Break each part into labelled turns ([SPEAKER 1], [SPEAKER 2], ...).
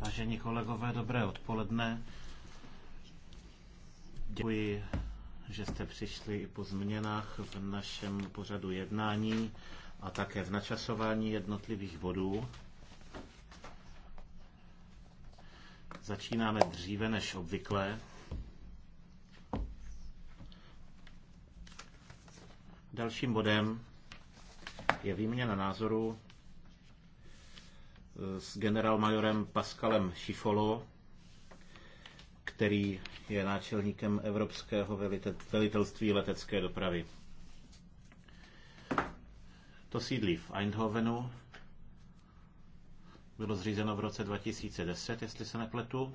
[SPEAKER 1] Vážení kolegové, dobré odpoledne. Děkuji, že jste přišli i po změnách v našem pořadu jednání a také v načasování jednotlivých bodů. Začínáme dříve než obvykle. Dalším bodem je výměna názorů e, s generálmajorem Pascalem Šifolo, který je náčelníkem Evropského velitelství letecké dopravy. To sídlí v Eindhovenu, bylo zřízeno v roce 2010, jestli se nepletu.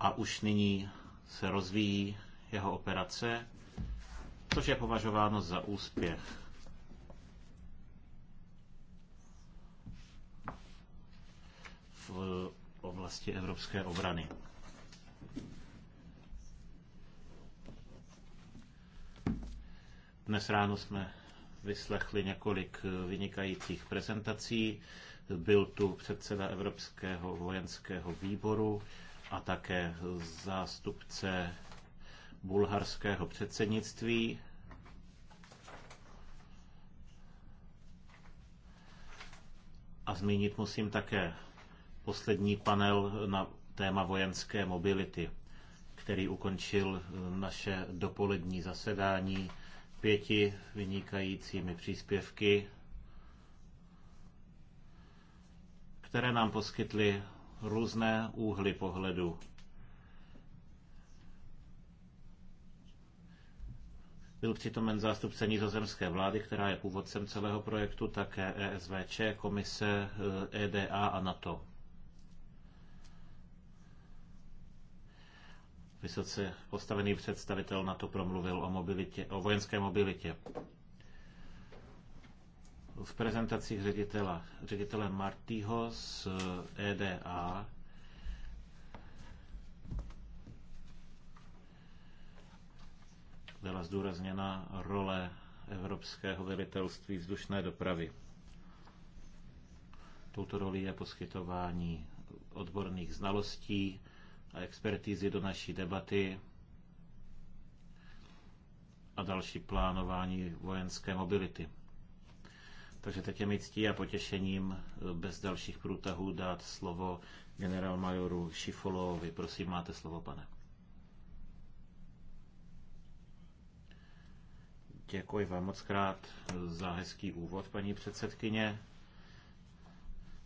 [SPEAKER 1] A už nyní se rozvíjí jeho operace, což je považováno za úspěch. v oblasti evropské obrany. Dnes ráno jsme vyslechli několik vynikajících prezentací. Byl tu předseda Evropského vojenského výboru, a také zástupce bulharského předsednictví. A zmínit musím také poslední panel na téma vojenské mobility, který ukončil naše dopolední zasedání pěti vynikajícími příspěvky, které nám poskytly různé úhly pohledu. Byl přitomen zástupce nizozemské vlády, která je původcem celého projektu, také ESVČ, komise EDA eh, e a NATO. Vysoce postavený představitel NATO promluvil o, mobilitě, o vojenské mobilitě v prezentacích ředitela, ředitele Martího z EDA eh, e byla zdůrazněna role Evropského velitelství vzdušné dopravy. Touto roli je poskytování odborných znalostí a expertízy do naší debaty a další plánování vojenské mobility. Takže teď je mi ctí a potěšením eh, bez dalších průtahů dát slovo generálmajoru Šifolovi. Prosím, máte slovo, pane. Děkuji vám moc krát eh, za hezký úvod, paní předsedkyně.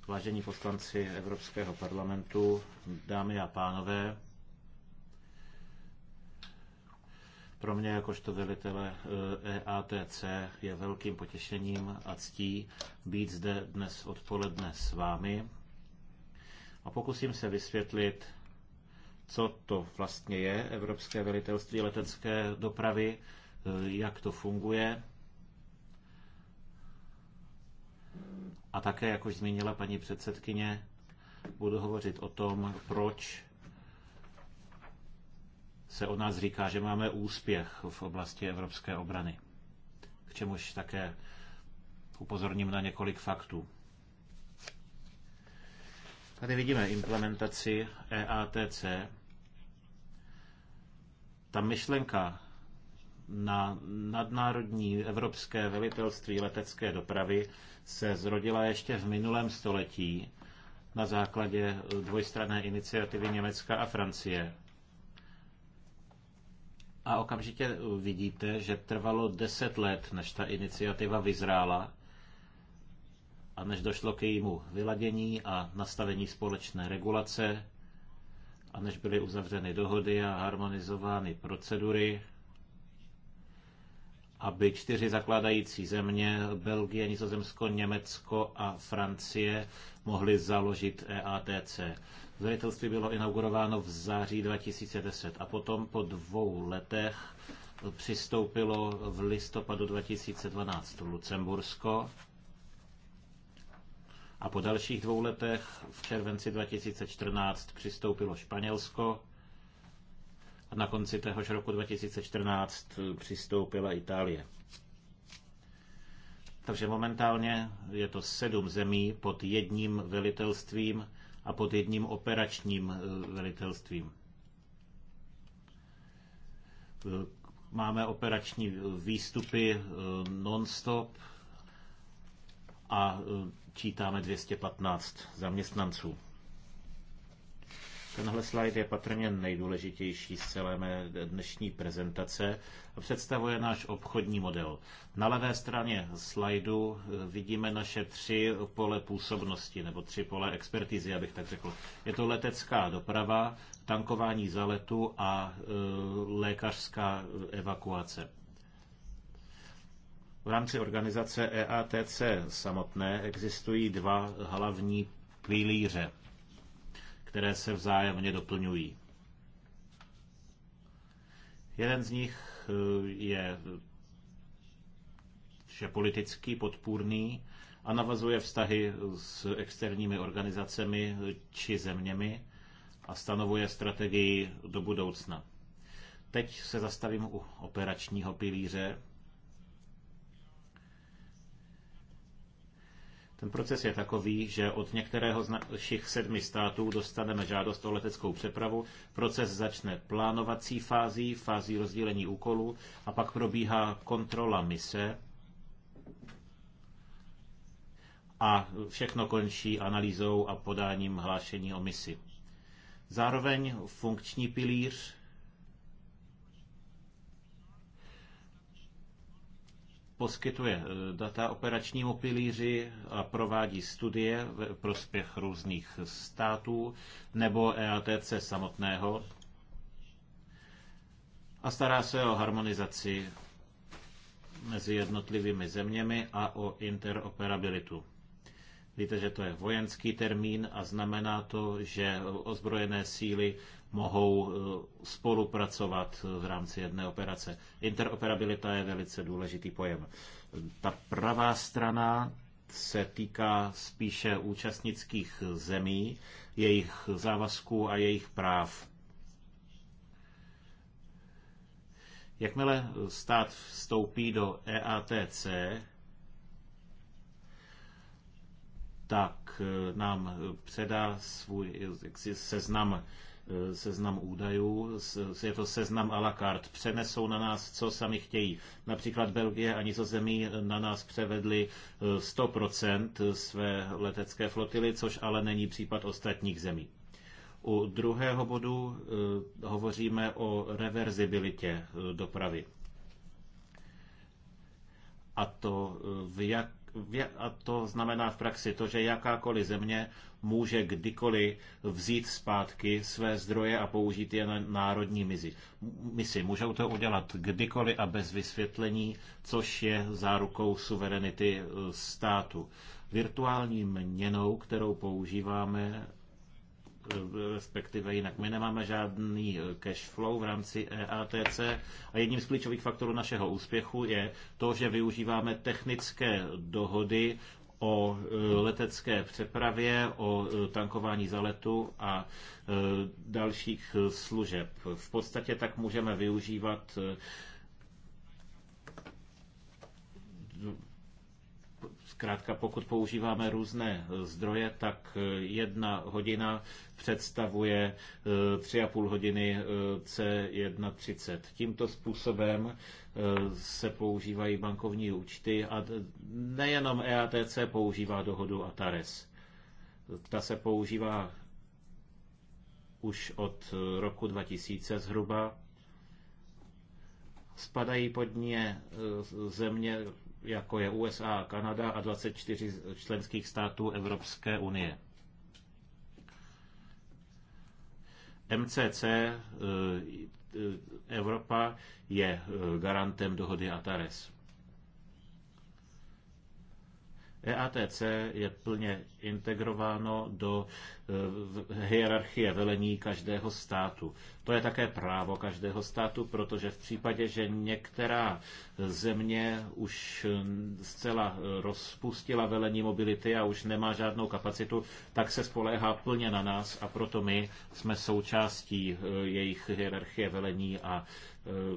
[SPEAKER 1] Vážení poslanci Evropského parlamentu, dámy a pánové, Pro mě jakožto velitele EATC eh, e je velkým potěšením a ctí být zde dnes odpoledne s vámi a pokusím se vysvětlit, co to vlastně je Evropské velitelství letecké dopravy, eh, jak to funguje a také, jak už zmínila paní předsedkyně, budu hovořit o tom, proč se o nás říká, že máme úspěch v oblasti evropské obrany. K čemuž také upozorním na několik faktů. Tady vidíme implementaci EATC. Ta myšlenka na nadnárodní evropské velitelství letecké dopravy se zrodila ještě v minulém století na základě dvojstranné iniciativy Německa a Francie. A okamžitě uh, vidíte, že trvalo deset let, než ta iniciativa vyzrála a než došlo k jejímu vyladění a nastavení společné regulace a než byly uzavřeny dohody a harmonizovány procedury, aby čtyři zakládající země, Belgie, Nizozemsko, Německo a Francie, mohly založit EATC. Velitelství bylo inaugurováno v září 2010 a potom po dvou letech přistoupilo v listopadu 2012 Lucembursko a po dalších dvou letech v červenci 2014 přistoupilo Španělsko a na konci téhož roku 2014 přistoupila Itálie. Takže momentálně je to sedm zemí pod jedním velitelstvím a pod jedním operačním eh, velitelstvím. Eh, máme operační eh, výstupy non-stop a čítáme 215 zaměstnanců. Tenhle slide je patrně nejdůležitější z celé mé dnešní prezentace. a Představuje náš obchodní model. Na levé straně slajdu eh, vidíme naše tři pole působnosti, nebo tři pole expertizy, abych tak řekl. Je to letecká doprava, tankování za letu a eh, lékařská eh, evakuace. V rámci organizace EATC samotné existují dva hlavní pilíře které se vzájemně doplňují. Jeden z nich eh, je že politický, podpůrný a navazuje vztahy s externími organizacemi či zeměmi a stanovuje strategii do budoucna. Teď se zastavím u operačního pilíře, Ten proces je takový, že od některého z našich sedmi států dostaneme žádost o leteckou přepravu. Proces začne plánovací fází, fází rozdělení úkolů a pak probíhá kontrola mise a všechno končí analýzou a podáním hlášení o misi. Zároveň funkční pilíř poskytuje eh, data operačnímu pilíři a provádí studie v prospěch různých států nebo EATC samotného a stará se o harmonizaci mezi jednotlivými zeměmi a o interoperabilitu. Víte, že to je vojenský termín a znamená to, že ozbrojené síly mohou eh, spolupracovat eh, v rámci jedné operace. Interoperabilita je velice důležitý pojem. Ta pravá strana se týká spíše účastnických zemí, jejich závazků a jejich práv. Jakmile stát vstoupí do EATC, tak eh, nám předá svůj seznam seznam údajů, je to seznam à la carte. Přenesou na nás, co sami chtějí. Například Belgie a Nizozemí na nás převedli 100% eh, své letecké flotily, což ale není případ ostatních zemí. U druhého bodu eh, hovoříme o reverzibilitě eh, dopravy. A to v jak a to znamená v praxi to, že jakákoliv země může kdykoliv vzít zpátky své zdroje a použít je na národní misi. misi. Můžou to udělat kdykoliv a bez vysvětlení, což je zárukou suverenity eh, státu. Virtuální měnou, kterou používáme, eh, respektive jinak. My nemáme žádný eh, cash flow v rámci EATC a jedním z klíčových faktorů našeho úspěchu je to, že využíváme technické dohody o e, letecké přepravě, o e, tankování za letu a e, dalších služeb. V podstatě tak můžeme využívat Zkrátka, pokud používáme různé eh, zdroje, tak eh, jedna hodina představuje 3,5 eh, hodiny C1.30. Tímto způsobem se používají bankovní účty a nejenom EATC používá dohodu ATARES. Ta se používá už od roku 2000 zhruba. Spadají pod ně země jako je USA, Kanada a 24 členských států Evropské unie. MCC eh, eh, Evropa je eh, garantem dohody ATARES. EATC je plně integrováno do eh, hierarchie velení každého státu. To je také právo každého státu, protože v případě, že některá země už eh, zcela eh, rozpustila velení mobility a už nemá žádnou kapacitu, tak se spoléhá plně na nás a proto my jsme součástí jejich hierarchie velení a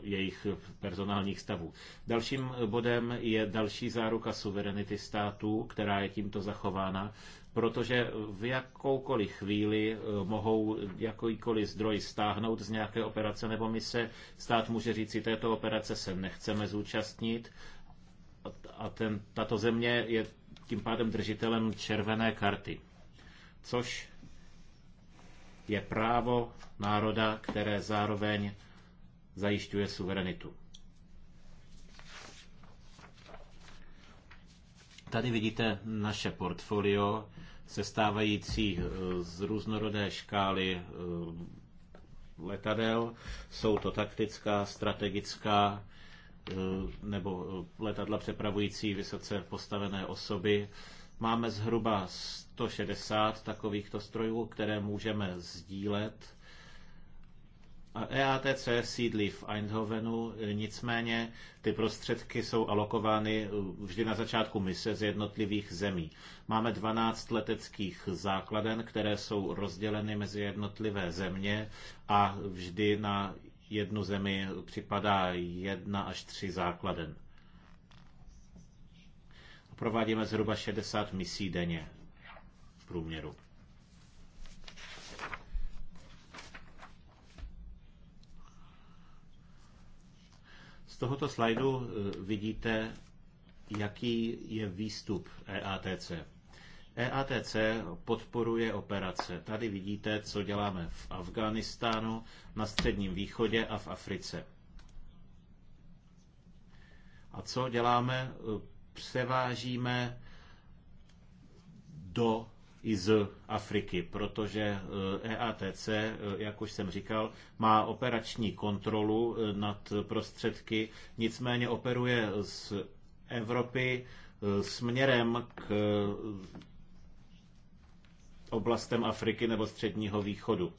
[SPEAKER 1] jejich personálních stavů. Dalším bodem je další záruka suverenity států, která je tímto zachována protože v jakoukoliv chvíli eh, mohou jakýkoliv zdroj stáhnout z nějaké operace nebo mise. Stát může říct si, této operace se nechceme zúčastnit a ten, tato země je tím pádem držitelem červené karty, což je právo národa, které zároveň zajišťuje suverenitu. Tady vidíte naše portfolio, sestávající eh, z různorodé škály eh, letadel. Jsou to taktická, strategická eh, nebo letadla přepravující vysoce postavené osoby. Máme zhruba 160 takovýchto strojů, které můžeme sdílet EATC sídlí v Eindhovenu, nicméně ty prostředky jsou alokovány eh, vždy na začátku mise z jednotlivých zemí. Máme 12 leteckých základen, které jsou rozděleny mezi jednotlivé země a vždy na jednu zemi připadá jedna až tři základen. Provádíme zhruba 60 misí denně v průměru. tohoto slajdu eh, vidíte, jaký je výstup EATC. EATC podporuje operace. Tady vidíte, co děláme v Afghánistánu, na Středním východě a v Africe. A co děláme? Eh, převážíme do i z Afriky, protože EATC, e e, jak už jsem říkal, má operační kontrolu e, nad prostředky, nicméně operuje z Evropy směrem k oblastem Afriky nebo Středního východu.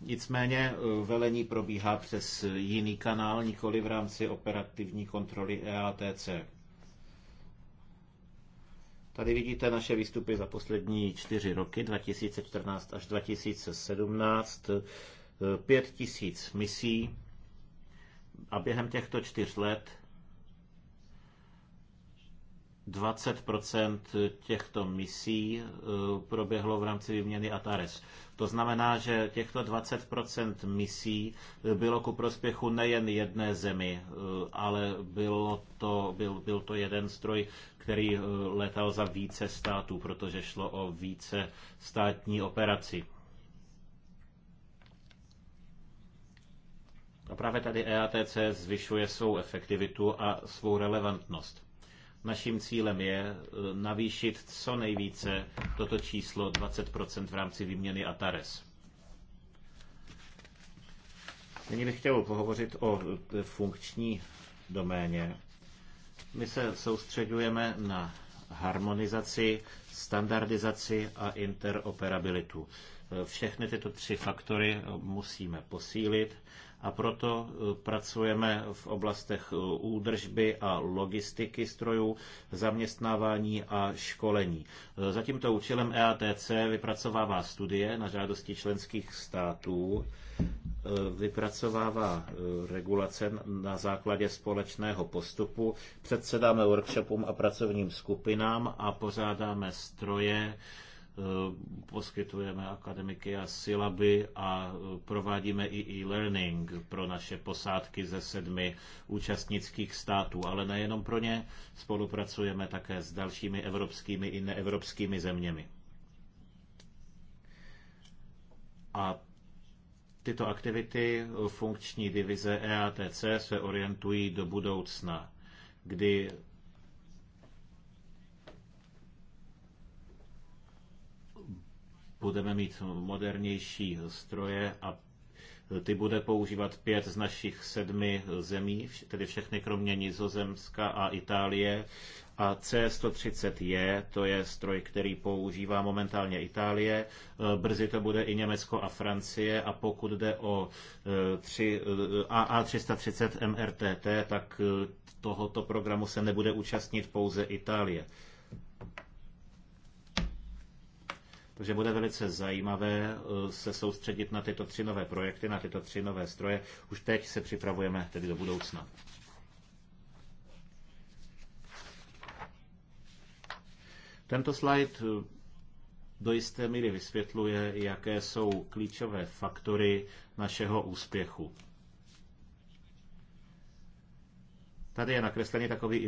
[SPEAKER 1] Nicméně velení probíhá přes jiný kanál, nikoli v rámci operativní kontroly EATC. Tady vidíte naše výstupy za poslední čtyři roky, 2014 až 2017, pět tisíc misí a během těchto čtyř let 20 těchto misí eh, proběhlo v rámci výměny Atares. To znamená, že těchto 20 misí eh, bylo ku prospěchu nejen jedné zemi, eh, ale bylo to, byl, byl to jeden stroj, který letal za více států, protože šlo o více státní operaci. A právě tady EATC zvyšuje svou efektivitu a svou relevantnost. Naším cílem je e, navýšit co nejvíce toto číslo 20% v rámci výměny Atares. Nyní bych chtěl pohovořit o e, funkční doméně. My se soustředujeme na harmonizaci, standardizaci a interoperabilitu. E, všechny tyto tři faktory musíme posílit a proto e, pracujeme v oblastech e, údržby a logistiky strojů, zaměstnávání a školení. E, za tímto účelem EATC vypracovává studie na žádosti členských států, vypracovává regulace na základě společného postupu, předsedáme workshopům a pracovním skupinám a pořádáme stroje, Eh, poskytujeme akademiky a silaby a eh, provádíme i e-learning pro naše posádky ze sedmi účastnických států, ale nejenom pro ně, spolupracujeme také s dalšími evropskými i neevropskými zeměmi. A tyto aktivity eh, funkční divize EATC se orientují do budoucna, kdy budeme mít modernější stroje a ty bude používat pět z našich sedmi zemí, tedy všechny kromě Nizozemska a Itálie. A C130J, to je stroj, který používá momentálně Itálie, e, brzy to bude i Německo a Francie a pokud jde o 3, AA330 MRTT, tak e, tohoto programu se nebude účastnit pouze Itálie. Takže bude velice zajímavé eh, se soustředit na tyto tři nové projekty, na tyto tři nové stroje. Už teď se připravujeme tedy do budoucna. Tento slide eh, do jisté míry vysvětluje, jaké jsou klíčové faktory našeho úspěchu. Tady je nakreslený takový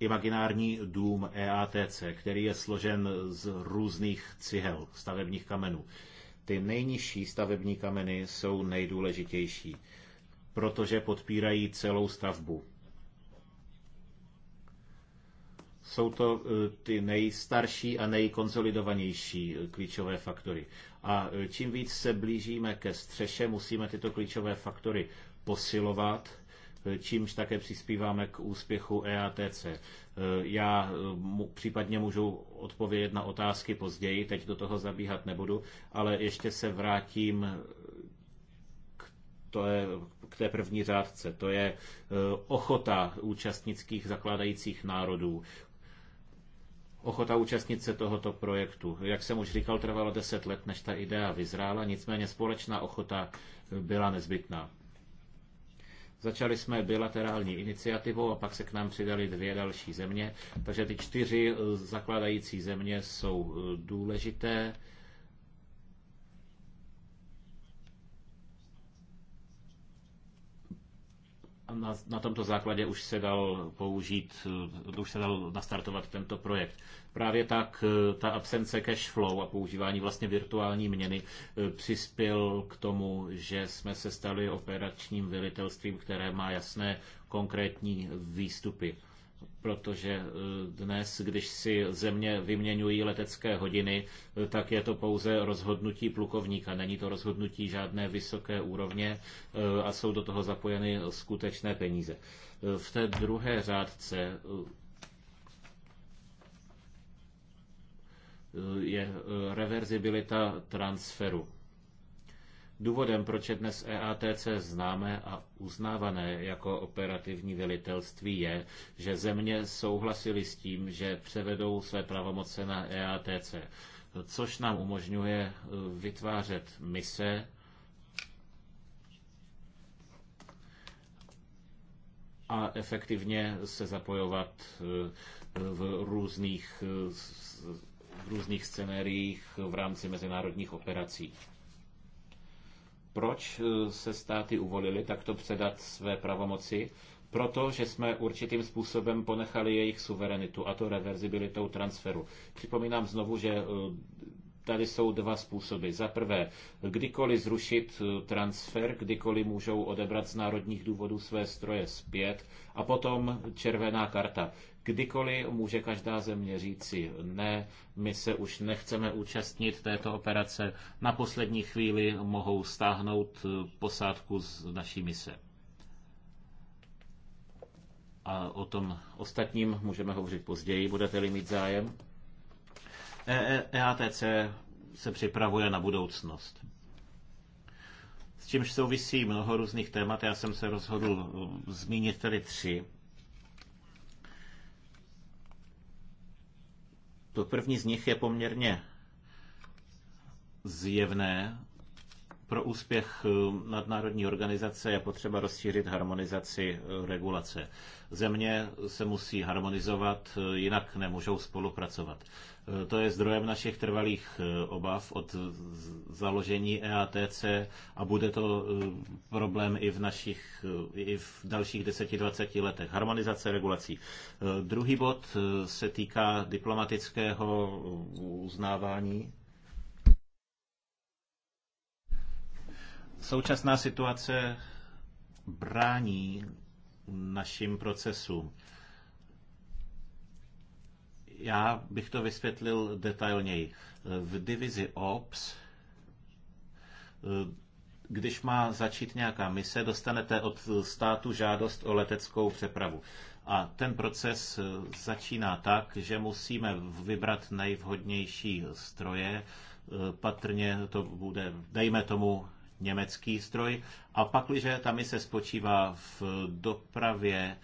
[SPEAKER 1] imaginární dům EATC, který je složen z různých cihel, stavebních kamenů. Ty nejnižší stavební kameny jsou nejdůležitější, protože podpírají celou stavbu. Jsou to eh, ty nejstarší a nejkonsolidovanější eh, klíčové faktory. A eh, čím víc se blížíme ke střeše, musíme tyto klíčové faktory posilovat – Eh, čímž také přispíváme k úspěchu EATC. Eh, já eh, mu, případně můžu odpovědět na otázky později, teď do toho zabíhat nebudu, ale ještě se vrátím k, to je, k té první řádce. To je ochota účastnických zakládajících národů ochota účastnit se tohoto projektu. Jak jsem už říkal, trvalo deset let, než ta idea vyzrála, nicméně společná ochota byla nezbytná. Začali jsme bilaterální iniciativou a pak se k nám přidali dvě další země, takže ty čtyři eh, zakládající země jsou eh, důležité na, na tomto základě už se dal použít, eh, už se dal nastartovat tento projekt. Právě tak eh, ta absence cash flow a používání vlastně virtuální měny eh, přispěl k tomu, že jsme se stali operačním velitelstvím, které má jasné konkrétní výstupy protože eh, dnes, když si země vyměňují letecké hodiny, eh, tak je to pouze rozhodnutí plukovníka, není to rozhodnutí žádné vysoké úrovně eh, a jsou do toho zapojeny skutečné peníze. V té druhé řádce je reverzibilita transferu. Důvodem, proč je dnes EATC známé a uznávané jako operativní velitelství, je, že země souhlasily s tím, že převedou své pravomoce na EATC, což nám umožňuje eh, vytvářet mise a efektivně se zapojovat eh, v různých, eh, v různých scenériích v rámci mezinárodních operací. Proč eh, se státy uvolili takto předat své pravomoci? protože jsme určitým způsobem ponechali jejich suverenitu, a to reverzibilitou transferu. Připomínám znovu, že eh, tady jsou dva způsoby. Za prvé, kdykoliv zrušit eh, transfer, kdykoliv můžou odebrat z národních důvodů své stroje zpět a potom červená karta. Kdykoliv může každá země říci, ne, my se už nechceme účastnit této operace, na poslední chvíli mohou stáhnout eh, posádku z naší mise. A o tom ostatním můžeme hovořit později, budete-li mít zájem. EATC e, e se připravuje na budoucnost. S čímž souvisí mnoho různých témat, já jsem se rozhodl eh, zmínit tady tři. To první z nich je poměrně zjevné. Pro úspěch eh, nadnárodní organizace je potřeba rozšířit harmonizaci eh, regulace. Země se musí harmonizovat, eh, jinak nemůžou spolupracovat. Eh, to je zdrojem našich trvalých eh, obav od založení EATC a bude to eh, problém i v, našich, i v dalších 10-20 letech. Harmonizace regulací. Druhý bod se týká diplomatického uznávání současná situace brání našim procesům. Já bych to vysvětlil detailněji. V divizi OPS, eh, když má začít nějaká mise, dostanete od státu žádost o leteckou přepravu. A ten proces eh, začíná tak, že musíme vybrat nejvhodnější stroje, eh, patrně to bude, dejme tomu, německý stroj. A pak, když ta mise spočívá v dopravě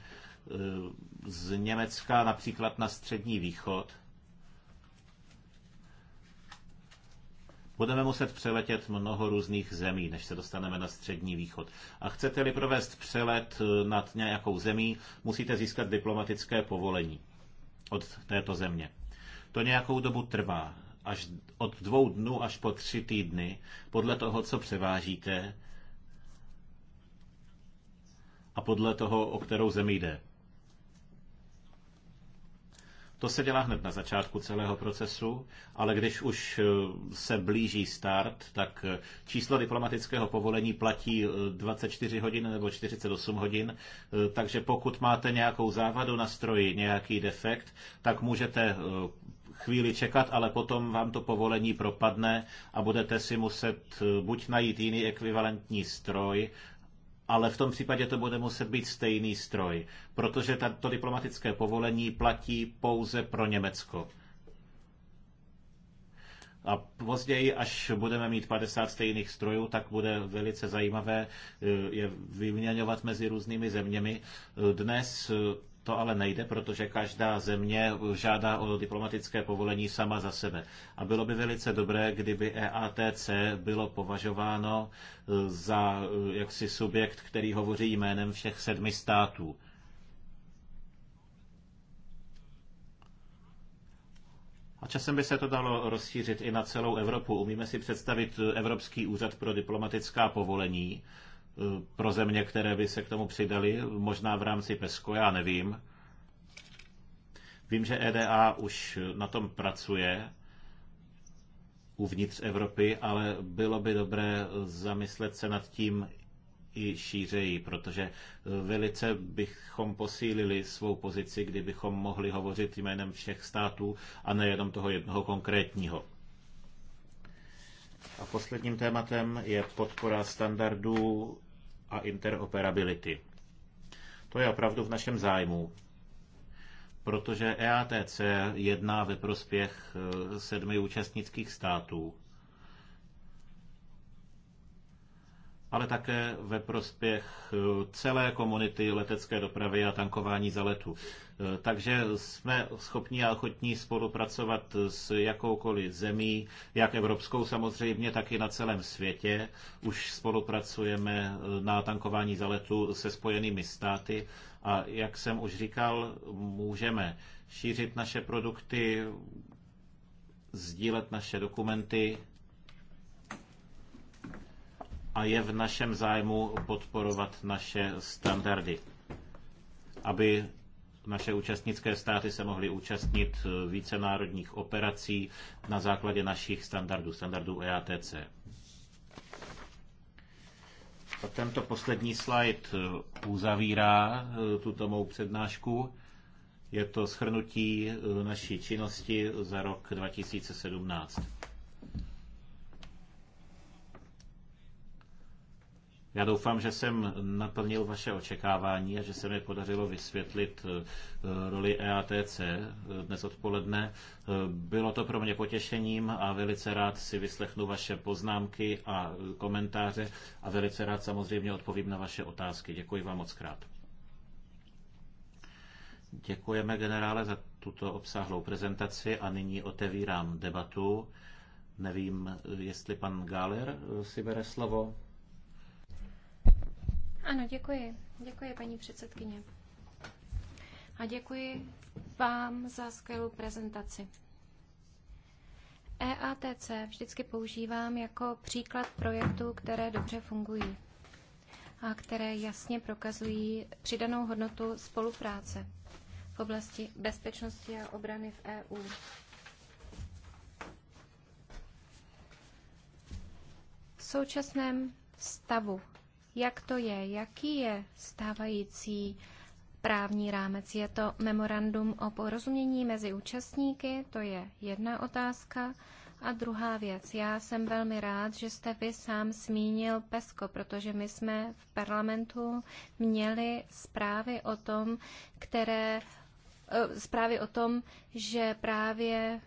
[SPEAKER 1] Eh, z Německa například na střední východ, Budeme muset přeletět mnoho různých zemí, než se dostaneme na střední východ. A chcete-li provést přelet eh, nad nějakou zemí, musíte získat diplomatické povolení od této země. To nějakou dobu trvá, až od dvou dnů až po tři týdny, podle toho, co převážíte a podle toho, o kterou zemi jde. To se dělá hned na začátku celého procesu, ale když už eh, se blíží start, tak eh, číslo diplomatického povolení platí 24 eh, hodin nebo 48 hodin, takže pokud máte nějakou závadu na stroji, nějaký defekt, tak můžete chvíli čekat, ale potom vám to povolení propadne a budete si muset buď najít jiný ekvivalentní stroj, ale v tom případě to bude muset být stejný stroj, protože to diplomatické povolení platí pouze pro Německo. A později, až budeme mít 50 stejných strojů, tak bude velice zajímavé eh, je vyměňovat mezi různými zeměmi. Eh, dnes eh, to ale nejde, protože každá země žádá o diplomatické povolení sama za sebe. A bylo by velice dobré, kdyby EATC bylo považováno eh, za eh, jaksi subjekt, který hovoří jménem všech sedmi států. A časem by se to dalo rozšířit i na celou Evropu. Umíme si představit eh, Evropský úřad pro diplomatická povolení, pro země, které by se k tomu přidali, možná v rámci PESCO, já nevím. Vím, že EDA už na tom pracuje uvnitř Evropy, ale bylo by dobré zamyslet se nad tím i šířeji, protože eh, velice bychom posílili svou pozici, kdybychom mohli hovořit jménem všech států a nejenom toho jednoho konkrétního. A posledním tématem je podpora standardů a interoperability. To je opravdu v našem zájmu, protože EATC jedná ve prospěch eh, sedmi účastnických států ale také ve prospěch eh, celé komunity letecké dopravy a tankování za letu. Eh, takže jsme schopni a ochotní spolupracovat s jakoukoliv zemí, jak evropskou samozřejmě, tak i na celém světě. Už spolupracujeme eh, na tankování za letu se spojenými státy a jak jsem už říkal, můžeme šířit naše produkty, sdílet naše dokumenty, a je v našem zájmu podporovat naše standardy, aby naše účastnické státy se mohly účastnit eh, vícenárodních operací na základě našich standardů, standardů EATC. A tento poslední slide eh, uzavírá eh, tuto mou přednášku. Je to shrnutí naší činnosti za rok 2017. Já doufám, že jsem naplnil vaše očekávání a že se mi podařilo vysvětlit eh, roli EATC eh, dnes odpoledne. Eh, bylo to pro mě potěšením a velice rád si vyslechnu vaše poznámky a komentáře a velice rád samozřejmě odpovím na vaše otázky. Děkuji vám moc krát. Děkujeme generále za tuto obsáhlou prezentaci a nyní otevírám debatu. Nevím, jestli pan Gáler si bere slovo.
[SPEAKER 2] Ano, děkuji. Děkuji, paní předsedkyně. A děkuji vám za skvělou prezentaci. EATC vždycky používám jako příklad projektů, které dobře fungují a které jasně prokazují přidanou hodnotu spolupráce v oblasti bezpečnosti a obrany v EU. V současném stavu jak to je, jaký je stávající právní rámec. Je to memorandum o porozumění mezi účastníky, to je jedna otázka. A druhá věc, já jsem velmi rád, že jste vy sám zmínil PESCO, protože my jsme v parlamentu měli zprávy o tom, které eh, zprávy o tom, že právě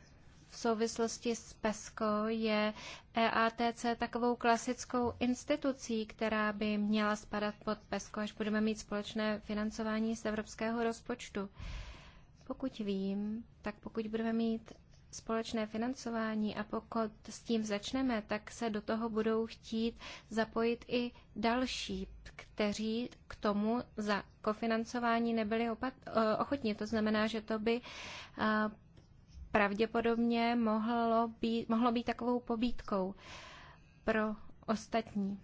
[SPEAKER 2] v souvislosti s PESCO je EATC takovou klasickou institucí, která by měla spadat pod PESCO, až budeme mít společné financování z evropského rozpočtu. Pokud vím, tak pokud budeme mít společné financování a pokud s tím začneme, tak se do toho budou chtít zapojit i další, kteří k tomu za kofinancování nebyli opat- eh, ochotni. To znamená, že to by eh, pravděpodobně mohlo být, mohlo být takovou pobídkou pro ostatní.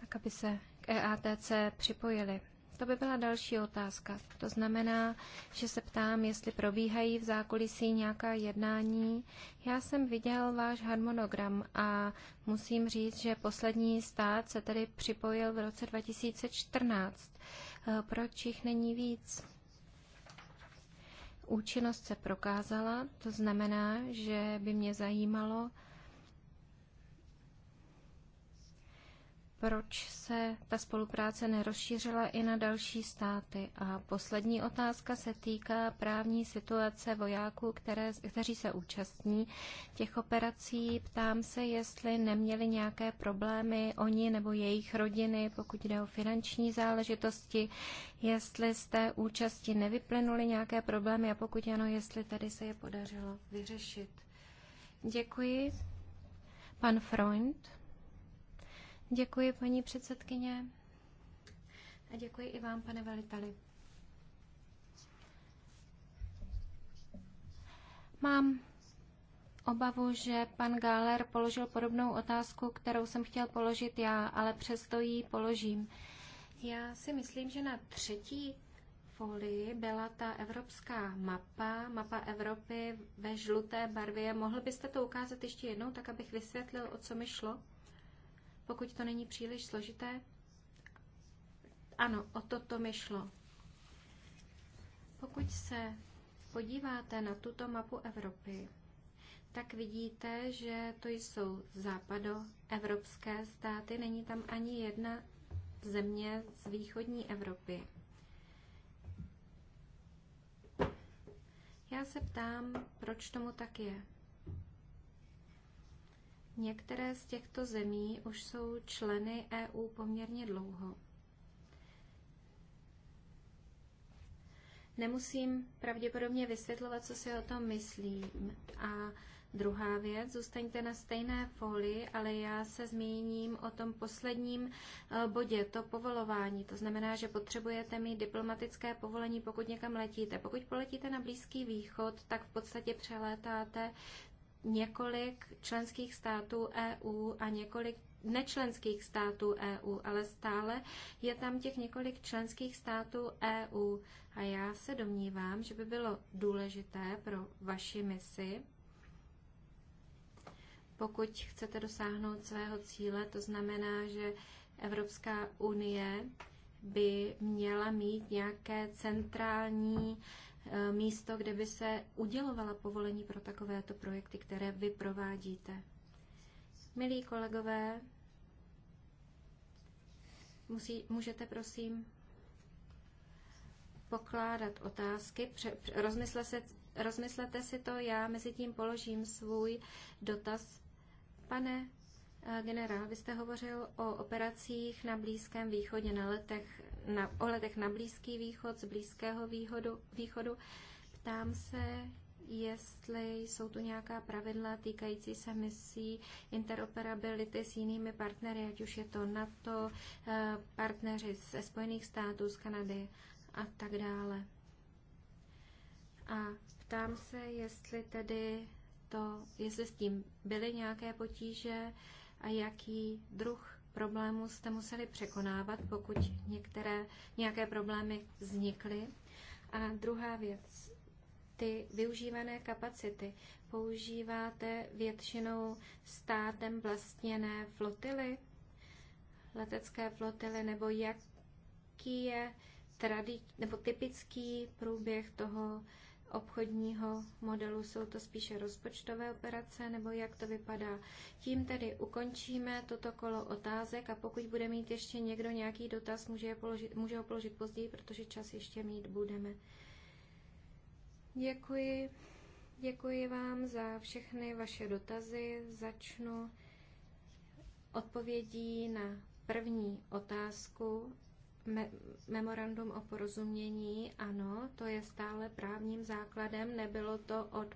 [SPEAKER 2] Tak, aby se k EATC připojili. To by byla další otázka. To znamená, že se ptám, jestli probíhají v zákulisí nějaká jednání. Já jsem viděl váš harmonogram a musím říct, že poslední stát se tedy připojil v roce 2014. Proč jich není víc? Účinnost se prokázala, to znamená, že by mě zajímalo, proč se ta spolupráce nerozšířila i na další státy. A poslední otázka se týká právní situace vojáků, které, kteří se účastní těch operací. Ptám se, jestli neměli nějaké problémy oni nebo jejich rodiny, pokud jde o finanční záležitosti, jestli z té účasti nevyplynuly nějaké problémy a pokud ano, jestli tady se je podařilo vyřešit. Děkuji. Pan Freund. Děkuji, paní předsedkyně. A děkuji i vám, pane veliteli. Mám obavu, že pan Gáler položil podobnou otázku, kterou jsem chtěl položit já, ale přesto ji položím. Já si myslím, že na třetí folii byla ta evropská mapa, mapa Evropy ve žluté barvě. Mohl byste to ukázat ještě jednou, tak abych vysvětlil, o co mi šlo? pokud to není příliš složité. Ano, o to mi šlo. Pokud se podíváte na tuto mapu Evropy, tak vidíte, že to jsou západoevropské státy, není tam ani jedna země z východní Evropy. Já se ptám, proč tomu tak je. Některé z těchto zemí už jsou členy EU poměrně dlouho. Nemusím pravděpodobně vysvětlovat, co si o tom myslím. A druhá věc, zůstaňte na stejné folii, ale já se zmíním o tom posledním eh, bodě, to povolování. To znamená, že potřebujete mít diplomatické povolení, pokud někam letíte. Pokud poletíte na Blízký východ, tak v podstatě přelétáte několik členských států EU a několik nečlenských států EU, ale stále je tam těch několik členských států EU. A já se domnívám, že by bylo důležité pro vaši misi, pokud chcete dosáhnout svého cíle, to znamená, že Evropská unie by měla mít nějaké centrální Eh, místo, kde by se udělovala povolení pro takovéto projekty, které vy provádíte. Milí kolegové, musí, můžete prosím pokládat otázky. Pře, pře, rozmysle se, rozmyslete si to, já mezi tím položím svůj dotaz. Pane eh, generál, vy jste hovořil o operacích na Blízkém východě, na letech na ohledech na Blízký východ, z Blízkého východu, východu. Ptám se, jestli jsou tu nějaká pravidla týkající se misí interoperability s jinými partnery, ať už je to NATO, eh, partneři ze Spojených států, z Kanady a tak dále. A ptám se, jestli tedy to, jestli s tím byly nějaké potíže a jaký druh problémů jste museli překonávat, pokud některé, nějaké problémy vznikly. A druhá věc, ty využívané kapacity používáte většinou státem vlastněné flotily, letecké flotily, nebo jaký je tradi- nebo typický průběh toho obchodního modelu, jsou to spíše rozpočtové operace, nebo jak to vypadá. Tím tedy ukončíme toto kolo otázek a pokud bude mít ještě někdo nějaký dotaz, může, je položit, může ho položit později, protože čas ještě mít budeme. Děkuji. Děkuji vám za všechny vaše dotazy. Začnu odpovědí na první otázku me- memorandum o porozumění, ano, to je stále právním základem, nebylo to od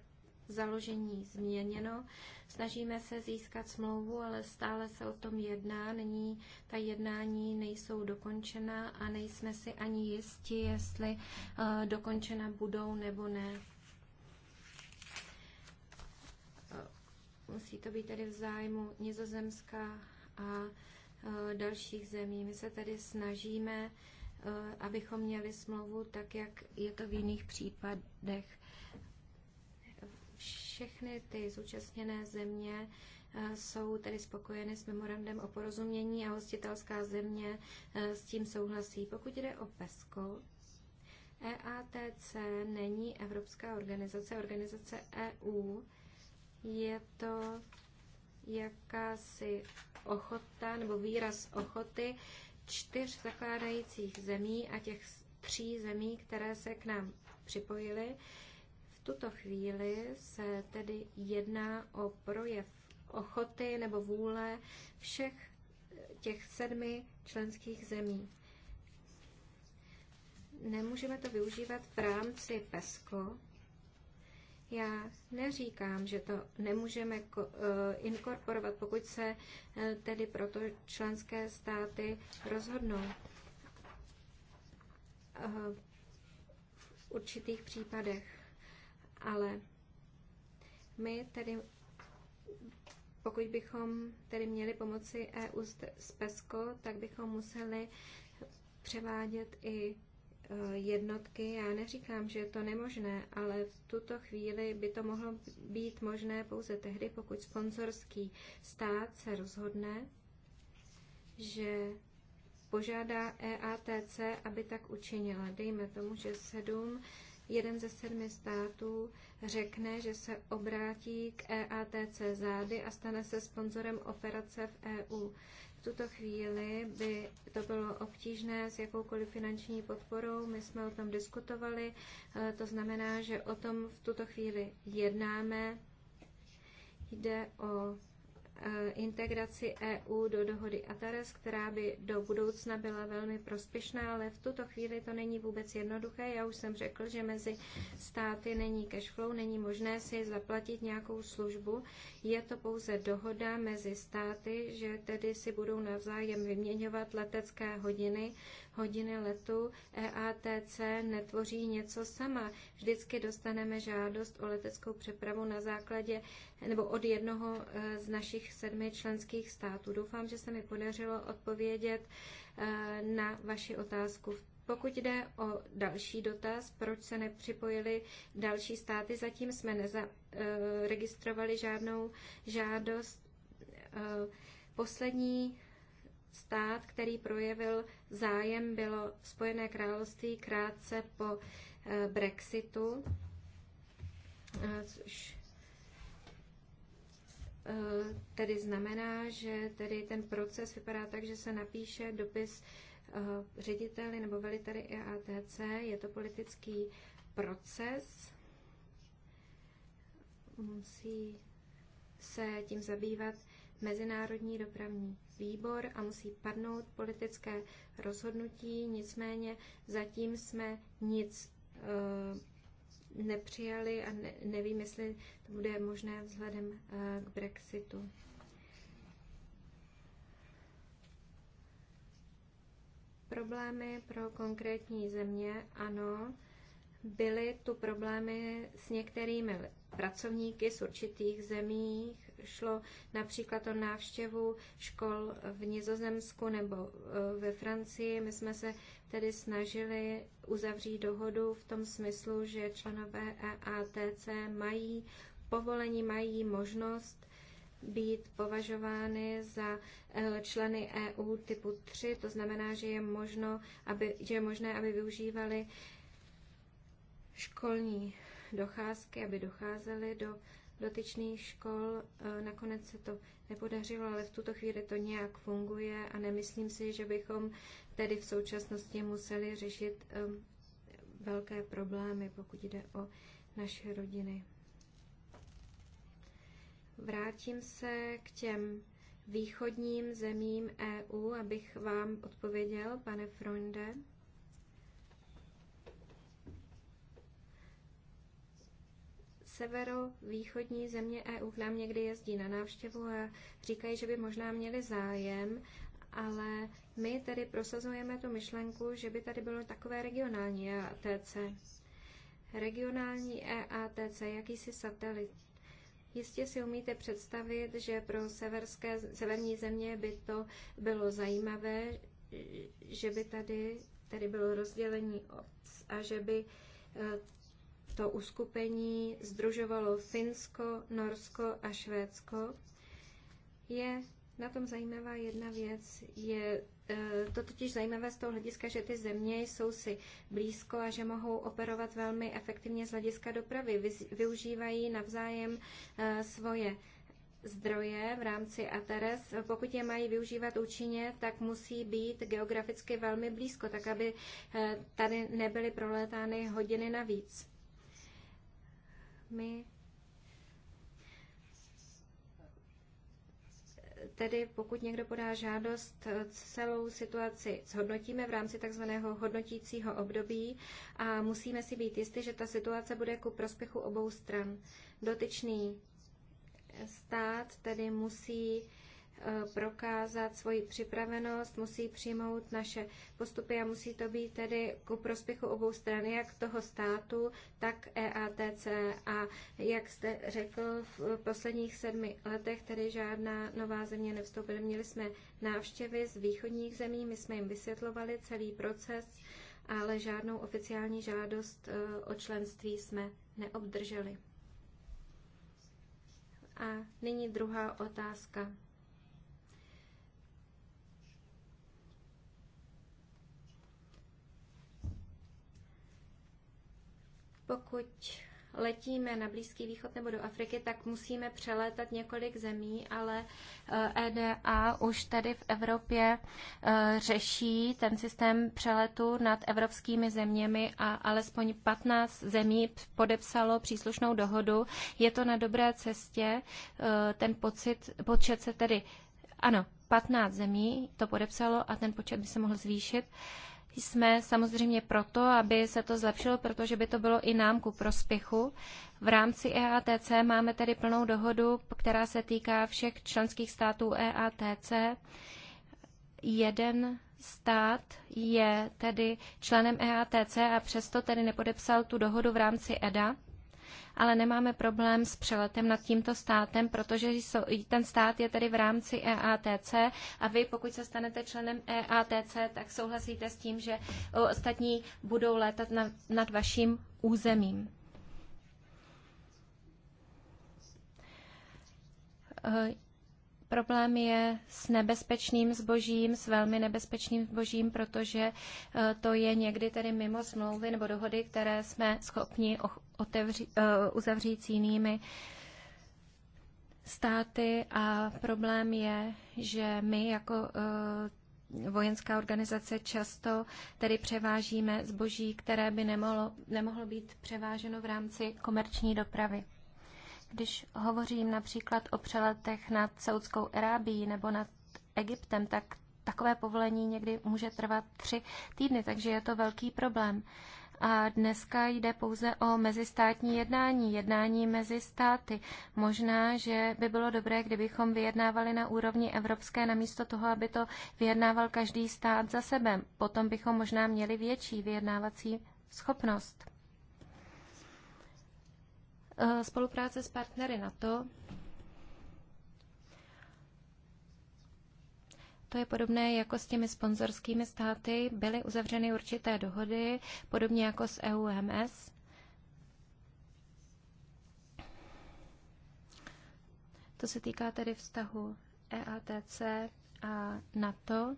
[SPEAKER 2] založení změněno. Snažíme se získat smlouvu, ale stále se o tom jedná. Není, ta jednání nejsou dokončena a nejsme si ani jisti, jestli uh, dokončena budou nebo ne. Eh, musí to být tedy v zájmu Nizozemska a Eh, dalších zemí. My se tady snažíme, eh, abychom měli smlouvu tak, jak je to v jiných případech. Všechny ty zúčastněné země eh, jsou tedy spokojeny s memorandem o porozumění a hostitelská země s tím souhlasí. Pokud jde o PESCO, EATC není evropská organizace, organizace EU. Je to jakási ochota nebo výraz ochoty čtyř zakládajících zemí a těch tří zemí, které se k nám připojily. V tuto chvíli se tedy jedná o projev ochoty nebo vůle všech eh, těch sedmi členských zemí. Nemůžeme to využívat v rámci PESCO, já neříkám, že to nemůžeme eh, inkorporovat, pokud se eh, tedy proto členské státy rozhodnou. Eh, v určitých případech. Ale my tedy, pokud bychom tedy měli pomoci EU z PESCO, tak bychom museli převádět i Eh, jednotky. Já neříkám, že je to nemožné, ale v tuto chvíli by to mohlo být možné pouze tehdy, pokud sponzorský stát se rozhodne, že požádá EATC, aby tak učinila. Dejme tomu, že sedm jeden ze sedmi států řekne, že se obrátí k EATC zády a stane se sponzorem operace v EU. V tuto chvíli by to bylo obtížné s jakoukoliv finanční podporou. My jsme o tom diskutovali, e, to znamená, že o tom v tuto chvíli jednáme. Jde o Eh, integraci EU do dohody ATARES, která by do budoucna byla velmi prospěšná, ale v tuto chvíli to není vůbec jednoduché. Já už jsem řekl, že mezi státy není cash flow, není možné si zaplatit nějakou službu. Je to pouze dohoda mezi státy, že tedy si budou navzájem vyměňovat letecké hodiny, hodiny letu. EATC netvoří něco sama. Vždycky dostaneme žádost o leteckou přepravu na základě nebo od jednoho eh, z našich sedmi členských států. Doufám, že se mi podařilo odpovědět eh, na vaši otázku pokud jde o další dotaz, proč se nepřipojili další státy, zatím jsme nezaregistrovali eh, žádnou žádost. Poslední stát, který projevil zájem, bylo Spojené království krátce po Brexitu, což Eh, tedy znamená, že tedy ten proces vypadá tak, že se napíše dopis eh, řediteli nebo veliteli IATC, e Je to politický proces. Musí se tím zabývat Mezinárodní dopravní výbor a musí padnout politické rozhodnutí. Nicméně zatím jsme nic eh, nepřijali a ne, nevím, jestli to bude možné vzhledem eh, k Brexitu. Problémy pro konkrétní země, ano, byly tu problémy s některými pracovníky z určitých zemích, šlo například o návštěvu škol v Nizozemsku nebo e, ve Francii. My jsme se tedy snažili uzavřít dohodu v tom smyslu, že členové EATC mají povolení, mají možnost být považovány za e, členy EU typu 3, to znamená, že je, možno, aby, že je možné, aby využívali školní docházky, aby docházeli do dotyčných škol. Eh, nakonec se to nepodařilo, ale v tuto chvíli to nějak funguje a nemyslím si, že bychom tedy v současnosti museli řešit ehm, velké problémy, pokud jde o naše rodiny. Vrátím se k těm východním zemím EU, abych vám odpověděl, pane Fronde. severovýchodní země EU k nám někdy jezdí na návštěvu a říkají, že by možná měli zájem, ale my tedy prosazujeme tu myšlenku, že by tady bylo takové regionální EATC. Regionální EATC, jakýsi satelit. Jistě si umíte představit, že pro severské, severní země by to bylo zajímavé, že by tady, tady bylo rozdělení obc a že by eh, to uskupení združovalo Finsko, Norsko a Švédsko, je na tom zajímavá jedna věc. Je e, to totiž zajímavé z toho hlediska, že ty země jsou si blízko a že mohou operovat velmi efektivně z hlediska dopravy. Využívají navzájem e, svoje zdroje v rámci ATERES. Pokud je mají využívat účinně, tak musí být geograficky velmi blízko, tak aby e, tady nebyly prolétány hodiny navíc my tedy pokud někdo podá žádost, celou situaci zhodnotíme v rámci takzvaného hodnotícího období a musíme si být jistí, že ta situace bude ku prospěchu obou stran. Dotyčný stát tedy musí Eh, prokázat svoji připravenost, musí přijmout naše postupy a musí to být tedy ku prospěchu obou stran, jak toho státu, tak EATC. A jak jste řekl, v posledních sedmi letech tedy žádná nová země nevstoupila. Měli jsme návštěvy z východních zemí, my jsme jim vysvětlovali celý proces, ale žádnou oficiální žádost eh, o členství jsme neobdrželi. A nyní druhá otázka. Pokud letíme na Blízký východ nebo do Afriky, tak musíme přelétat několik zemí, ale EDA eh, e už tady v Evropě eh, řeší ten systém přeletu nad evropskými zeměmi a alespoň 15 zemí podepsalo příslušnou dohodu. Je to na dobré cestě, eh, ten pocit, počet se tedy, ano, 15 zemí to podepsalo a ten počet by se mohl zvýšit jsme samozřejmě proto, aby se to zlepšilo, protože by to bylo i nám ku prospěchu. V rámci EATC máme tedy plnou dohodu, která se týká všech členských států EATC. Jeden stát je tedy členem EATC a přesto tedy nepodepsal tu dohodu v rámci EDA ale nemáme problém s přeletem nad tímto státem, protože ten stát je tedy v rámci EATC a vy, pokud se stanete členem EATC, tak souhlasíte s tím, že ostatní budou létat nad, nad vaším územím. Problém je s nebezpečným zbožím, s velmi nebezpečným zbožím, protože eh, to je někdy tedy mimo smlouvy nebo dohody, které jsme schopni otevři, eh, uzavřít s jinými státy a problém je, že my jako eh, vojenská organizace často tedy převážíme zboží, které by nemohlo, nemohlo být převáženo v rámci komerční dopravy. Když hovořím například o přeletech nad Saudskou Arábií nebo nad Egyptem, tak takové povolení někdy může trvat tři týdny, takže je to velký problém. A dneska jde pouze o mezistátní jednání, jednání mezi státy. Možná, že by bylo dobré, kdybychom vyjednávali na úrovni evropské, namísto toho, aby to vyjednával každý stát za sebe. Potom bychom možná měli větší vyjednávací schopnost. Eh, spolupráce s partnery NATO. To je podobné jako s těmi sponzorskými státy. Byly uzavřeny určité dohody, podobně jako s EUMS. To se týká tedy vztahu EATC a NATO.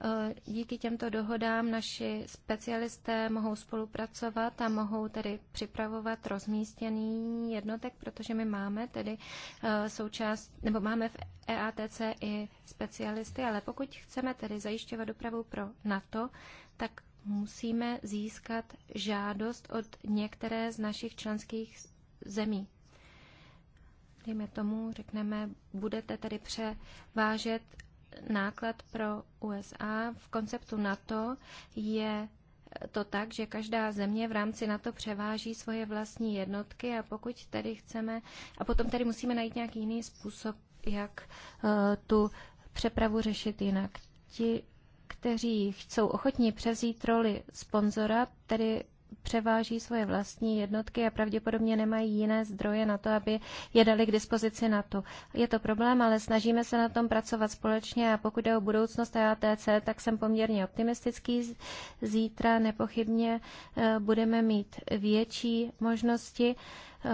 [SPEAKER 2] Eh, díky těmto dohodám naši specialisté mohou spolupracovat a mohou tedy připravovat rozmístěný jednotek, protože my máme tedy eh, součást, nebo máme v EATC i specialisty, ale pokud chceme tedy zajišťovat dopravu pro NATO, tak musíme získat žádost od některé z našich členských zemí. Dejme tomu, řekneme, budete tedy převážet náklad pro USA. V konceptu NATO je to tak, že každá země v rámci NATO převáží svoje vlastní jednotky a pokud tedy chceme, a potom tedy musíme najít nějaký jiný způsob, jak eh, tu přepravu řešit jinak. Ti, kteří jsou ochotní převzít roli sponzora, tedy převáží svoje vlastní jednotky a pravděpodobně nemají jiné zdroje na to, aby je dali k dispozici na to. Je to problém, ale snažíme se na tom pracovat společně a pokud jde o budoucnost EATC, tak jsem poměrně optimistický. Zítra nepochybně eh, budeme mít větší možnosti eh,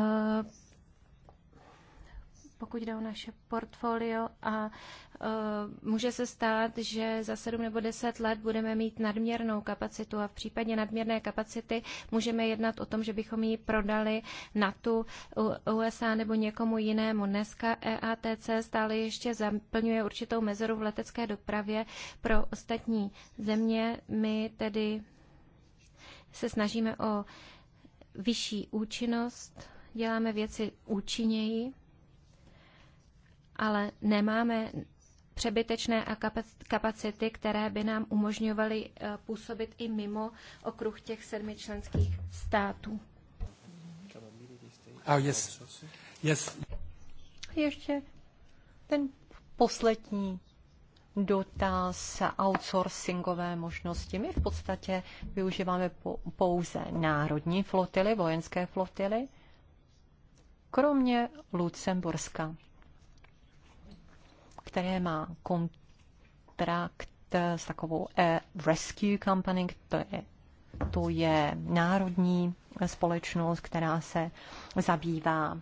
[SPEAKER 2] pokud jde o naše portfolio a uh, může se stát, že za 7 nebo 10 let budeme mít nadměrnou kapacitu a v případě nadměrné kapacity můžeme jednat o tom, že bychom ji prodali na tu USA nebo někomu jinému. Dneska EATC stále ještě zaplňuje určitou mezeru v letecké dopravě pro ostatní země. My tedy se snažíme o vyšší účinnost, děláme věci účinněji ale nemáme přebytečné a kapacity, které by nám umožňovaly eh, působit i mimo okruh těch sedmi členských států.
[SPEAKER 3] Oh, yes.
[SPEAKER 4] Yes. Ještě ten poslední dotaz outsourcingové možnosti. My v podstatě využíváme pouze národní flotily, vojenské flotily, kromě Lucemburska které má kontrakt s takovou eh, rescue company, to je, to je národní společnost, která se zabývá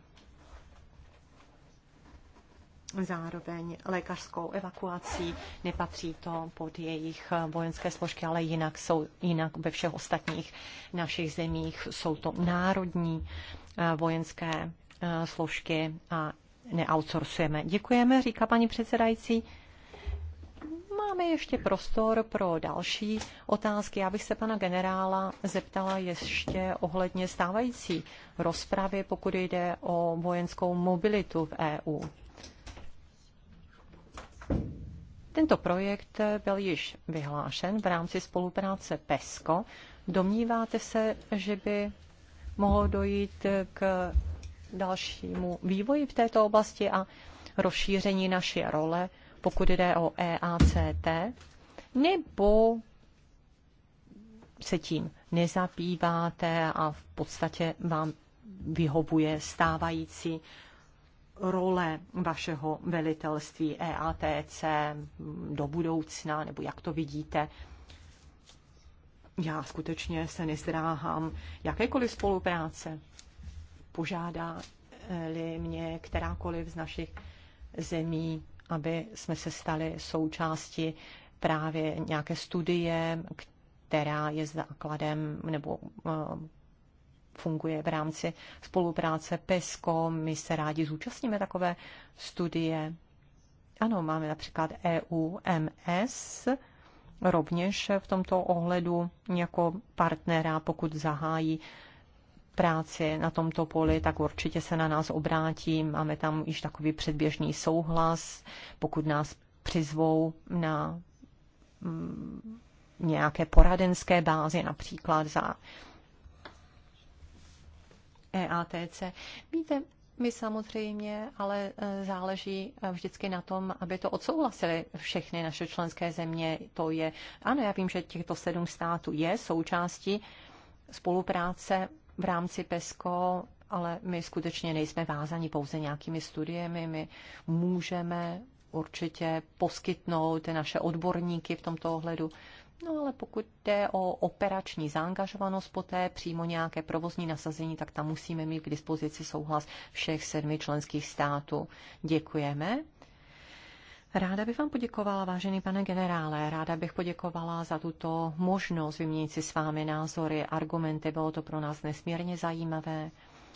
[SPEAKER 4] zároveň lékařskou evakuací. Nepatří to pod jejich vojenské složky, ale jinak, jsou, jinak ve všech ostatních našich zemích jsou to národní eh, vojenské eh, složky a neoutsourcujeme. Děkujeme, říká paní předsedající. Máme ještě prostor pro další otázky. Já bych se pana generála zeptala ještě ohledně stávající rozpravy, pokud jde o vojenskou mobilitu v EU. Tento projekt byl již vyhlášen v rámci spolupráce PESCO. Domníváte se, že by mohlo dojít k dalšímu vývoji v této oblasti a rozšíření naší role, pokud jde o EACT, nebo se tím nezabýváte a v podstatě vám vyhovuje stávající role vašeho velitelství EATC do budoucna, nebo jak to vidíte? Já skutečně se nezdráhám jakékoliv spolupráce požádali mě kterákoliv z našich zemí, aby jsme se stali součástí právě nějaké studie, která je základem nebo eh, funguje v rámci spolupráce PESCO. My se rádi zúčastníme takové studie. Ano, máme například EUMS, rovněž v tomto ohledu jako partnera, pokud zahájí práci na tomto poli, tak určitě se na nás obrátí. Máme tam již takový předběžný souhlas, pokud nás přizvou na mm, nějaké poradenské bázi, například za EATC. Víte, my samozřejmě, ale e, záleží vždycky na tom, aby to odsouhlasili všechny naše členské země. To je, ano, já vím, že těchto sedm států je součástí spolupráce v rámci PESCO, ale my skutečně nejsme vázani pouze nějakými studiemi, my můžeme určitě poskytnout naše odborníky v tomto ohledu. No ale pokud jde o operační zaangažovanost poté, přímo nějaké provozní nasazení, tak tam musíme mít k dispozici souhlas všech sedmi členských států. Děkujeme. Ráda bych vám poděkovala, vážený pane generále. Ráda bych poděkovala za tuto možnost vyměnit si s vámi názory, argumenty. Bylo to pro nás nesmírně zajímavé.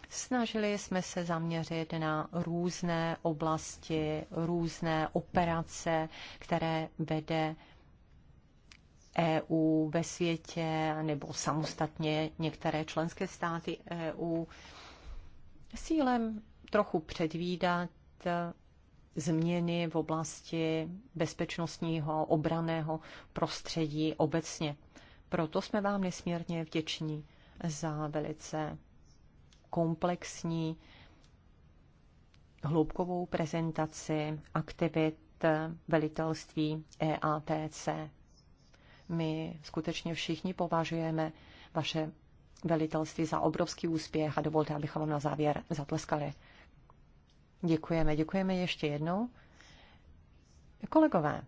[SPEAKER 4] Snažili jsme se zaměřit na různé oblasti, různé operace, které vede EU ve světě nebo samostatně některé členské státy EU s cílem trochu předvídat změny v oblasti bezpečnostního, obraného prostředí obecně. Proto jsme vám nesmírně vděční za velice komplexní hloubkovou prezentaci aktivit velitelství EATC. My skutečně všichni považujeme vaše velitelství za obrovský úspěch a dovolte, abychom vám na závěr zatleskali. Děkujeme, děkujeme ještě jednou. Kolegové,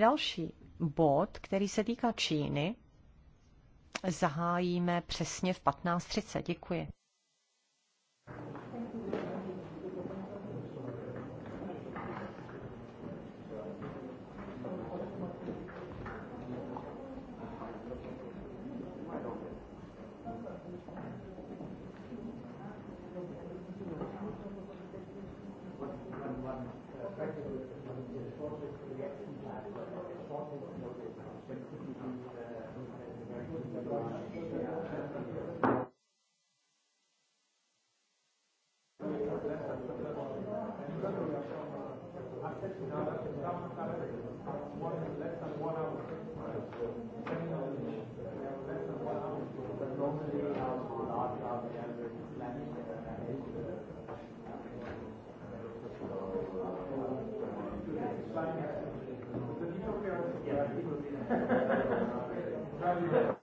[SPEAKER 4] další bod, který se týká Číny, zahájíme přesně v 15.30. Děkuji.
[SPEAKER 3] Thank no, you.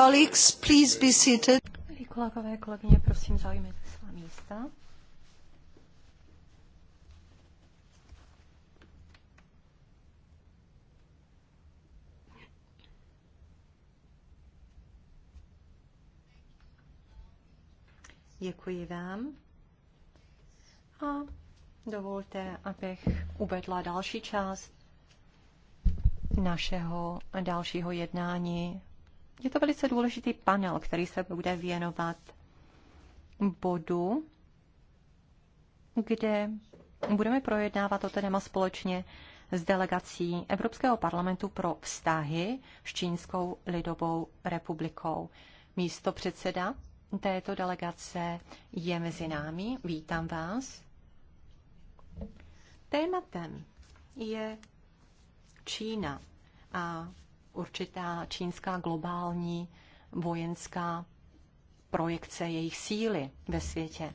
[SPEAKER 3] colleagues, please be seated.
[SPEAKER 4] kolegové, kolegyně, prosím, zaujměte svá místa. Děkuji vám. A dovolte, abych uvedla další část našeho dalšího jednání je to velice důležitý panel, který se bude věnovat bodu, kde budeme projednávat toto téma společně s delegací Evropského parlamentu pro vztahy s Čínskou lidovou republikou. Místo předseda této delegace je mezi námi. Vítám vás. Tématem je Čína a určitá čínská globální vojenská projekce jejich síly ve světě.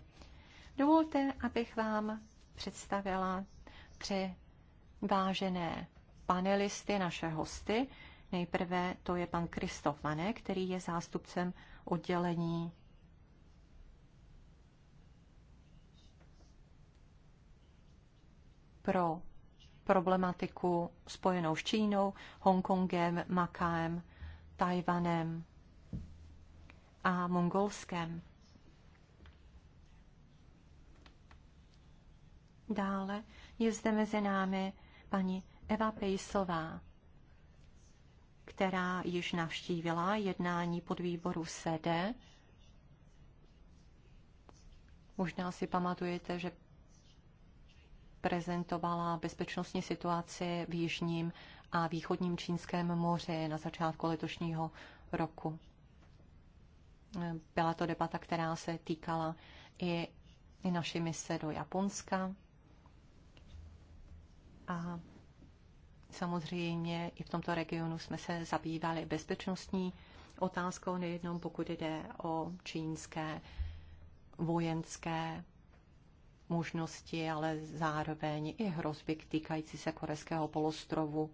[SPEAKER 4] Dovolte, abych vám představila tři vážené panelisty, naše hosty. Nejprve to je pan Kristof Mane, který je zástupcem oddělení pro problematiku spojenou s Čínou, Hongkongem, Makáem, Tajvanem a Mongolskem. Dále je zde mezi námi paní Eva Pejsová, která již navštívila jednání podvýboru SEDE. Možná si pamatujete, že prezentovala bezpečnostní situaci v Jižním a Východním Čínském moři na začátku letošního roku. Byla to debata, která se týkala i, i naší mise do Japonska. A samozřejmě i v tomto regionu jsme se zabývali bezpečnostní otázkou nejednou, pokud jde o čínské vojenské možnosti, ale zároveň i hrozby týkající se Korejského polostrovu.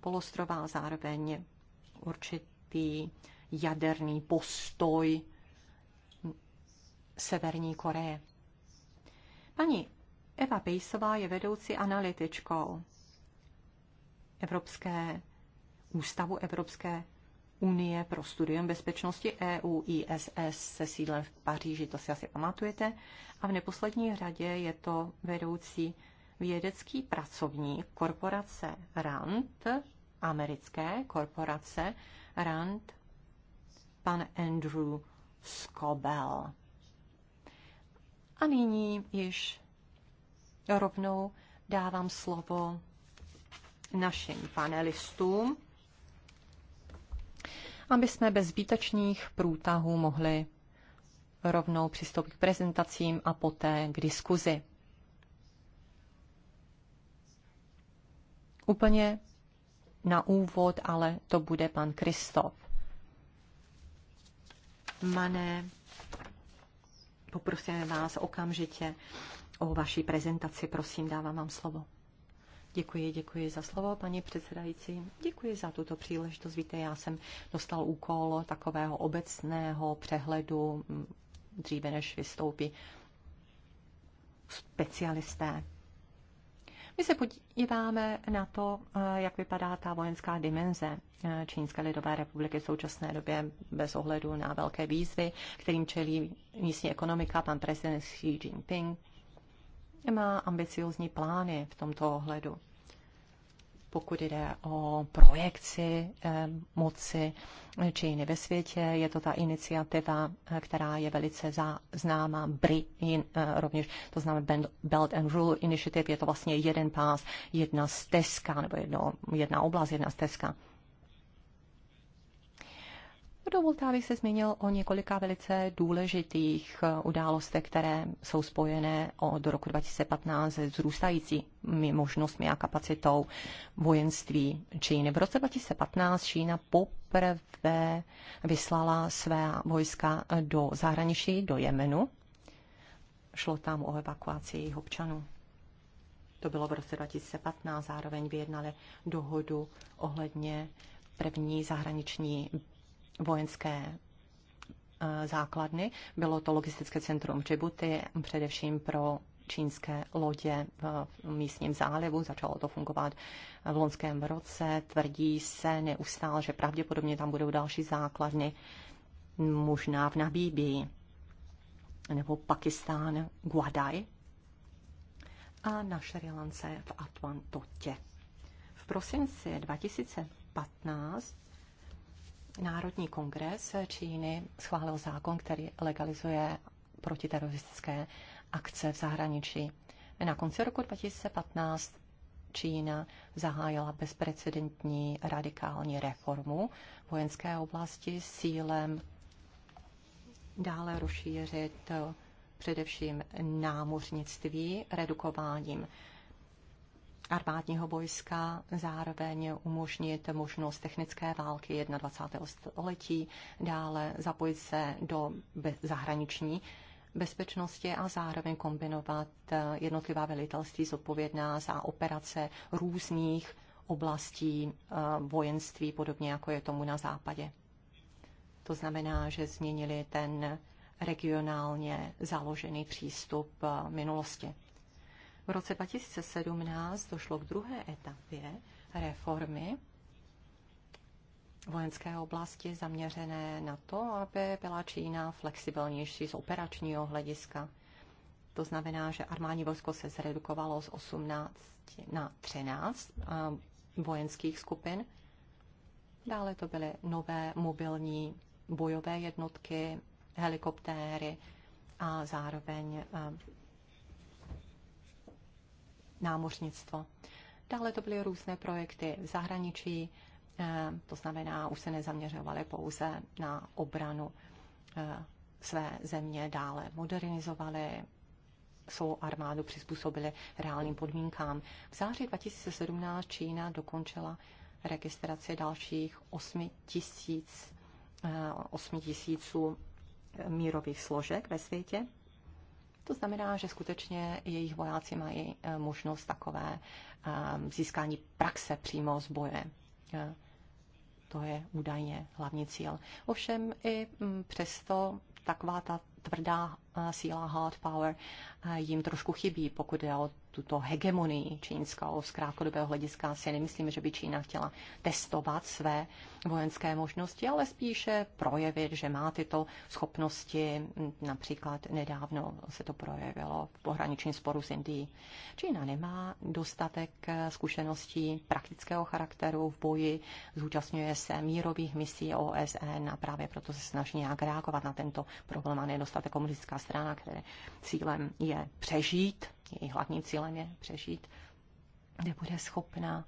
[SPEAKER 4] Polostrová zároveň určitý jaderný postoj Severní Koreje. Paní Eva Pejsová je vedoucí analytičkou Evropské ústavu Evropské Unie pro studium bezpečnosti EU ISS se sídlem v Paříži, to si asi pamatujete. A v neposlední řadě je to vedoucí vědecký pracovník korporace RAND, americké korporace RAND, pan Andrew Scobell. A nyní již rovnou dávám slovo našim panelistům aby jsme bez zbytečných průtahů mohli rovnou přistoupit k prezentacím a poté k diskuzi. Úplně na úvod, ale to bude pan Kristof. Mané, poprosíme vás okamžitě o vaší prezentaci. Prosím, dávám vám slovo. Děkuji, děkuji za slovo, paní předsedající. Děkuji za tuto příležitost. Víte, já jsem dostal úkol takového obecného přehledu mm, dříve, než vystoupí specialisté. My se podíváme na to, eh, jak vypadá ta vojenská dimenze eh, Čínské lidové republiky v současné době bez ohledu na velké výzvy, kterým čelí místní ekonomika. Pan prezident Xi Jinping má ambiciozní plány v tomto ohledu. Pokud jde o projekci eh, moci Číny ve světě, je to ta iniciativa, eh, která je velice za, známá, BRI eh, rovněž, to znamená Belt and Rule Initiative, je to vlastně jeden pás, jedna stezka, nebo jedno, jedna oblast, jedna stezka. Dovolte, abych se zmínil o několika velice důležitých eh, událostech, které jsou spojené od roku 2015 s růstajícími možnostmi a kapacitou vojenství Číny. V roce 2015 Čína poprvé vyslala své vojska eh, do zahraničí, do Jemenu. Šlo tam o evakuaci jejich občanů. To bylo v roce 2015. Zároveň vyjednali dohodu ohledně první zahraniční vojenské eh, základny. Bylo to logistické centrum Djibouti, především pro čínské lodě v místním zálivu. Začalo to fungovat v loňském roce. Tvrdí se neustále, že pravděpodobně tam budou další základny, možná v Nabíbii nebo Pakistán, Guadaj a na Šrilance v Atlantotě. V prosinci 2015 Národní kongres Číny schválil zákon, který legalizuje protiteroristické akce v zahraničí. Na konci roku 2015 Čína zahájila bezprecedentní radikální reformu vojenské oblasti s cílem dále rozšířit především námořnictví redukováním armádního vojska, zároveň umožnit možnost technické války 21. století, dále zapojit se do zahraniční bezpečnosti a zároveň kombinovat eh, jednotlivá velitelství zodpovědná za operace různých oblastí eh, vojenství, podobně jako je tomu na západě. To znamená, že změnili ten regionálně založený přístup eh, minulosti. V roce 2017 došlo k druhé etapě reformy vojenské oblasti zaměřené na to, aby byla Čína flexibilnější z operačního hlediska. To znamená, že armádní vojsko se zredukovalo z 18 na 13 vojenských skupin. Dále to byly nové mobilní bojové jednotky, helikoptéry a zároveň námořnictvo. Dále to byly různé projekty v zahraničí, eh, to znamená, už se nezaměřovali pouze na obranu eh, své země, dále modernizovali svou armádu, přizpůsobili reálným podmínkám. V září 2017 Čína dokončila registraci dalších 8 tisíc 8 eh, tisíců mírových složek ve světě. To znamená, že skutečně jejich vojáci mají eh, možnost takové eh, získání praxe přímo z boje. Eh, to je údajně hlavní cíl. Ovšem i mm, přesto taková ta tvrdá síla hard power jim trošku chybí, pokud je o tuto hegemonii čínskou z krátkodobého hlediska si nemyslím, že by Čína chtěla testovat své vojenské možnosti, ale spíše projevit, že má tyto schopnosti. Například nedávno se to projevilo v pohraničním sporu s Indií. Čína nemá dostatek zkušeností praktického charakteru v boji, zúčastňuje se mírových misí OSN a právě proto se snaží nějak reagovat na tento problém a nedostatek komunistická strana, které cílem je přežít i hlavním cílem je přežít, nebude schopna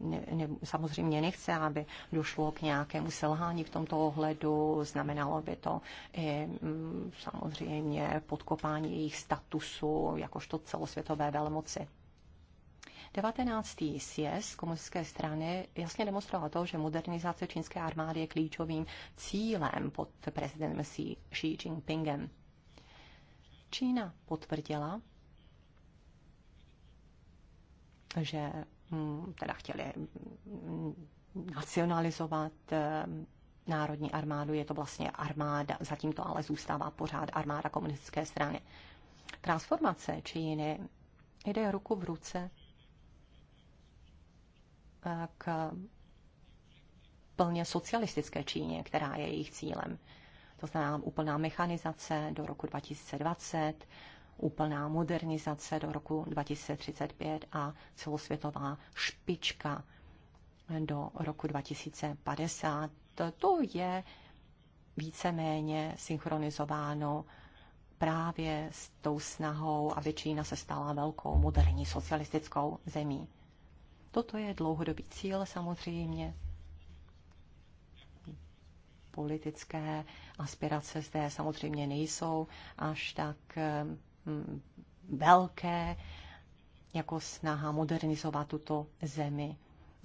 [SPEAKER 4] ne, ne, samozřejmě nechce, aby došlo k nějakému selhání v tomto ohledu. Znamenalo by to i mm, samozřejmě podkopání jejich statusu jakožto celosvětové velmoci. 19. sjezd komunistické strany jasně demonstroval to, že modernizace čínské armády je klíčovým cílem pod prezidentem Xi Jinpingem. Čína potvrdila, že mm, teda chtěli mm, nacionalizovat eh, národní armádu, je to vlastně armáda, zatím to ale zůstává pořád armáda komunistické strany. Transformace Číny jde ruku v ruce eh, k plně socialistické Číně, která je jejich cílem. To znamená úplná mechanizace do roku 2020, úplná modernizace do roku 2035 a celosvětová špička do roku 2050. To je víceméně synchronizováno právě s tou snahou, aby Čína se stala velkou moderní socialistickou zemí. Toto je dlouhodobý cíl samozřejmě. Politické aspirace zde samozřejmě nejsou až tak eh, Mm, velké, jako snaha modernizovat tuto zemi.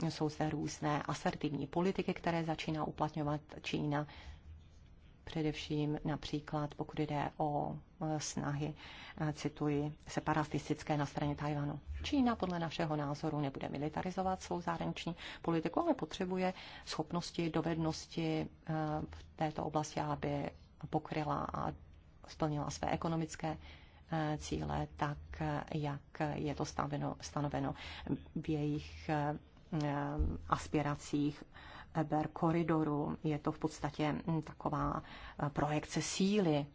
[SPEAKER 4] Jsou zde různé asertivní politiky, které začíná uplatňovat Čína, především například pokud jde o e, snahy, e, cituji, separatistické na straně Tajvanu. Čína podle našeho názoru nebude militarizovat svou zahraniční politiku, ale potřebuje schopnosti, dovednosti e, v této oblasti, aby pokryla a splnila své ekonomické Eh, cíle, tak eh, jak je to stanoveno, stanoveno v jejich eh, aspiracích Eber koridoru. Je to v podstatě hm, taková projekce síly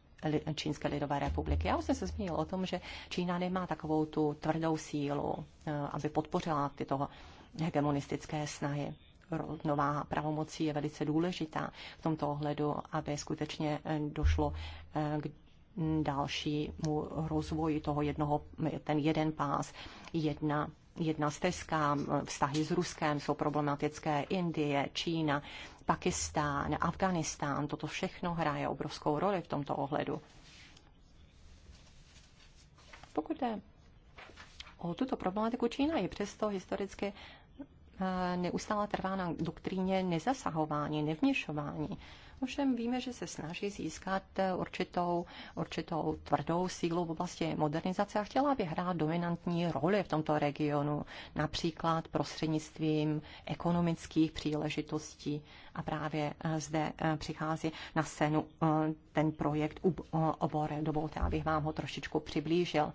[SPEAKER 4] Čínské lidové republiky. Já už jsem se zmínil o tom, že Čína nemá takovou tu tvrdou sílu, aby podpořila tyto hegemonistické snahy nová pravomocí je velice důležitá v tomto ohledu, aby skutečně došlo k dalšímu rozvoji toho jednoho, ten jeden pás, jedna jedna stezka, vztahy s Ruskem jsou problematické, Indie, Čína, Pakistán, Afganistán, toto všechno hraje obrovskou roli v tomto ohledu. Pokud jde o tuto problematiku, Čína je přesto historicky eh, neustále trvá na doktríně nezasahování, nevměšování Ovšem víme, že se snaží získat eh, určitou, určitou tvrdou sílu v oblasti modernizace a chtěla by hrát dominantní roli v tomto regionu, například prostřednictvím ekonomických příležitostí. A právě eh, zde eh, přichází na scénu ten projekt obor. Dovolte, abych vám ho trošičku přiblížil.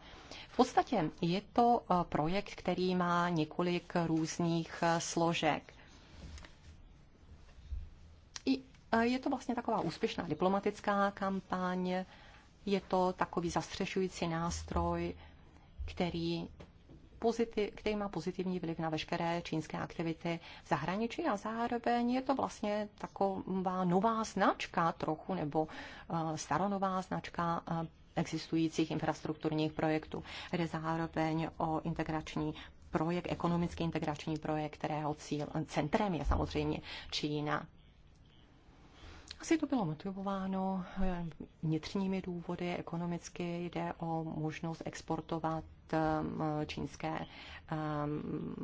[SPEAKER 4] V podstatě je to projekt, který má několik různých složek Je to vlastně taková úspěšná diplomatická kampaň, je to takový zastřešující nástroj, který, pozitiv, který má pozitivní vliv na veškeré čínské aktivity v zahraničí a zároveň je to vlastně taková nová značka trochu nebo eh, staronová značka eh, existujících infrastrukturních projektů. kde zároveň o integrační projekt, ekonomický integrační projekt, kterého cíl, eh, centrem je samozřejmě Čína. Asi to bylo motivováno eh, vnitřními důvody, ekonomicky jde o možnost exportovat ehm, čínské ehm,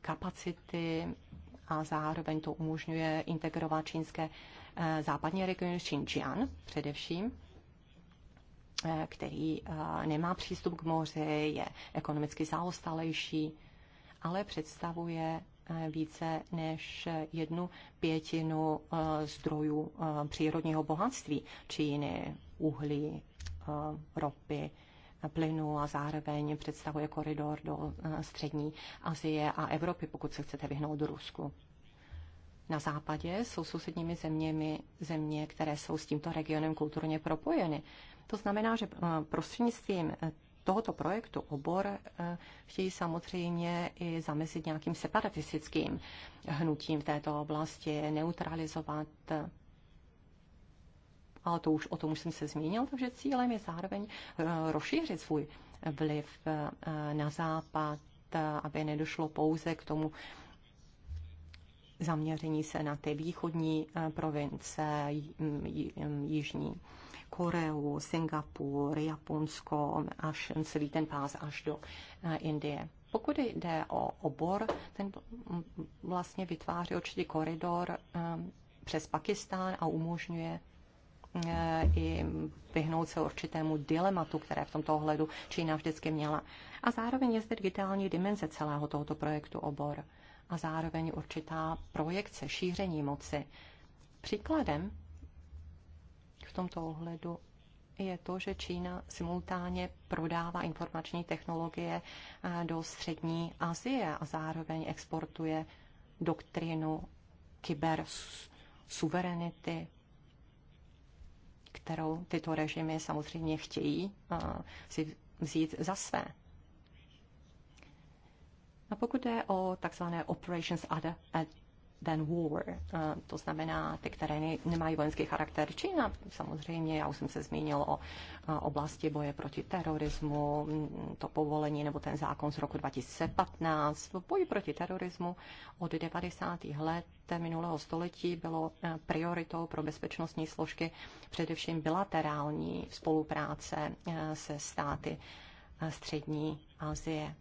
[SPEAKER 4] kapacity a zároveň to umožňuje integrovat čínské eh, západní regiony Xinjiang především eh, který nemá přístup k moři, je ekonomicky zaostalejší, ale představuje Eh, více než jednu pětinu eh, zdrojů eh, přírodního bohatství Číny, uhlí, ropy, plynu a zároveň představuje koridor do střední Asie a Evropy, pokud se chcete vyhnout do Rusku. Na západě jsou sousedními zeměmi země, které jsou s tímto regionem kulturně propojeny. To znamená, že prostřednictvím tohoto projektu obor eh, chtějí samozřejmě i zamezit nějakým separatistickým hnutím v této oblasti, neutralizovat eh, ale to už, o tom už jsem se zmínil, takže cílem je zároveň eh, rozšířit svůj vliv na západ, aby nedošlo pouze k tomu zaměření se na ty východní province, jižní Koreu, Singapur, Japonsko, až celý ten pás až do Indie. Pokud jde o obor, ten vlastně vytváří určitý koridor ehm, přes Pakistán a umožňuje eh, i vyhnout se určitému dilematu, které v tomto ohledu Čína vždycky měla. A zároveň je zde digitální dimenze celého tohoto projektu obor a zároveň určitá projekce, šíření moci. Příkladem tomto ohledu je to, že Čína simultánně prodává informační technologie eh, do střední Asie a zároveň exportuje doktrinu kyber suverenity, kterou tyto režimy samozřejmě chtějí eh, si vzít za své. A pokud jde o takzvané operations at than war, eh, to znamená ty, které nemají vojenský charakter. Čína, samozřejmě, já už jsem se zmínil o eh, oblasti boje proti terorismu, mm, to povolení nebo ten zákon z roku 2015. V boji proti terorismu od 90. let minulého století bylo eh, prioritou pro bezpečnostní složky především bilaterální spolupráce se státy střední Asie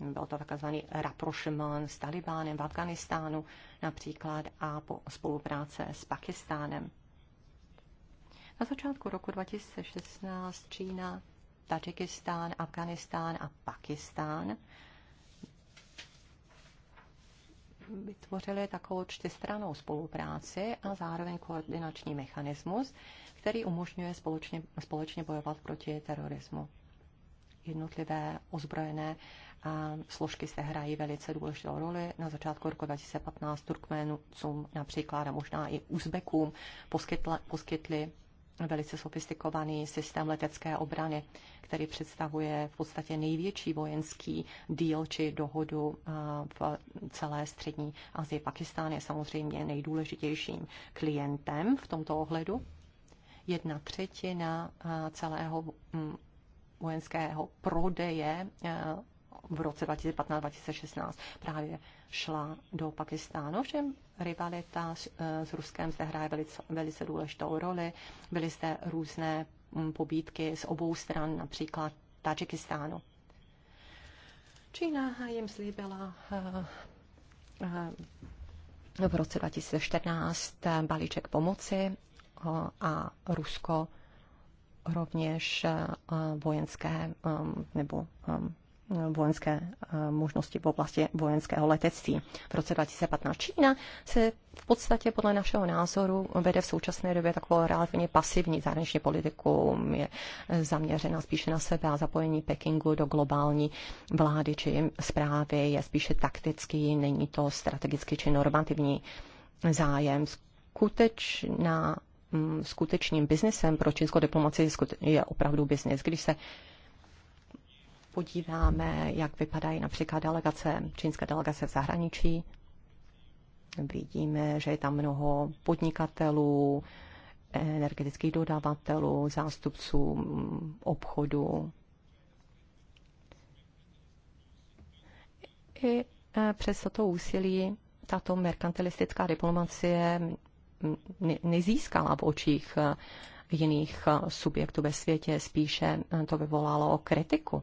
[SPEAKER 4] byl to takzvaný rapprochement s Talibánem v Afganistánu například a po spolupráce s Pakistánem. Na začátku roku 2016 Čína, Tadžikistán, Afganistán a Pakistán vytvořili takovou čtyřstranou spolupráci a zároveň koordinační mechanismus, který umožňuje společně, společně bojovat proti terorismu. Jednotlivé ozbrojené uh, složky se hrají velice důležitou roli. Na začátku roku 2015 Turkmenům, například a možná i Uzbekům poskytla, poskytli velice sofistikovaný systém letecké obrany, který představuje v podstatě největší vojenský díl či dohodu v celé střední Asii. Pakistán je samozřejmě nejdůležitějším klientem v tomto ohledu. Jedna třetina celého mm, vojenského prodeje v roce 2015-2016 právě šla do Pakistánu. Ovšem rivalita s, eh, s Ruskem zde hraje velice, velice důležitou roli. Byly zde různé hm, pobídky z obou stran, například Tadžikistánu. Čína jim slíbila eh, eh, v roce 2014 balíček pomoci a Rusko rovněž vojenské hm, nebo hm, vojenské eh, možnosti v oblasti vojenského letectví. V roce 2015 Čína se v podstatě podle našeho názoru vede v současné době takovou relativně pasivní zahraniční politiku, je zaměřena spíše na sebe a zapojení Pekingu do globální vlády či zprávy je spíše taktický, není to strategický či normativní zájem. Skutečná mm, skutečným biznesem pro čínskou diplomaci je opravdu biznes. Když se podíváme, jak vypadají například delegace, čínské delegace v zahraničí, vidíme, že je tam mnoho podnikatelů, energetických dodavatelů, zástupců obchodu. I e, přes toto úsilí tato merkantilistická diplomacie nezískala v očích e, jiných e, subjektů ve světě, spíše to vyvolalo kritiku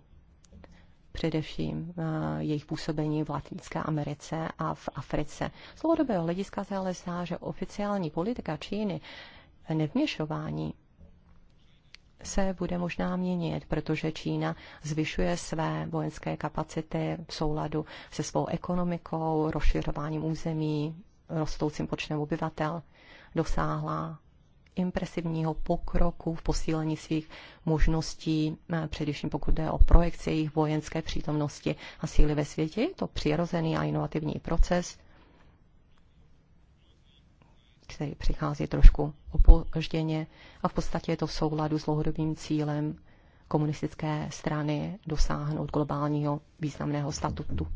[SPEAKER 4] především eh, jejich působení v Latinské Americe a v Africe. Z dlouhodobého hlediska se ale zdá, že oficiální politika Číny eh, nevměšování se bude možná měnit, protože Čína zvyšuje své vojenské kapacity v souladu se svou ekonomikou, rozšiřováním území, rostoucím počtem obyvatel. Dosáhla impresivního pokroku v posílení svých možností, eh, především pokud jde o projekci jejich vojenské přítomnosti a síly ve světě. Je to přirozený a inovativní proces, který přichází trošku opožděně a v podstatě je to v souladu s dlouhodobým cílem komunistické strany dosáhnout globálního významného statutu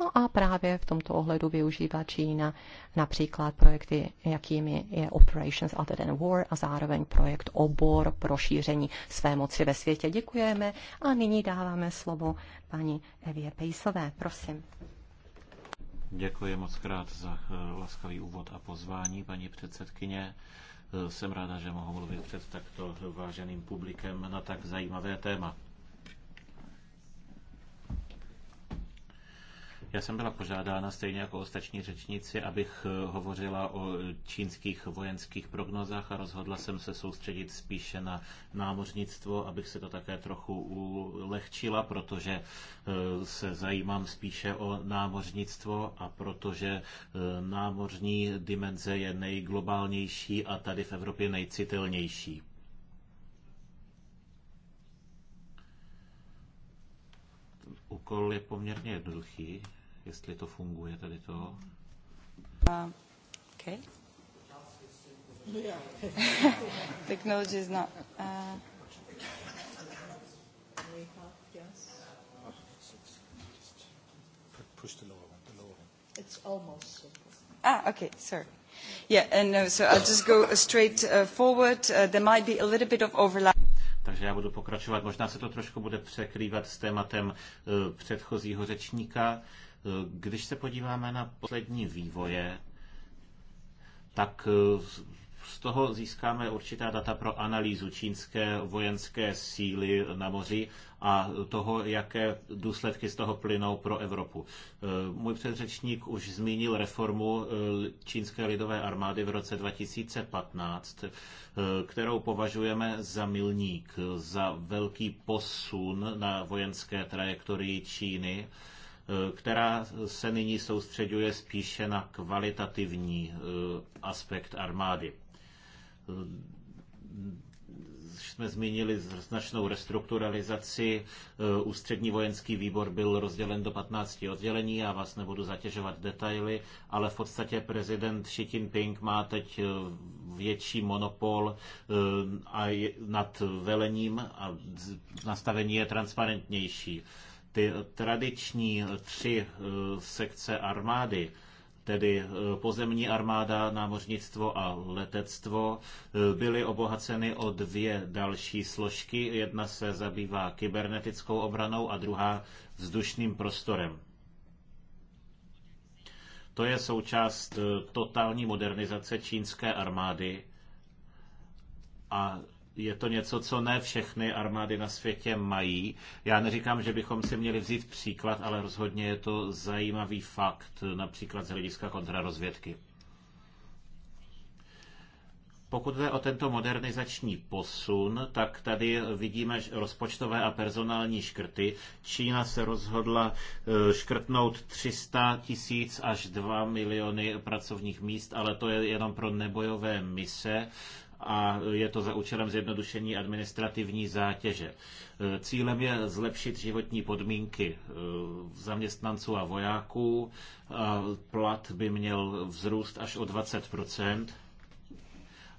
[SPEAKER 4] No a právě v tomto ohledu využívá Čína například projekty, jakými je Operations Other Than War a zároveň projekt Obor pro šíření své moci ve světě. Děkujeme a nyní dáváme slovo paní Evě Pejsové. Prosím.
[SPEAKER 1] Děkuji moc krát za eh, laskavý úvod a pozvání, paní předsedkyně. Eh, jsem ráda, že mohu mluvit před takto váženým publikem na tak zajímavé téma. Já jsem byla požádána, stejně jako ostatní řečníci, abych eh, hovořila o čínských vojenských prognozách a rozhodla jsem se soustředit spíše na námořnictvo, abych se to také trochu ulehčila, protože eh, se zajímám spíše o námořnictvo a protože eh, námořní dimenze je nejglobálnější a tady v Evropě nejcitelnější. úkol je poměrně jednoduchý jestli to funguje tady to.
[SPEAKER 3] Uh, OK. Technology is not. Uh...
[SPEAKER 4] Ah, okay, sorry. Yeah, and uh, so I'll just go straight uh, forward. Uh, there might be a little bit of
[SPEAKER 1] overlap. Takže já budu pokračovat. Možná se to trošku bude překrývat s tématem uh, předchozího řečníka. Uh, Eh, když se podíváme na poslední vývoje, tak eh, z toho získáme určitá data pro analýzu čínské vojenské síly na moři a toho, jaké důsledky z toho plynou pro Evropu. Eh, můj předřečník už zmínil reformu čínské lidové armády v roce 2015, kterou považujeme za milník, za velký posun na vojenské trajektorii Číny která se nyní soustředuje spíše na kvalitativní eh, aspekt armády. Jsme zmínili značnou restrukturalizaci. Eh, Ústřední vojenský výbor byl rozdělen do 15 oddělení, já vás nebudu zatěžovat detaily, ale v podstatě prezident Xi Jinping má teď eh, větší monopol a nad velením a nastavení je transparentnější ty tradiční tři eh, sekce armády, tedy eh, pozemní armáda, námořnictvo a letectvo, eh, byly obohaceny o dvě další složky. Jedna se zabývá kybernetickou obranou a druhá vzdušným prostorem. To je součást totální modernizace čínské armády a je to něco, co ne všechny armády na světě mají. Já neříkám, že bychom si měli vzít příklad, ale rozhodně je to zajímavý fakt, například z hlediska kontrarozvědky. Pokud jde o tento modernizační posun, tak tady vidíme rozpočtové a personální škrty. Čína se rozhodla e, škrtnout 300 tisíc až 2 miliony pracovních míst, ale to je jenom pro nebojové mise a je to za účelem zjednodušení administrativní zátěže. Cílem je zlepšit životní podmínky eh, zaměstnanců a vojáků. Plat by měl vzrůst až o 20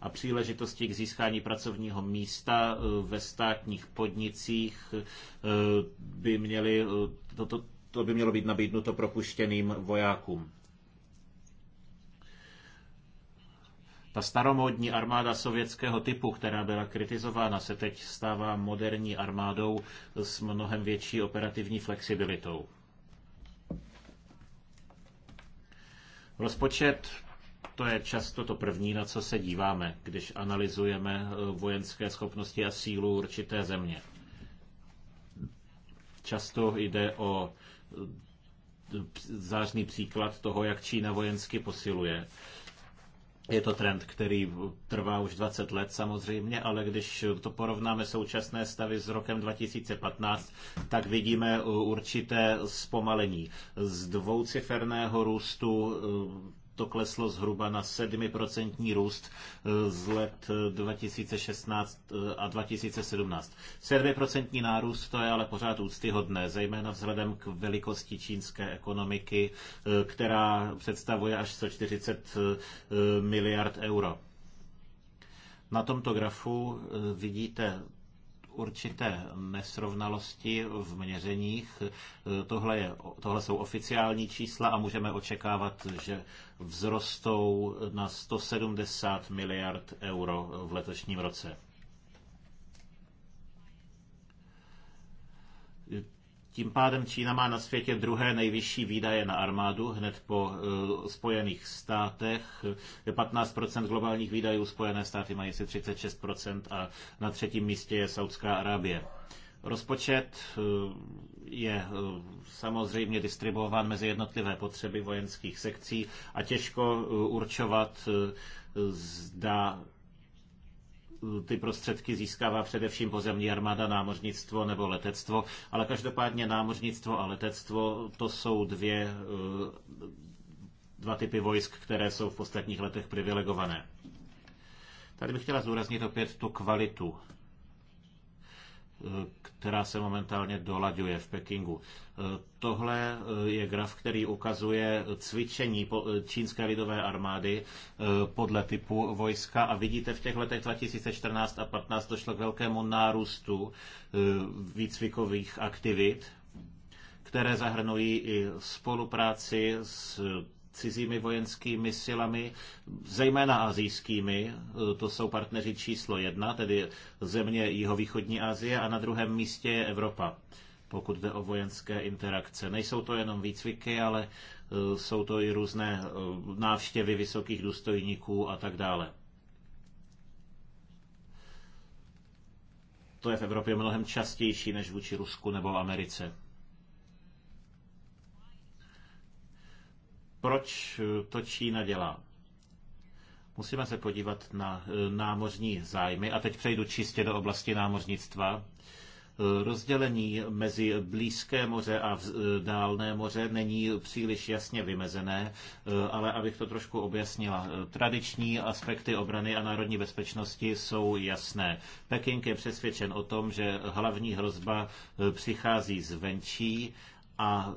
[SPEAKER 1] a příležitosti k získání pracovního místa eh, ve státních podnicích eh, by měly, to, to, to by mělo být nabídnuto propuštěným vojákům. Ta staromódní armáda sovětského typu, která byla kritizována, se teď stává moderní armádou s mnohem větší operativní flexibilitou. Rozpočet to je často to první, na co se díváme, když analyzujeme eh, vojenské schopnosti a sílu určité země. Často jde o eh, zářný příklad toho, jak Čína vojensky posiluje. Je to trend, který trvá už 20 let samozřejmě, ale když to porovnáme současné stavy s rokem 2015, tak vidíme uh, určité zpomalení. Z dvouciferného růstu uh, to kleslo zhruba na 7% růst eh, z let 2016 eh, eh, a 2017. 7% nárůst to je ale pořád úctyhodné, zejména vzhledem k velikosti čínské ekonomiky, která představuje až 140 miliard euro. Na tomto grafu vidíte určité nesrovnalosti v měřeních. Tohle, je, tohle jsou oficiální čísla a můžeme očekávat, že vzrostou na 170 miliard euro v letošním roce. Tím pádem Čína má na světě druhé nejvyšší výdaje na armádu, hned po eh, Spojených státech. 15% globálních výdajů Spojené státy mají si 36% a na třetím místě je Saudská Arábie. Rozpočet eh, je eh, samozřejmě distribuován mezi jednotlivé potřeby vojenských sekcí a těžko určovat, zda ty prostředky získává především pozemní armáda, námořnictvo nebo letectvo, ale každopádně námořnictvo a letectvo to jsou dvě, eh, dva typy vojsk, které jsou v posledních letech privilegované. Tady bych chtěla zdůraznit opět tu kvalitu Eh, která se momentálně dolaďuje v Pekingu. Eh, tohle eh, je graf, který ukazuje cvičení čínské lidové armády podle typu vojska a vidíte v těch letech 2014 a 2015 došlo k velkému nárůstu výcvikových aktivit které zahrnují i spolupráci s cizími vojenskými silami, zejména azijskými, e, to jsou partneři číslo jedna, tedy země jihovýchodní Asie a na druhém místě je Evropa, pokud jde o vojenské interakce. Nejsou to jenom výcviky, ale e, jsou to i různé e, návštěvy vysokých důstojníků a tak dále. To je v Evropě mnohem častější než vůči Rusku nebo Americe. Proč eh, to Čína dělá? Musíme se podívat na eh, námořní zájmy a teď přejdu čistě do oblasti námořnictva. Eh, rozdělení mezi Blízké moře a Dálné moře není příliš jasně vymezené, ale abych to trošku objasnila. Tradiční aspekty obrany a národní bezpečnosti jsou jasné. Peking je přesvědčen o tom, že hlavní hrozba přichází zvenčí a e,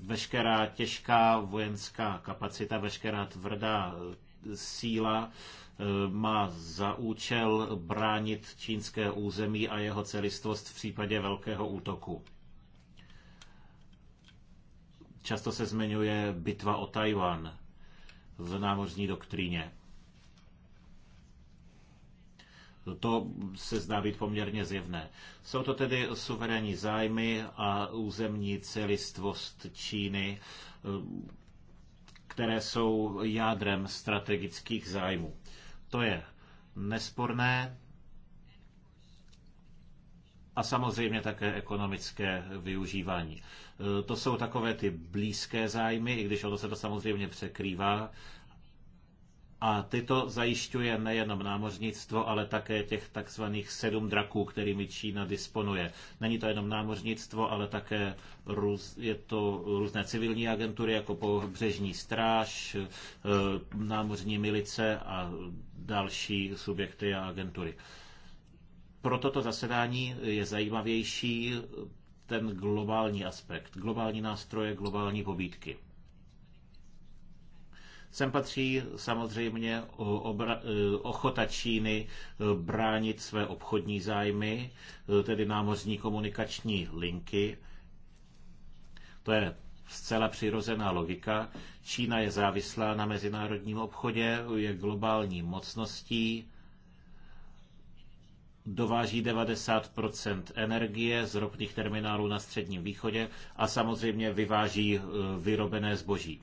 [SPEAKER 1] veškerá těžká vojenská kapacita, veškerá tvrdá e, síla e, má za účel bránit čínské území a jeho celistvost v případě velkého útoku. Často se zmiňuje bitva o Tajwan v námořní doktríně. To se zdá být poměrně zjevné. Jsou to tedy suverénní zájmy a územní celistvost Číny, eh, které jsou jádrem strategických zájmů. To je nesporné a samozřejmě také ekonomické využívání. Eh, to jsou takové ty blízké zájmy, i když ono se to samozřejmě překrývá, a tyto zajišťuje nejenom námořnictvo, ale také těch takzvaných sedm draků, kterými Čína disponuje. Není to jenom námořnictvo, ale také růz, je to různé civilní agentury, jako pobřežní stráž, e, námořní milice a další subjekty a agentury. Pro toto zasedání je zajímavější ten globální aspekt, globální nástroje, globální pobídky. Sem patří samozřejmě e, ochota Číny e, bránit své obchodní zájmy, e, tedy námořní komunikační linky. To je zcela přirozená logika. Čína je závislá na mezinárodním obchodě, je globální mocností, dováží 90 energie z ropných terminálů na Středním východě a samozřejmě vyváží vyrobené zboží.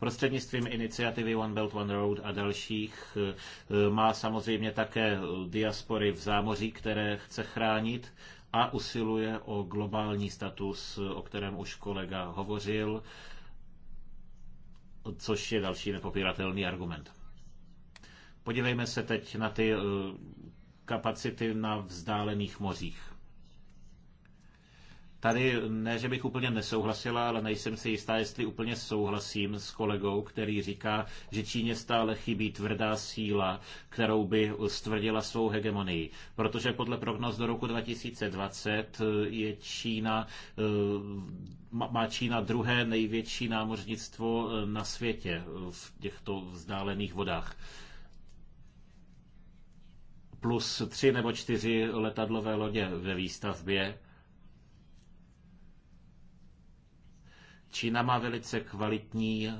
[SPEAKER 1] Prostřednictvím iniciativy One Belt One Road a dalších eh, eh, má samozřejmě také eh, diaspory v zámoří, které chce chránit a usiluje o globální status, o kterém už kolega hovořil, což je další nepopiratelný argument. Podívejme se teď na ty kapacity na vzdálených mořích. Tady ne, že bych úplně nesouhlasila, ale nejsem si jistá, jestli úplně souhlasím s kolegou, který říká, že Číně stále chybí tvrdá síla, kterou by stvrdila svou hegemonii. Protože podle prognoz do roku 2020 eh, je Čína, eh, má Čína druhé největší námořnictvo eh, na světě v těchto vzdálených vodách plus tři nebo čtyři letadlové lodě ve výstavbě Čína má velice kvalitní eh,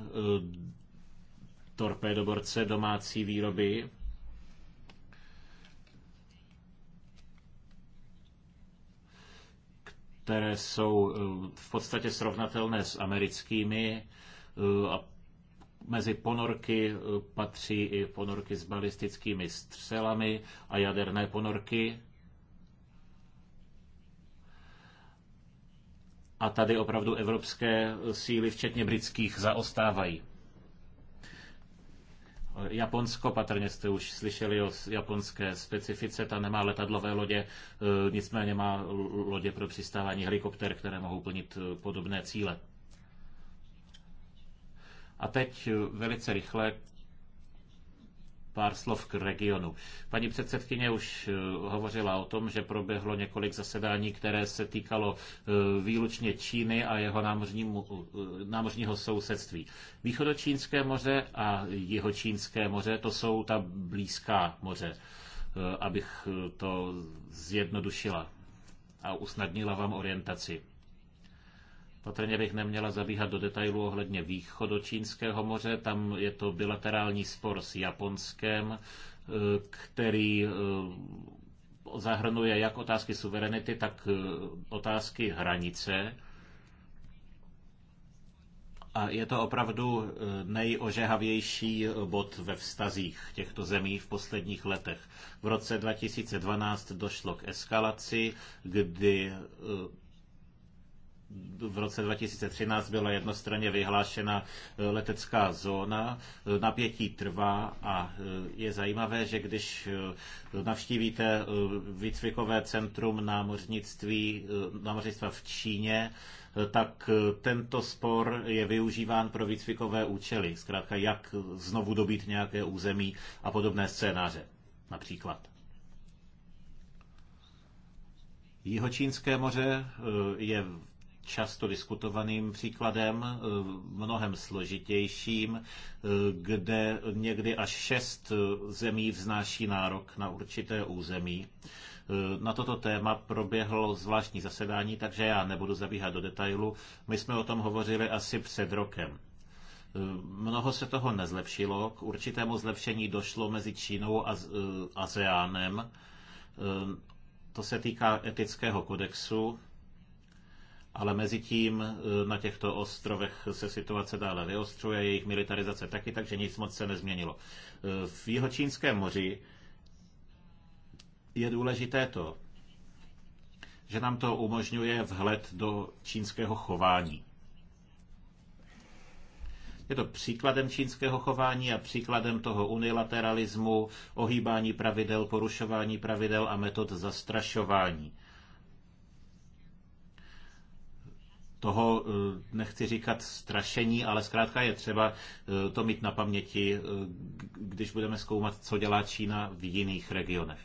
[SPEAKER 1] torpédoborce domácí výroby. které jsou eh, v podstatě srovnatelné s americkými eh, a mezi ponorky patří i ponorky s balistickými střelami a jaderné ponorky. a tady opravdu evropské síly, včetně britských, zaostávají. Japonsko, patrně jste už slyšeli o japonské specifice, ta nemá letadlové lodě, e, nicméně má lodě pro přistávání helikopter, které mohou plnit e, podobné cíle. A teď e, velice rychle pár slov k regionu. Paní předsedkyně už eh, hovořila o tom, že proběhlo několik zasedání, které se týkalo eh, výlučně Číny a jeho námořnímu, eh, námořního sousedství. Východočínské moře a jihočínské moře, to jsou ta blízká moře, abych to zjednodušila a usnadnila vám orientaci. Patrně bych neměla zabíhat do detailu ohledně Čínského moře. Tam je to bilaterální spor s Japonskem, e, který e, zahrnuje jak otázky suverenity, tak e, otázky hranice. A je to opravdu nejožehavější bod ve vztazích těchto zemí v posledních letech. V roce 2012 došlo k eskalaci, kdy v roce 2013 byla jednostranně vyhlášena e, letecká zóna, e, napětí trvá a e, je zajímavé, že když navštívíte výcvikové centrum námořnictví, námořnictva v Číně, tak tento spor je využíván pro výcvikové účely. Zkrátka, jak znovu dobít nějaké území a podobné scénáře například. Jihočínské moře je často diskutovaným příkladem, eh, mnohem složitějším, eh, kde někdy až šest eh, zemí vznáší nárok na určité území. Na toto téma proběhlo zvláštní zasedání, takže já nebudu zabíhat do detailu. My jsme o tom hovořili asi před rokem. Mnoho se toho nezlepšilo. K určitému zlepšení došlo mezi Čínou a ASEANem. To se týká etického kodexu, ale mezi tím eh, na těchto ostrovech se situace dále vyostřuje, jejich militarizace taky, takže nic moc se nezměnilo. Eh, v Jihočínském moři je důležité to, že nám to umožňuje vhled do čínského chování. Je to příkladem čínského chování a příkladem toho unilateralismu, ohýbání pravidel, porušování pravidel a metod zastrašování. toho eh, nechci říkat strašení, ale zkrátka je třeba eh, to mít na paměti, eh, když budeme zkoumat, co dělá Čína v jiných regionech.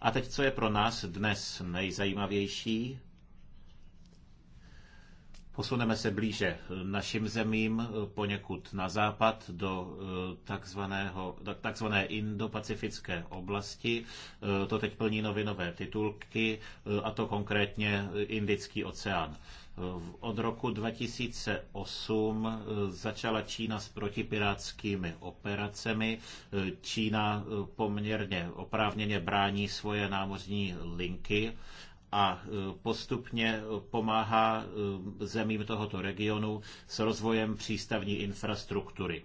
[SPEAKER 1] A teď, co je pro nás dnes nejzajímavější, Posuneme se blíže našim zemím, poněkud na západ, do eh, takzvaného, takzvané indopacifické oblasti. Eh, to teď plní novinové titulky, eh, a to konkrétně Indický oceán. Od roku 2008 začala Čína s protipirátskými operacemi. Čína poměrně oprávněně brání svoje námořní linky a e, postupně pomáhá e, zemím tohoto regionu s rozvojem přístavní infrastruktury. E,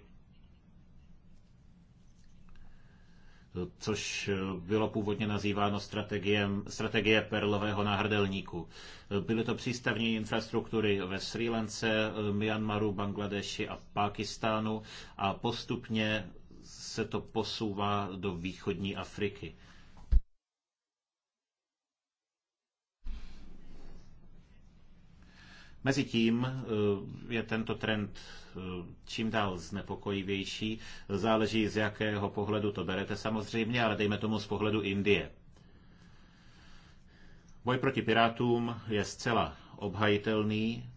[SPEAKER 1] což bylo původně nazýváno strategiem, strategie perlového náhrdelníku. Byly to přístavní infrastruktury ve Sri Lance, Myanmaru, Bangladeši a Pákistánu a postupně se to posouvá do východní Afriky. Mezitím eh, je tento trend eh, čím dál znepokojivější. Záleží, z jakého pohledu to berete samozřejmě, ale dejme tomu z pohledu Indie. Boj proti pirátům je zcela obhajitelný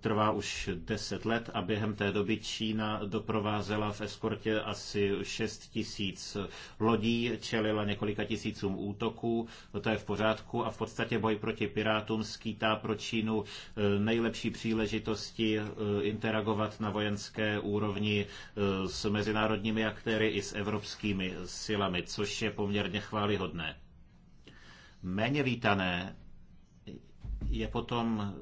[SPEAKER 1] trvá už 10 let a během té doby Čína doprovázela v eskortě asi 6 tisíc lodí, čelila několika tisícům útoků, to je v pořádku a v podstatě boj proti pirátům skýtá pro Čínu eh, nejlepší příležitosti eh, interagovat na vojenské úrovni eh, s mezinárodními aktéry i s evropskými silami, což je poměrně chválihodné. Méně vítané je potom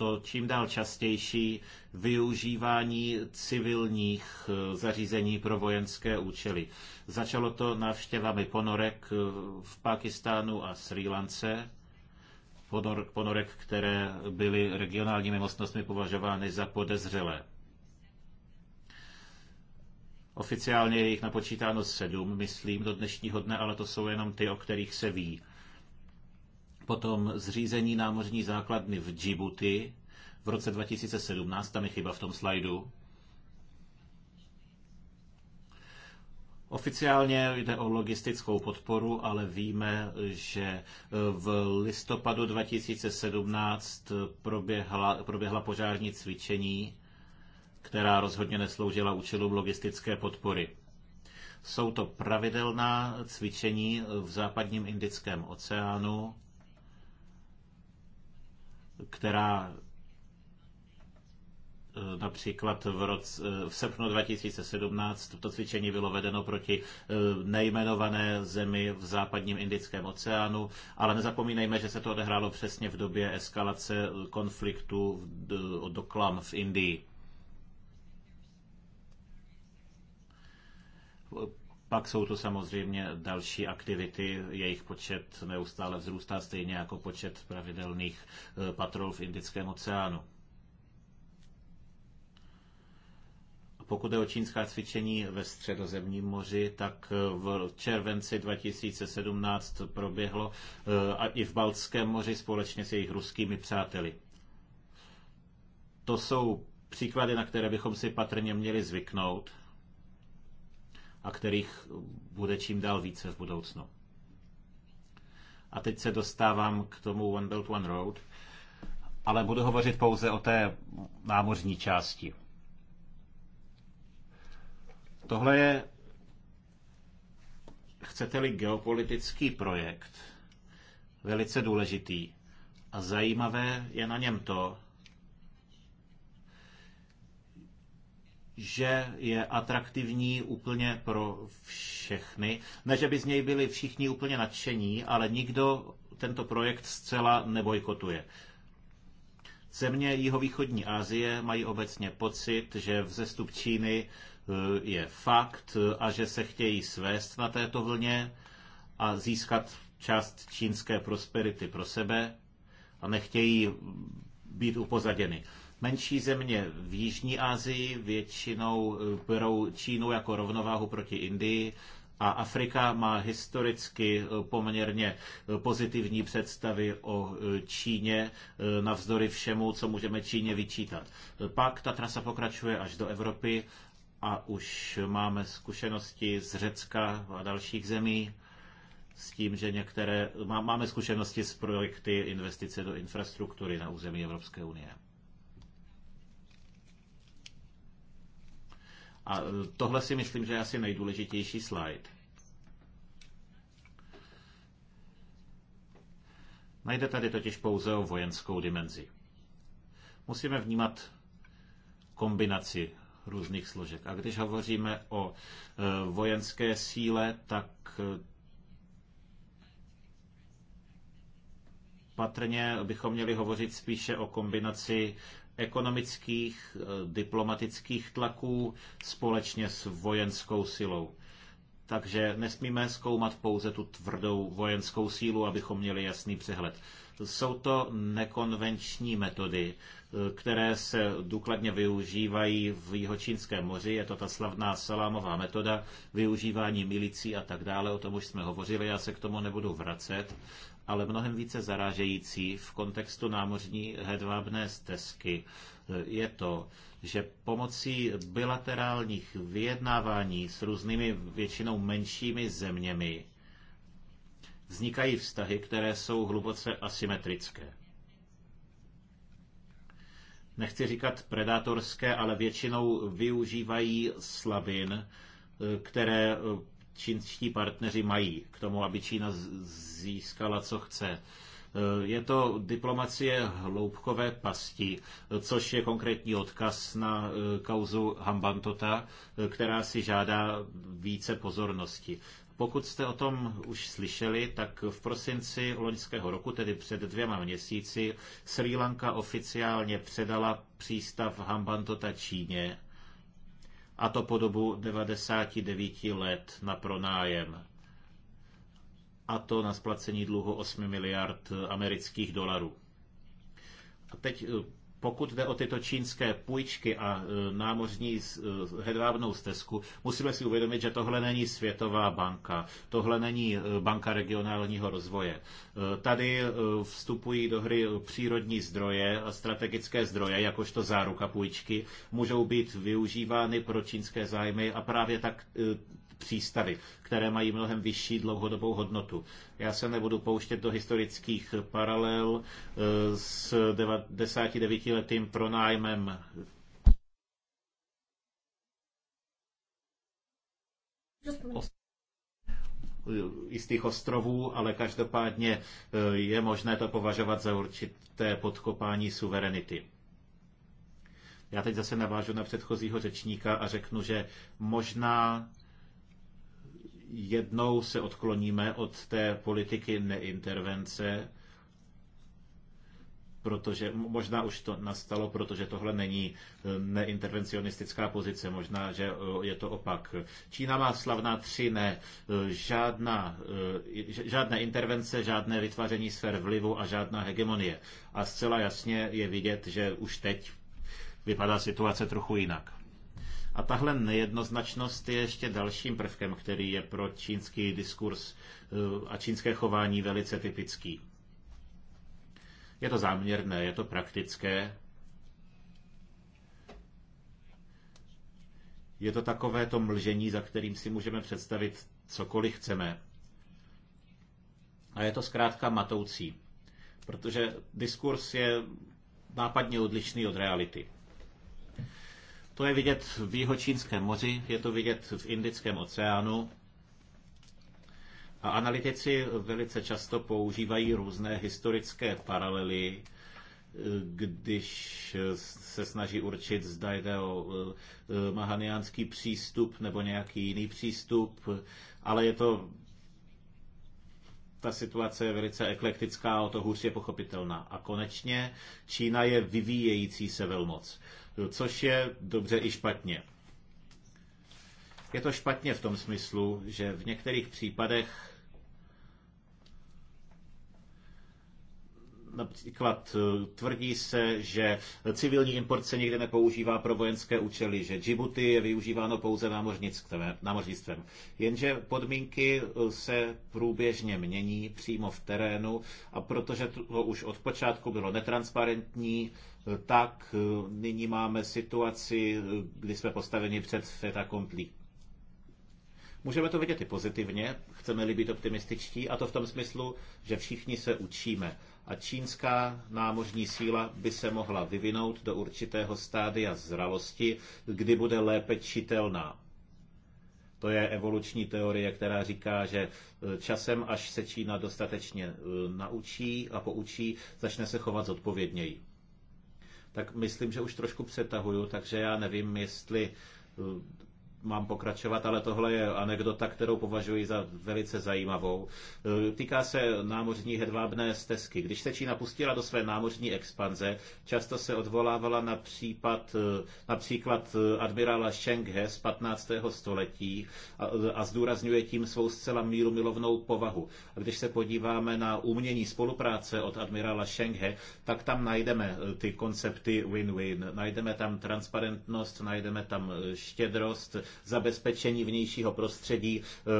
[SPEAKER 1] to čím dál častější využívání civilních eh, zařízení pro vojenské účely. Začalo to návštěvami ponorek eh, v Pakistánu a Sri Lance, ponor, ponorek, které byly regionálními mocnostmi považovány za podezřelé. Oficiálně je jich napočítáno sedm, myslím, do dnešního dne, ale to jsou jenom ty, o kterých se ví. Potom zřízení námořní základny v Djibouti v roce 2017, tam je chyba v tom slajdu. Oficiálně jde o logistickou podporu, ale víme, že e, v listopadu 2017 proběhla, proběhla požární cvičení, která rozhodně nesloužila účelům logistické podpory. Jsou to pravidelná cvičení v západním Indickém oceánu, která e, například v, roce, v srpnu 2017 to cvičení bylo vedeno proti e, nejmenované zemi v západním Indickém oceánu, ale nezapomínejme, že se to odehrálo přesně v době eskalace konfliktu do, do Klam v Indii. Pak jsou to samozřejmě další aktivity, jejich počet neustále vzrůstá, stejně jako počet pravidelných eh, patrol v Indickém oceánu. Pokud je o čínská cvičení ve středozemním moři, tak eh, v červenci 2017 proběhlo eh, a i v Baltském moři společně s jejich ruskými přáteli. To jsou příklady, na které bychom si patrně měli zvyknout a kterých bude čím dál více v budoucnu. A teď se dostávám k tomu One Belt One Road, ale budu hovořit pouze o té námořní části. Tohle je, chcete-li, geopolitický projekt, velice důležitý. A zajímavé je na něm to, že je atraktivní úplně pro všechny. Ne, že by z něj byli všichni úplně nadšení, ale nikdo tento projekt zcela nebojkotuje. Země jihovýchodní Asie mají obecně pocit, že vzestup Číny eh, je fakt eh, a že se chtějí svést na této vlně a získat část čínské prosperity pro sebe a nechtějí být upozaděny. Menší země v Jižní Asii většinou eh, berou Čínu jako rovnováhu proti Indii a Afrika má historicky eh, poměrně eh, pozitivní představy o Číně navzdory všemu, co můžeme Číně vyčítat. Pak ta trasa pokračuje až do Evropy a už máme zkušenosti z Řecka a dalších zemí s tím, že některé, máme zkušenosti s projekty investice do infrastruktury na území Evropské unie. A e, tohle si myslím, že je asi nejdůležitější slide. Najde tady totiž pouze o vojenskou dimenzi. Musíme vnímat kombinaci různých složek. A když hovoříme o e, vojenské síle, tak e, patrně bychom měli hovořit spíše o kombinaci ekonomických, eh, diplomatických tlaků společně s vojenskou silou. Takže nesmíme zkoumat pouze tu tvrdou vojenskou sílu, abychom měli jasný přehled. Jsou to nekonvenční metody, eh, které se důkladně využívají v Jihočínském moři. Je to ta slavná salámová metoda využívání milicí a tak dále. O tom už jsme hovořili, já se k tomu nebudu vracet ale mnohem více zarážející v kontextu námořní hedvábné stezky eh, je to, že pomocí bilaterálních vyjednávání s různými většinou menšími zeměmi vznikají vztahy, které jsou hluboce asymetrické. Nechci říkat predátorské, ale většinou využívají slabin, eh, které eh, čínští partneři mají k tomu, aby Čína získala, co chce. E, je to diplomacie hloubkové pasti, což je konkrétní odkaz na e, kauzu Hambantota, e, která si žádá více pozornosti. Pokud jste o tom už slyšeli, tak v prosinci loňského roku, tedy před dvěma měsíci, Sri Lanka oficiálně předala přístav Hambantota Číně a to po dobu 99 let na pronájem. A to na splacení dluhu 8 miliard amerických dolarů. A teď eh, pokud jde o tyto čínské půjčky a e, námořní e, hedvábnou stezku, musíme si uvědomit, že tohle není Světová banka, tohle není e, banka regionálního rozvoje. Tady vstupují do hry přírodní zdroje a strategické zdroje, jakožto záruka půjčky, můžou být využívány pro čínské zájmy a právě tak přístavy, které mají mnohem vyšší dlouhodobou hodnotu. Já se nebudu pouštět do historických paralel eh, s 99-letým pronájmem jistých ostrovů, ale každopádně eh, je možné to považovat za určité podkopání suverenity. Já teď zase navážu na předchozího řečníka a řeknu, že možná jednou se odkloníme od té politiky neintervence, protože možná už to nastalo, protože tohle není eh, neintervencionistická pozice, možná, že eh, je to opak. Čína má slavná tři ne, eh, žádná, žádné intervence, žádné vytváření sfér vlivu a žádná hegemonie. A zcela jasně je vidět, že už teď vypadá situace trochu jinak. A tahle nejednoznačnost je ještě dalším prvkem, který je pro čínský diskurs eh, a čínské chování velice typický. Je to záměrné, je to praktické. Je to takové to mlžení, za kterým si můžeme představit cokoliv chceme. A je to zkrátka matoucí, protože diskurs je nápadně odlišný od reality. To je vidět v Jihočínském moři, je to vidět v Indickém oceánu. A analytici velice často používají různé historické paralely, když se snaží určit, zda jde o e, e, mahaniánský přístup nebo nějaký jiný přístup, ale je to ta situace je velice eklektická, o to hůř je pochopitelná. A konečně Čína je vyvíjející se velmoc. No, což je dobře i špatně. Je to špatně v tom smyslu, že v některých případech Například eh, tvrdí se, že civilní import se nikdy nepoužívá pro vojenské účely, že Djibouti je využíváno pouze námořnictvem. Jenže podmínky eh, se průběžně mění přímo v terénu a protože to už od počátku bylo netransparentní, eh, tak nyní máme situaci, kdy jsme postaveni před feta komplí. Můžeme to vidět i pozitivně, chceme-li být optimističtí, a to v tom smyslu, že všichni se učíme a čínská námořní síla by se mohla vyvinout do určitého stádia zralosti, kdy bude lépe čitelná. To je evoluční teorie, která říká, že e, časem, až se Čína dostatečně e, naučí a poučí, začne se chovat zodpovědněji. Tak myslím, že už trošku přetahuju, takže já nevím, jestli e, mám pokračovat, ale tohle je anekdota, kterou považuji za velice zajímavou. E, týká se námořní hedvábné stezky. Když se Čína pustila do své námořní expanze, často se odvolávala na případ, e, například e, admirála Schenghe z 15. století a, a zdůrazňuje tím svou zcela míru milovnou povahu. A když se podíváme na umění spolupráce od admirála Schenghe, tak tam najdeme ty koncepty win-win. Najdeme tam transparentnost, najdeme tam štědrost, zabezpečení vnějšího prostředí. E,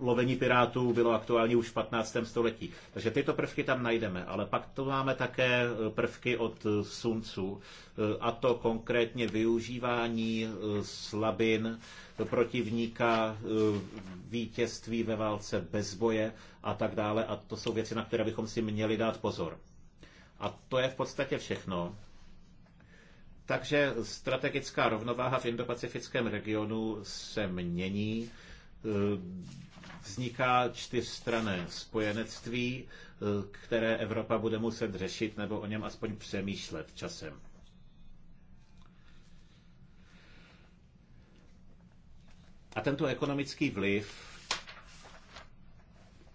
[SPEAKER 1] lovení pirátů bylo aktuální už v 15. století. Takže tyto prvky tam najdeme, ale pak tu máme také e, prvky od e, sunců, a to konkrétně využívání slabin protivníka, vítězství ve válce bez boje a tak dále. A to jsou věci, na které bychom si měli dát pozor. A to je v podstatě všechno. Takže strategická rovnováha v indopacifickém regionu se mění. Vzniká čtyřstrané spojenectví, které Evropa bude muset řešit nebo o něm aspoň přemýšlet časem. A tento ekonomický vliv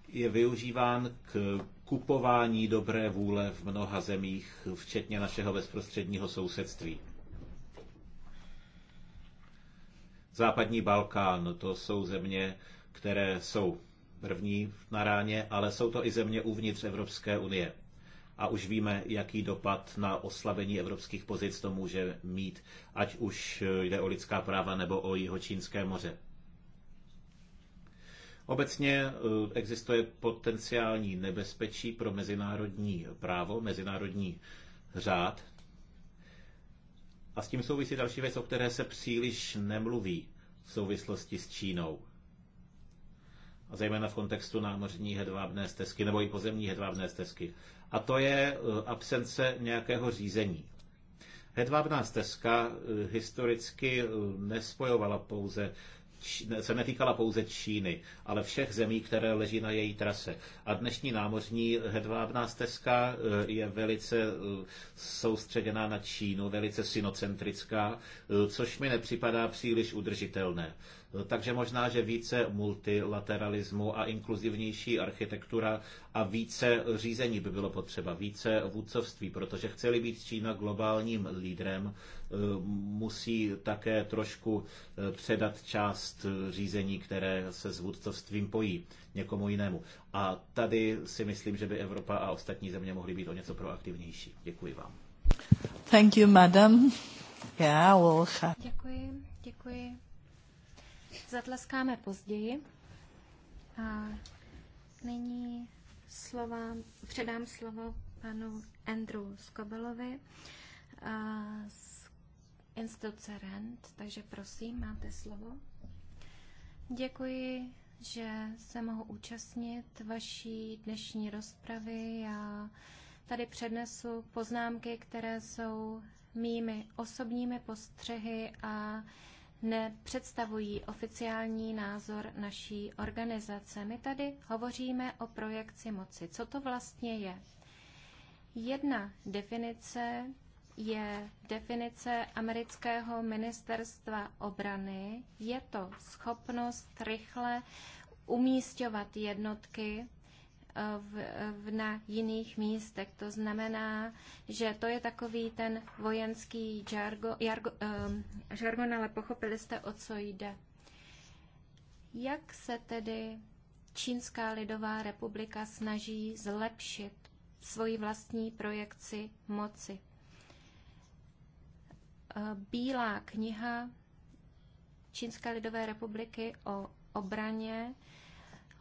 [SPEAKER 1] je využíván k kupování dobré vůle v mnoha zemích, včetně našeho bezprostředního sousedství. Západní Balkán, to jsou země, které jsou první na ráně, ale jsou to i země uvnitř Evropské unie. A už víme, jaký dopad na oslabení evropských pozic to může mít, ať už jde o lidská práva nebo o jihočínské moře. Obecně eh, existuje potenciální nebezpečí pro mezinárodní právo, mezinárodní řád. A s tím souvisí další věc, o které se příliš nemluví v souvislosti s Čínou. A zejména v kontextu námořní hedvábné stezky nebo i pozemní hedvábné stezky. A to je eh, absence nějakého řízení. Hedvábná stezka eh, historicky nespojovala pouze se netýkala pouze Číny, ale všech zemí, které leží na její trase. A dnešní námořní hedvábná stezka eh, je velice eh, soustředěná na Čínu, velice sinocentrická, eh, což mi nepřipadá příliš udržitelné. Takže možná, že více multilateralismu a inkluzivnější architektura a více řízení by bylo potřeba, více vůdcovství, protože chceli být Čína globálním lídrem, eh, musí také trošku eh, předat část eh, řízení, které se s vůdcovstvím pojí někomu jinému. A tady si myslím, že by Evropa a ostatní země mohly být o něco proaktivnější. Děkuji vám.
[SPEAKER 4] Thank you, madam. Yeah, we'll have...
[SPEAKER 2] Děkuji, děkuji zatleskáme později. A nyní slova, předám slovo panu Andrew Skobelovi z instituce RENT, takže prosím, máte slovo. Děkuji, že se mohu účastnit vaší dnešní rozpravy. Já tady přednesu poznámky, které jsou mými osobními postřehy a nepředstavují oficiální názor naší organizace. My tady hovoříme o projekci moci. Co to vlastně je? Jedna definice je definice amerického ministerstva obrany. Je to schopnost rychle umístěvat jednotky v, v, na jiných místech. To znamená, že to je takový ten vojenský žargo, jargo, um, žargon, ale pochopili jste, o co jde. Jak se tedy Čínská lidová republika snaží zlepšit svoji vlastní projekci moci? Ehm, Bílá kniha Čínské lidové republiky o obraně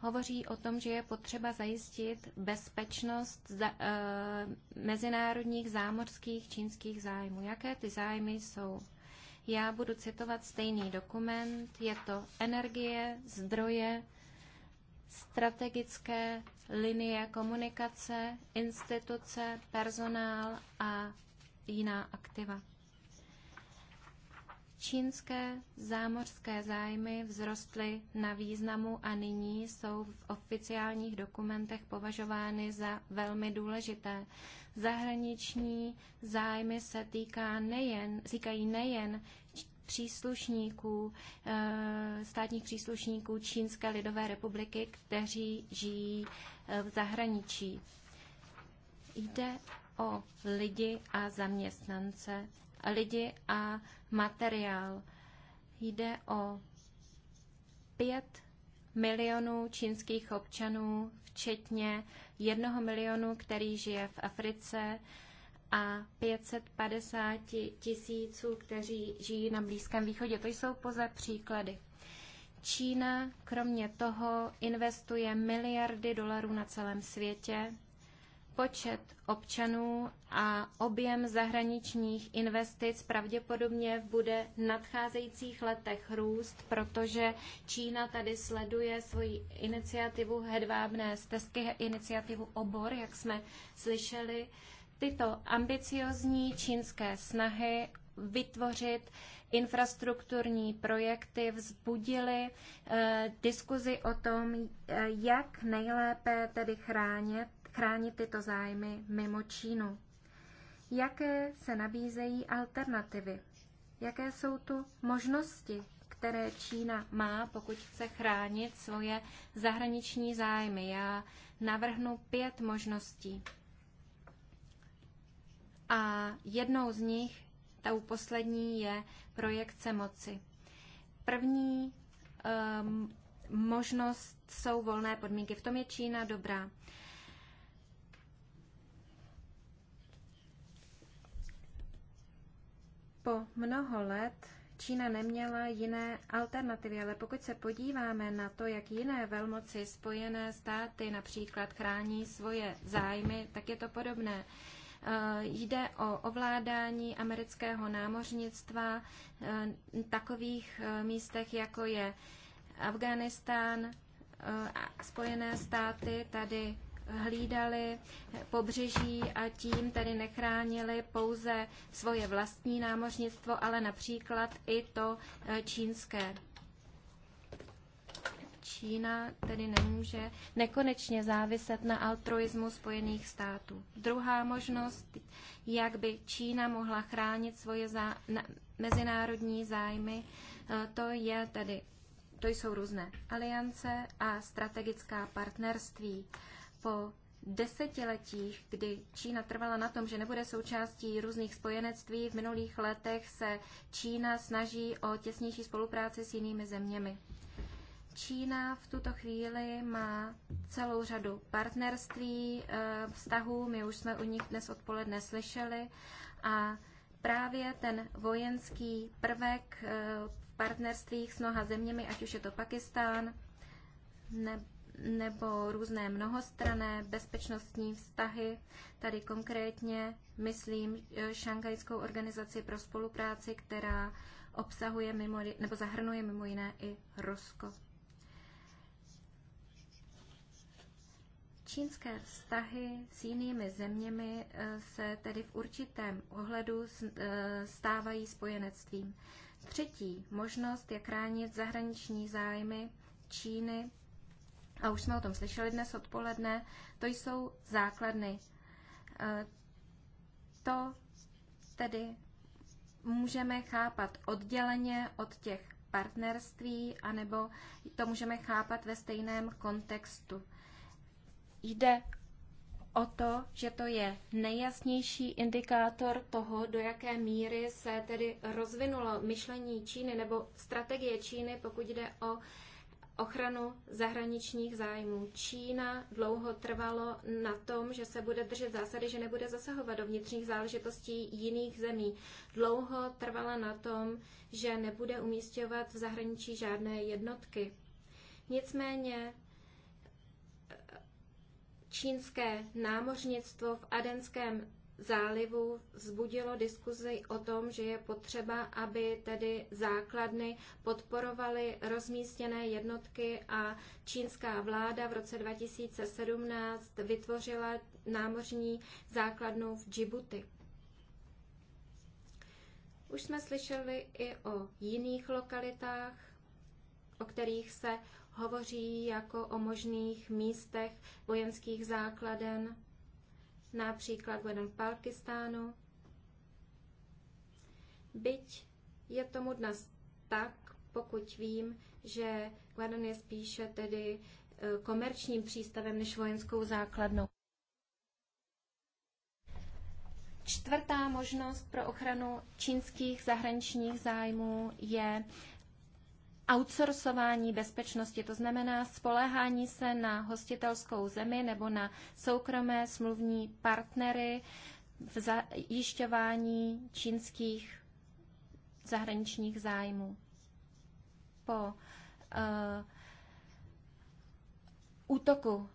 [SPEAKER 2] hovoří o tom, že je potřeba zajistit bezpečnost za, e, mezinárodních zámořských čínských zájmů. Jaké ty zájmy jsou? Já budu citovat stejný dokument. Je to energie, zdroje, strategické linie komunikace, instituce, personál a jiná aktiva. Čínské zámořské zájmy vzrostly na významu a nyní jsou v oficiálních dokumentech považovány za velmi důležité. Zahraniční zájmy se týká nejen, týkají nejen příslušníků, eh, státních příslušníků Čínské lidové republiky, kteří žijí eh, v zahraničí. Jde o lidi a zaměstnance lidi a materiál. Jde o pět milionů čínských občanů, včetně jednoho milionu, který žije v Africe a 550 tisíců, kteří žijí na Blízkém východě. To jsou pouze příklady. Čína kromě toho investuje miliardy dolarů na celém světě počet občanů a objem zahraničních investic pravděpodobně bude v nadcházejících letech růst, protože Čína tady sleduje svoji iniciativu hedvábné stezky, iniciativu obor, jak jsme slyšeli. Tyto ambiciozní čínské snahy vytvořit infrastrukturní projekty vzbudily eh, diskuzi o tom, eh, jak nejlépe tedy chránit chránit tyto zájmy mimo Čínu. Jaké se nabízejí alternativy? Jaké jsou tu možnosti, které Čína má, pokud chce chránit svoje zahraniční zájmy? Já navrhnu pět možností. A jednou z nich, ta poslední, je projekce moci. První um, možnost jsou volné podmínky. V tom je Čína dobrá. Po mnoho let Čína neměla jiné alternativy, ale pokud se podíváme na to, jak jiné velmoci spojené státy například chrání svoje zájmy, tak je to podobné. Eh, jde o ovládání amerického námořnictva v eh, takových eh, místech, jako je a Spojené státy tady hlídali pobřeží a tím tedy nechránili pouze svoje vlastní námořnictvo, ale například i to eh, čínské. Čína tedy nemůže nekonečně záviset na altruismu Spojených států. Druhá možnost, jak by Čína mohla chránit svoje zá, na, mezinárodní zájmy, eh, to je tedy to jsou různé aliance a strategická partnerství po desetiletích, kdy Čína trvala na tom, že nebude součástí různých spojenectví, v minulých letech se Čína snaží o těsnější spolupráci s jinými zeměmi. Čína v tuto chvíli má celou řadu partnerství, eh, vztahů, my už jsme u nich dnes odpoledne slyšeli a právě ten vojenský prvek eh, v partnerstvích s mnoha zeměmi, ať už je to Pakistán, nebo nebo různé mnohostrané bezpečnostní vztahy. Tady konkrétně myslím eh, Šangajskou organizaci pro spolupráci, která obsahuje mimo, nebo zahrnuje mimo jiné i Rusko. Čínské vztahy s jinými zeměmi eh, se tedy v určitém ohledu eh, stávají spojenectvím. Třetí možnost je chránit zahraniční zájmy Číny a už jsme o tom slyšeli dnes odpoledne, to jsou základny. E, to tedy můžeme chápat odděleně od těch partnerství, anebo to můžeme chápat ve stejném kontextu. Jde o to, že to je nejjasnější indikátor toho, do jaké míry se tedy rozvinulo myšlení Číny nebo strategie Číny, pokud jde o ochranu zahraničních zájmů. Čína dlouho trvalo na tom, že se bude držet zásady, že nebude zasahovat do vnitřních záležitostí jiných zemí. Dlouho trvala na tom, že nebude umístěvat v zahraničí žádné jednotky. Nicméně eh, čínské námořnictvo v Adenském zálivu vzbudilo diskuzi o tom, že je potřeba, aby tedy základny podporovaly rozmístěné jednotky a čínská vláda v roce 2017 vytvořila námořní základnu v Djibouti. Už jsme slyšeli i o jiných lokalitách, o kterých se hovoří jako o možných místech vojenských základen například veden v Pakistánu. Byť je tomu dnes tak, pokud vím, že Guadan je spíše tedy e, komerčním přístavem než vojenskou základnou. Čtvrtá možnost pro ochranu čínských zahraničních zájmů je outsourcování bezpečnosti, to znamená spoléhání se na hostitelskou zemi nebo na soukromé smluvní partnery v zajišťování čínských zahraničních zájmů. Po uh, útoku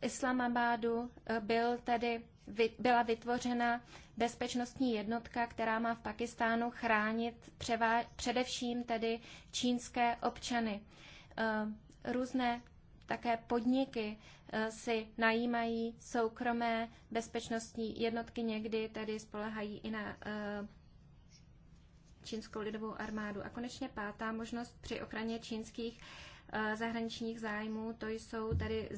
[SPEAKER 2] v Islamabadu byl tedy byla vytvořena bezpečnostní jednotka, která má v Pakistánu chránit převá, především tedy čínské občany. Eh, různé také podniky eh, si najímají soukromé bezpečnostní jednotky, někdy tedy spolehají i na eh, čínskou lidovou armádu. A konečně pátá možnost při ochraně čínských zahraničních zájmů, to jsou, tady,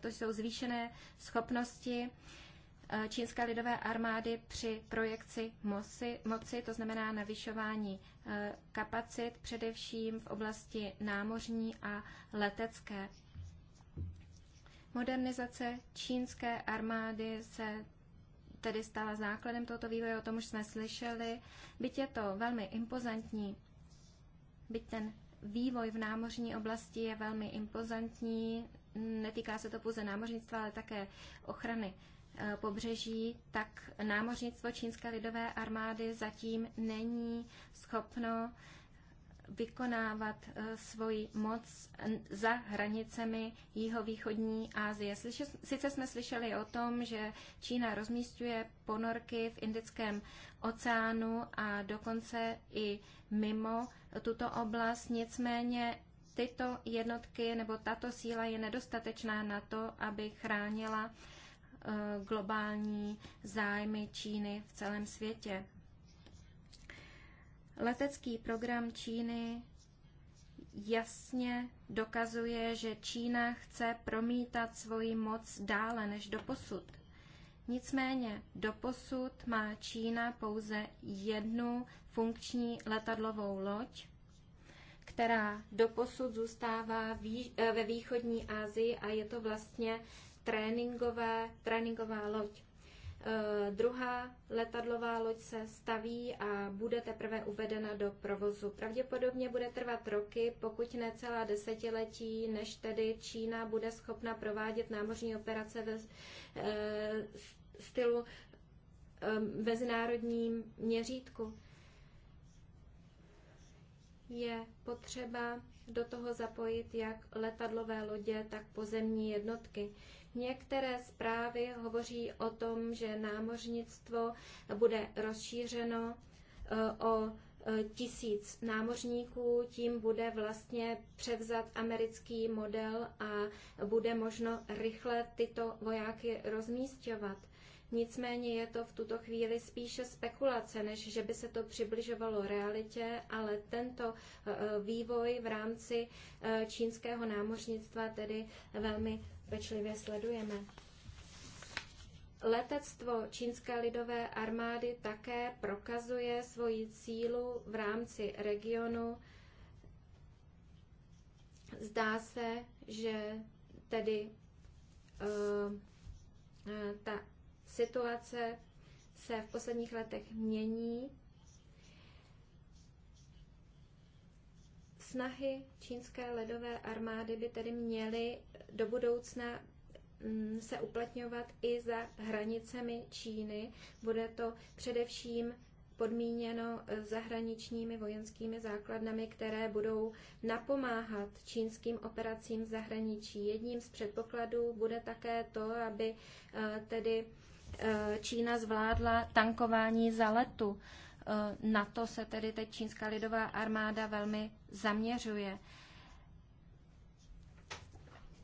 [SPEAKER 2] to jsou zvýšené schopnosti Eh, čínské lidové armády při projekci moci, moci to znamená navyšování eh, kapacit, především v oblasti námořní a letecké. Modernizace čínské armády se tedy stala základem tohoto vývoje, o tom už jsme slyšeli. Byť je to velmi impozantní, byť ten vývoj v námořní oblasti je velmi impozantní, netýká se to pouze námořnictva, ale také ochrany Eh, pobřeží, tak námořnictvo Čínské lidové armády zatím není schopno vykonávat eh, svoji moc za hranicemi jihovýchodní Asie. Sice jsme slyšeli o tom, že Čína rozmístuje ponorky v Indickém oceánu a dokonce i mimo tuto oblast, nicméně tyto jednotky nebo tato síla je nedostatečná na to, aby chránila Eh, globální zájmy Číny v celém světě. Letecký program Číny jasně dokazuje, že Čína chce promítat svoji moc dále než do posud. Nicméně do posud má Čína pouze jednu funkční letadlovou loď, která do posud zůstává eh, ve východní Asii a je to vlastně tréninkové, tréninková loď. E, druhá letadlová loď se staví a bude teprve uvedena do provozu. Pravděpodobně bude trvat roky, pokud ne celá desetiletí, než tedy Čína bude schopna provádět námořní operace ve e, stylu e, mezinárodním měřítku. Je potřeba do toho zapojit jak letadlové lodě, tak pozemní jednotky. Některé zprávy hovoří o tom, že námořnictvo bude rozšířeno eh, o eh, tisíc námořníků, tím bude vlastně převzat americký model a bude možno rychle tyto vojáky rozmístěvat. Nicméně je to v tuto chvíli spíše spekulace, než že by se to přibližovalo realitě, ale tento eh, vývoj v rámci čínského námořnictva tedy velmi pečlivě sledujeme. Letectvo čínské lidové armády také prokazuje svoji cílu v rámci regionu. Zdá se, že tedy uh, ta situace se v posledních letech mění. Snahy čínské ledové armády by tedy měly do budoucna mm, se uplatňovat i za hranicemi Číny. Bude to především podmíněno eh, zahraničními vojenskými základnami, které budou napomáhat čínským operacím v zahraničí. Jedním z předpokladů bude také to, aby eh, tedy eh, Čína zvládla tankování za letu. Eh, na to se tedy teď čínská lidová armáda velmi zaměřuje.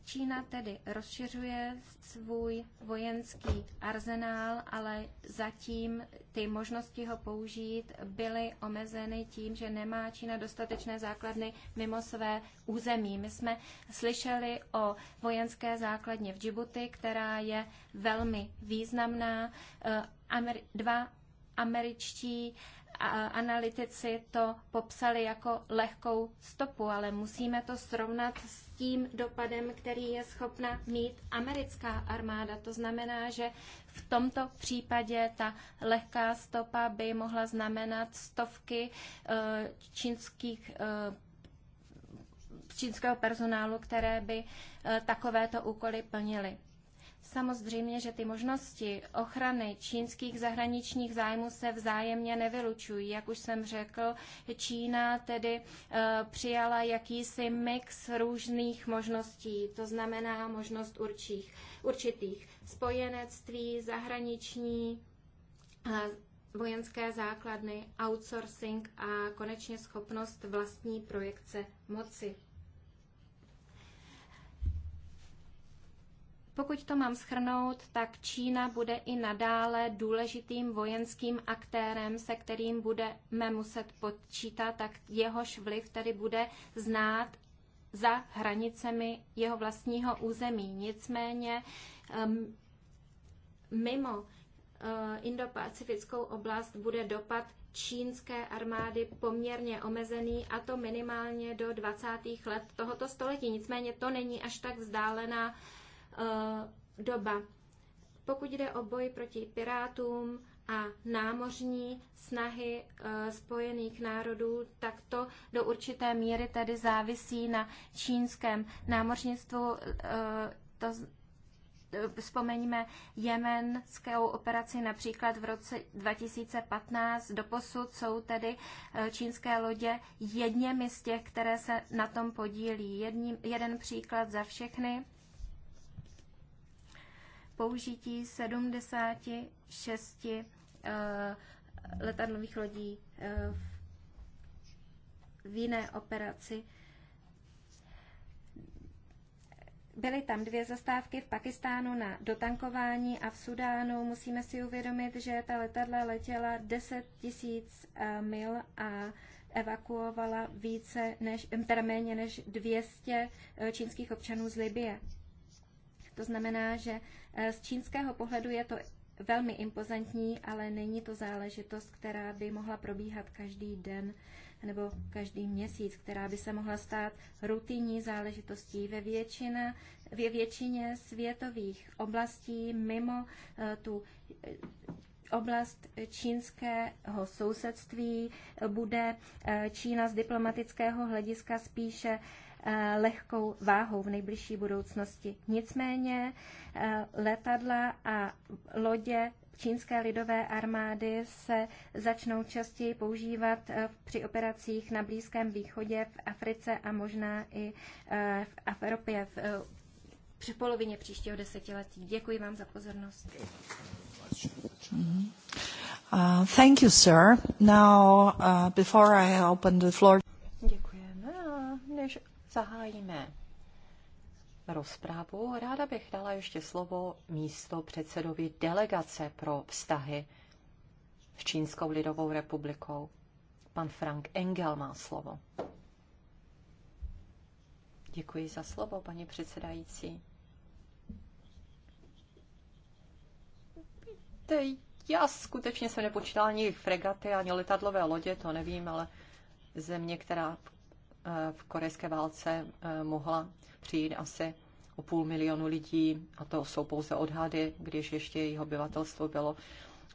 [SPEAKER 2] Čína tedy rozšiřuje svůj vojenský arzenál, ale zatím ty možnosti ho použít byly omezeny tím, že nemá Čína dostatečné základny mimo své území. My jsme slyšeli o vojenské základně v Džibuti, která je velmi významná. Eh, dva američtí analytici to popsali jako lehkou stopu, ale musíme to srovnat s tím dopadem, který je schopna mít americká armáda. To znamená, že v tomto případě ta lehká stopa by mohla znamenat stovky e, čínských e, čínského personálu, které by e, takovéto úkoly plnily. Samozřejmě, že ty možnosti ochrany čínských zahraničních zájmů se vzájemně nevylučují. Jak už jsem řekl, Čína tedy eh, přijala jakýsi mix různých možností, to znamená možnost určích, určitých spojenectví, zahraniční, eh, vojenské základny, outsourcing a konečně schopnost vlastní projekce moci. Pokud to mám schrnout, tak Čína bude i nadále důležitým vojenským aktérem, se kterým budeme muset počítat, tak jehož vliv tedy bude znát za hranicemi jeho vlastního území. Nicméně ehm, mimo eh, Indopacifickou oblast bude dopad čínské armády poměrně omezený a to minimálně do 20. let tohoto století. Nicméně to není až tak vzdálená Eh, doba. Pokud jde o boj proti pirátům a námořní snahy eh, spojených národů, tak to do určité míry tady závisí na čínském námořnictvu. Eh, to vzpomeňme jemenskou operaci například v roce 2015. Doposud jsou tedy čínské lodě jedněmi z těch, které se na tom podílí. Jedním, jeden příklad za všechny použití 76 eh, letadlových lodí eh, v jiné operaci. Byly tam dvě zastávky v Pakistánu na dotankování a v Sudánu. Musíme si uvědomit, že ta letadla letěla 10 000 eh, mil a evakuovala více než, teda méně než 200 čínských občanů z Libie. To znamená, že eh, z čínského pohledu je to velmi impozantní, ale není to záležitost, která by mohla probíhat každý den nebo každý měsíc, která by se mohla stát rutinní záležitostí ve, většina, ve většině světových oblastí mimo eh, tu eh, oblast čínského sousedství bude Čína z diplomatického hlediska spíše Eh, lehkou váhou v nejbližší budoucnosti. Nicméně eh, letadla a lodě čínské lidové armády se začnou častěji používat eh, při operacích na Blízkém východě, v Africe a možná i v Evropě v, při polovině příštího desetiletí. Děkuji vám za pozornost. Mm-hmm.
[SPEAKER 4] Uh, thank you, sir. Now, uh, before I open the floor... Děkujeme. než zahájíme rozprávu, ráda bych dala ještě slovo místo předsedovi delegace pro vztahy s Čínskou lidovou republikou. Pan Frank Engel má slovo. Děkuji za slovo, paní předsedající. Já skutečně jsem nepočítala ani fregaty, ani letadlové lodě, to nevím, ale země, která, v korejské válce eh, mohla přijít asi o půl milionu lidí, a to jsou pouze odhady, když ještě jejich obyvatelstvo bylo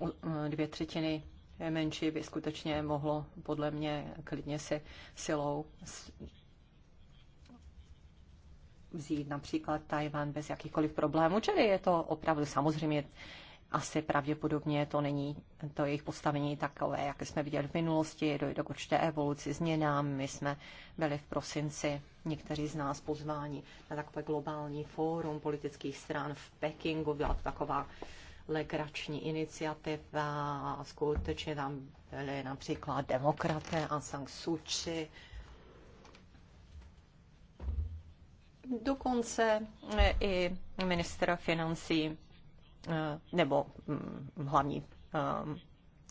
[SPEAKER 4] eh, dvě třetiny menší, by skutečně mohlo podle mě klidně si silou vzít například Tajvan bez jakýchkoliv problémů. Čili je to opravdu samozřejmě asi pravděpodobně to není to jejich postavení takové, jak jsme viděli v minulosti, dojde k určité evoluci, změnám. My jsme byli v prosinci, někteří z nás pozváni na takové globální fórum politických stran v Pekingu, byla to taková legrační iniciativa a skutečně tam byly například demokraté a Sang Suu Kyi, dokonce i minister financí Eh, nebo mm, hlavní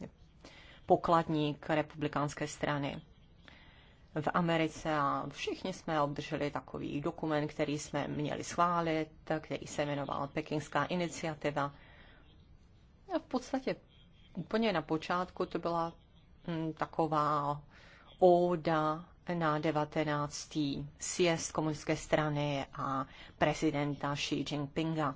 [SPEAKER 4] eh, pokladník republikánské strany v Americe a všichni jsme obdrželi takový dokument, který jsme měli schválit, který se jmenoval Pekingská iniciativa. A v podstatě úplně na počátku to byla mm, taková óda na 19. sjezd komunistické strany a prezidenta Xi Jinpinga.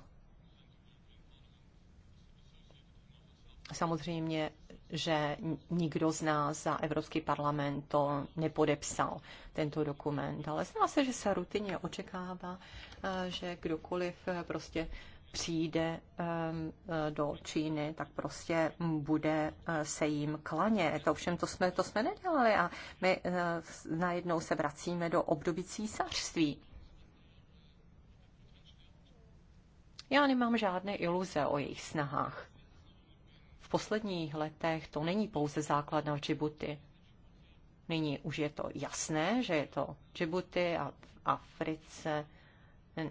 [SPEAKER 4] Samozřejmě, že nikdo z nás za Evropský parlament to nepodepsal, tento dokument, ale zná se, že se rutině očekává, eh, že kdokoliv eh, prostě přijde ehm, eh, do Číny, tak prostě bude se jim klanět. Ovšem to jsme, to jsme nedělali a my najednou se vracíme do období císařství. Já nemám žádné iluze o jejich snahách posledních letech to není pouze základna v Džibuti. Nyní už je to jasné, že je to Džibuti a v Africe.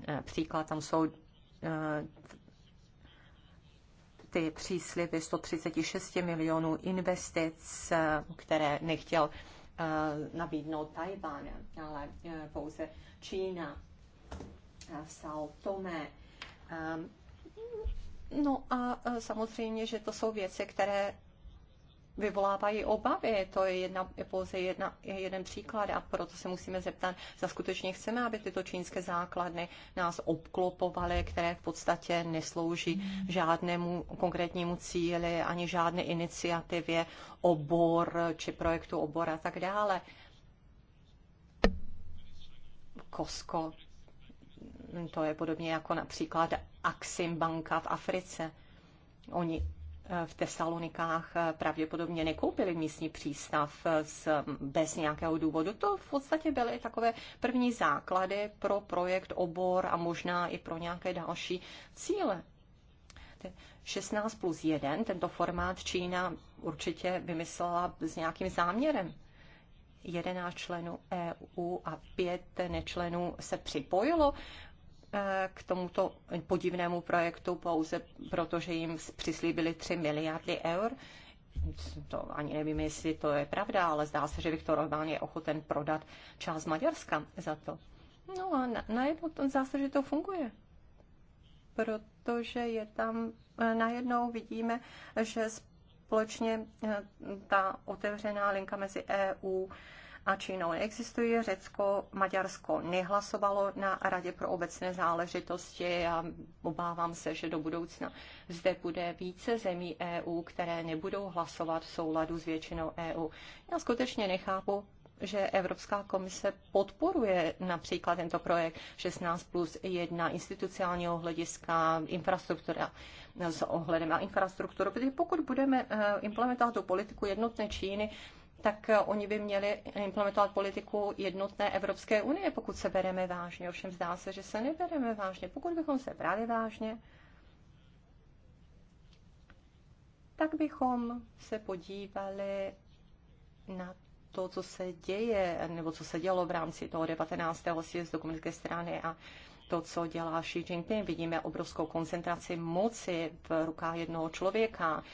[SPEAKER 4] E, příklad tam jsou e, ty přísliby 136 milionů investic, e, které nechtěl nabídnout Tajván, ale pouze Čína, Sao Tome. No a e, samozřejmě, že to jsou věci, které vyvolávají obavy. To je, jedna, je pouze jedna, je jeden příklad a proto se musíme zeptat, zda skutečně chceme, aby tyto čínské základny nás obklopovaly, které v podstatě neslouží žádnému konkrétnímu cíli ani žádné iniciativě, obor či projektu obor a tak dále. Kosko to je podobně jako například Axim banka v Africe. Oni eh, v Tesalonikách eh, pravděpodobně nekoupili místní přístav eh, bez nějakého důvodu. To v podstatě byly takové první základy pro projekt obor a možná i pro nějaké další cíle. 16 plus 1, tento formát Čína určitě vymyslela s nějakým záměrem. 11 členů EU a 5 nečlenů se připojilo k tomuto podivnému projektu pouze proto, že jim přislíbili 3 miliardy eur. To ani nevím, jestli to je pravda, ale zdá se, že Viktor Orbán je ochoten prodat část Maďarska za to. No a najednou na zdá se, že to funguje. Protože je tam, eh, najednou vidíme, že společně eh, ta otevřená linka mezi EU a Čínou neexistuje. Řecko, Maďarsko nehlasovalo na Radě pro obecné záležitosti a obávám se, že do budoucna zde bude více zemí EU, které nebudou hlasovat v souladu s většinou EU. Já skutečně nechápu, že Evropská komise podporuje například tento projekt 16 plus 1 institucionálního hlediska, infrastruktura s ohledem na infrastrukturu, protože pokud budeme eh, implementovat tu politiku jednotné Číny, tak oni by měli implementovat politiku jednotné Evropské unie, pokud se bereme vážně. Ovšem zdá se, že se nebereme vážně. Pokud bychom se brali vážně, tak bychom se podívali na to, co se děje, nebo co se dělo v rámci toho 19. sjezdu komunistické strany a to, co dělá Xi Jinping. Vidíme obrovskou koncentraci moci v rukách jednoho člověka.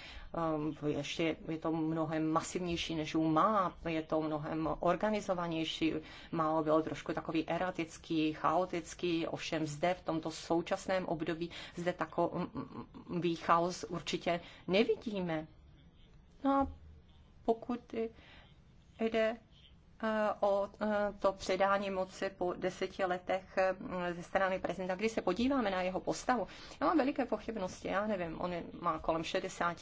[SPEAKER 4] Um, ještě je to mnohem masivnější než u má, je to mnohem organizovanější. Málo bylo trošku takový eratický, chaotický, ovšem zde v tomto současném období zde takový chaos určitě nevidíme. No a pokud jde Eh, o eh, to předání moci po deseti letech eh, ze strany prezidenta. Když se podíváme na jeho postavu, já mám veliké pochybnosti, já nevím, on je, má kolem 60,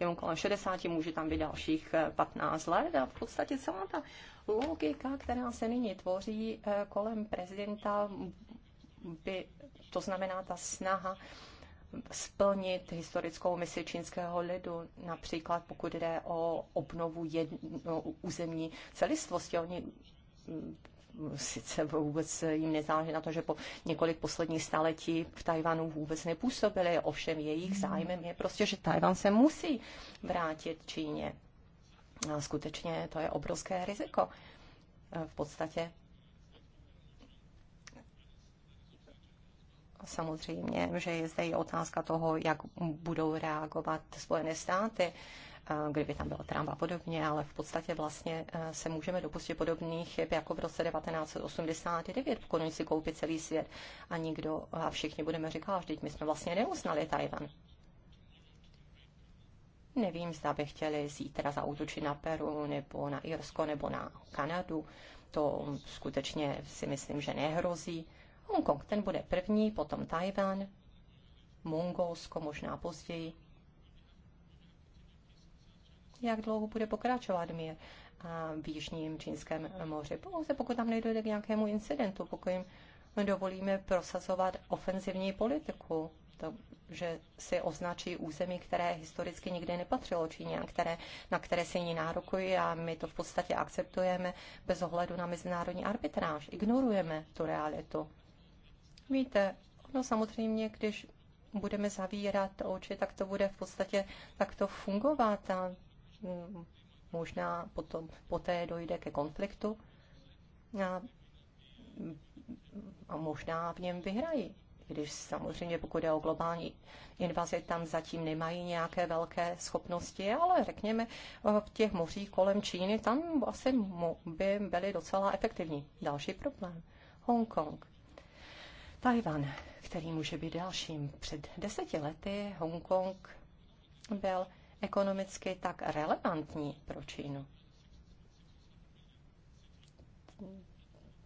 [SPEAKER 4] je on kolem 60, může tam být dalších 15 let a v podstatě celá ta logika, která se nyní tvoří kolem prezidenta, by, to znamená ta snaha splnit historickou misi čínského lidu, například pokud jde o obnovu jedno, no, územní celistvosti. Oni mm, sice vůbec jim nezáleží na to, že po několik posledních staletí v Tajvanu vůbec nepůsobili, ovšem jejich hmm. zájmem je prostě, že Tajvan se musí vrátit Číně. A skutečně to je obrovské riziko. V podstatě samozřejmě, že je zde i otázka toho, jak budou reagovat Spojené státy, eh, kdyby tam byl Trump a podobně, ale v podstatě vlastně eh, se můžeme dopustit podobných chyb jako v roce 1989, pokud si koupit celý svět a nikdo a všichni budeme říkat, že my jsme vlastně neuznali Tajvan. Nevím, zda by chtěli zítra zautočit na Peru, nebo na Irsko, nebo na Kanadu. To skutečně si myslím, že nehrozí. Hongkong, ten bude první, potom Tajvan, Mongolsko možná později. Jak dlouho bude pokračovat mír v Jižním čínském moři? Pouze pokud tam nedojde k nějakému incidentu, pokud jim dovolíme prosazovat ofenzivní politiku, to, že si označí území, které historicky nikdy nepatřilo Číně a které, na které se ní nárokují a my to v podstatě akceptujeme bez ohledu na mezinárodní arbitráž. Ignorujeme tu realitu. Víte, no samozřejmě, když budeme zavírat oči, tak to bude v podstatě takto fungovat a mm, možná potom, poté dojde ke konfliktu a, a možná v něm vyhrají. Když samozřejmě pokud je o globální invazi, tam zatím nemají nějaké velké schopnosti, ale řekněme v těch mořích kolem Číny, tam asi by byly docela efektivní. Další problém. Hongkong. Tajvan, který může být dalším. Před deseti lety Hongkong byl ekonomicky tak relevantní pro Čínu.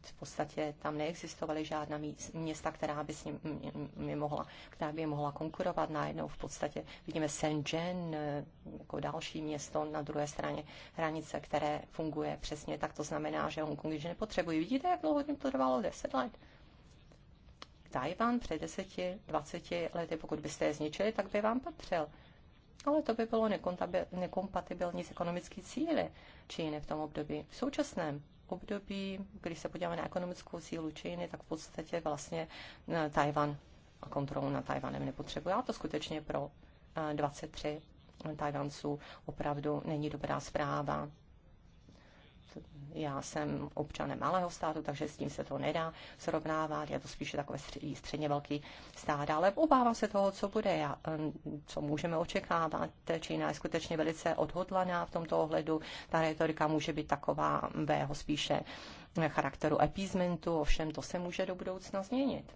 [SPEAKER 4] V podstatě tam neexistovaly žádná města, která by s ním mohla, která by mohla konkurovat najednou. V podstatě vidíme Shenzhen eh, jako další město na druhé straně hranice, které funguje přesně tak. To znamená, že Hongkong již nepotřebují. Vidíte, jak dlouho jim to trvalo? Deset let. Tajvan před 10-20 lety, pokud byste je zničili, tak by vám patřil. Ale to by bylo nekompatibilní s ekonomickými cíly Číny v tom období. V současném období, když se podíváme na ekonomickou sílu Číny, tak v podstatě vlastně eh, Tajvan a kontrolu nad Tajvanem nepotřebuje. A to skutečně pro 23 eh, Tajvanců opravdu není dobrá zpráva. Já jsem občanem malého státu, takže s tím se to nedá srovnávat. Je to spíše takové středně velký stát, ale obávám se toho, co bude, co můžeme očekávat. Čína je skutečně velice odhodlaná v tomto ohledu. Ta retorika může být taková vého spíše charakteru appeasementu, ovšem to se může do budoucna změnit.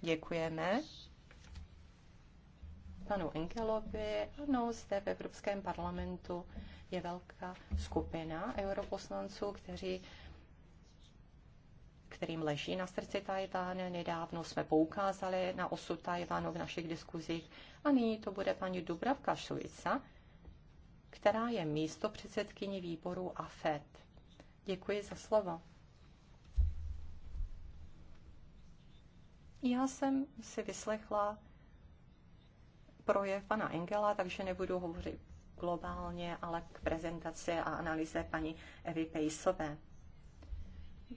[SPEAKER 4] Děkujeme panu Enkelovi. Ano, jste v Evropském parlamentu je velká skupina europoslanců, kteří kterým leží na srdci Tajván. Nedávno jsme poukázali na osu Tajvánu v našich diskuzích. A nyní to bude paní Dubravka Šujica, která je místo předsedkyní výboru AFET. Děkuji za slovo. Já jsem si vyslechla projev pana Engela, takže nebudu hovořit globálně, ale k prezentaci a analýze paní Evy Pejsové.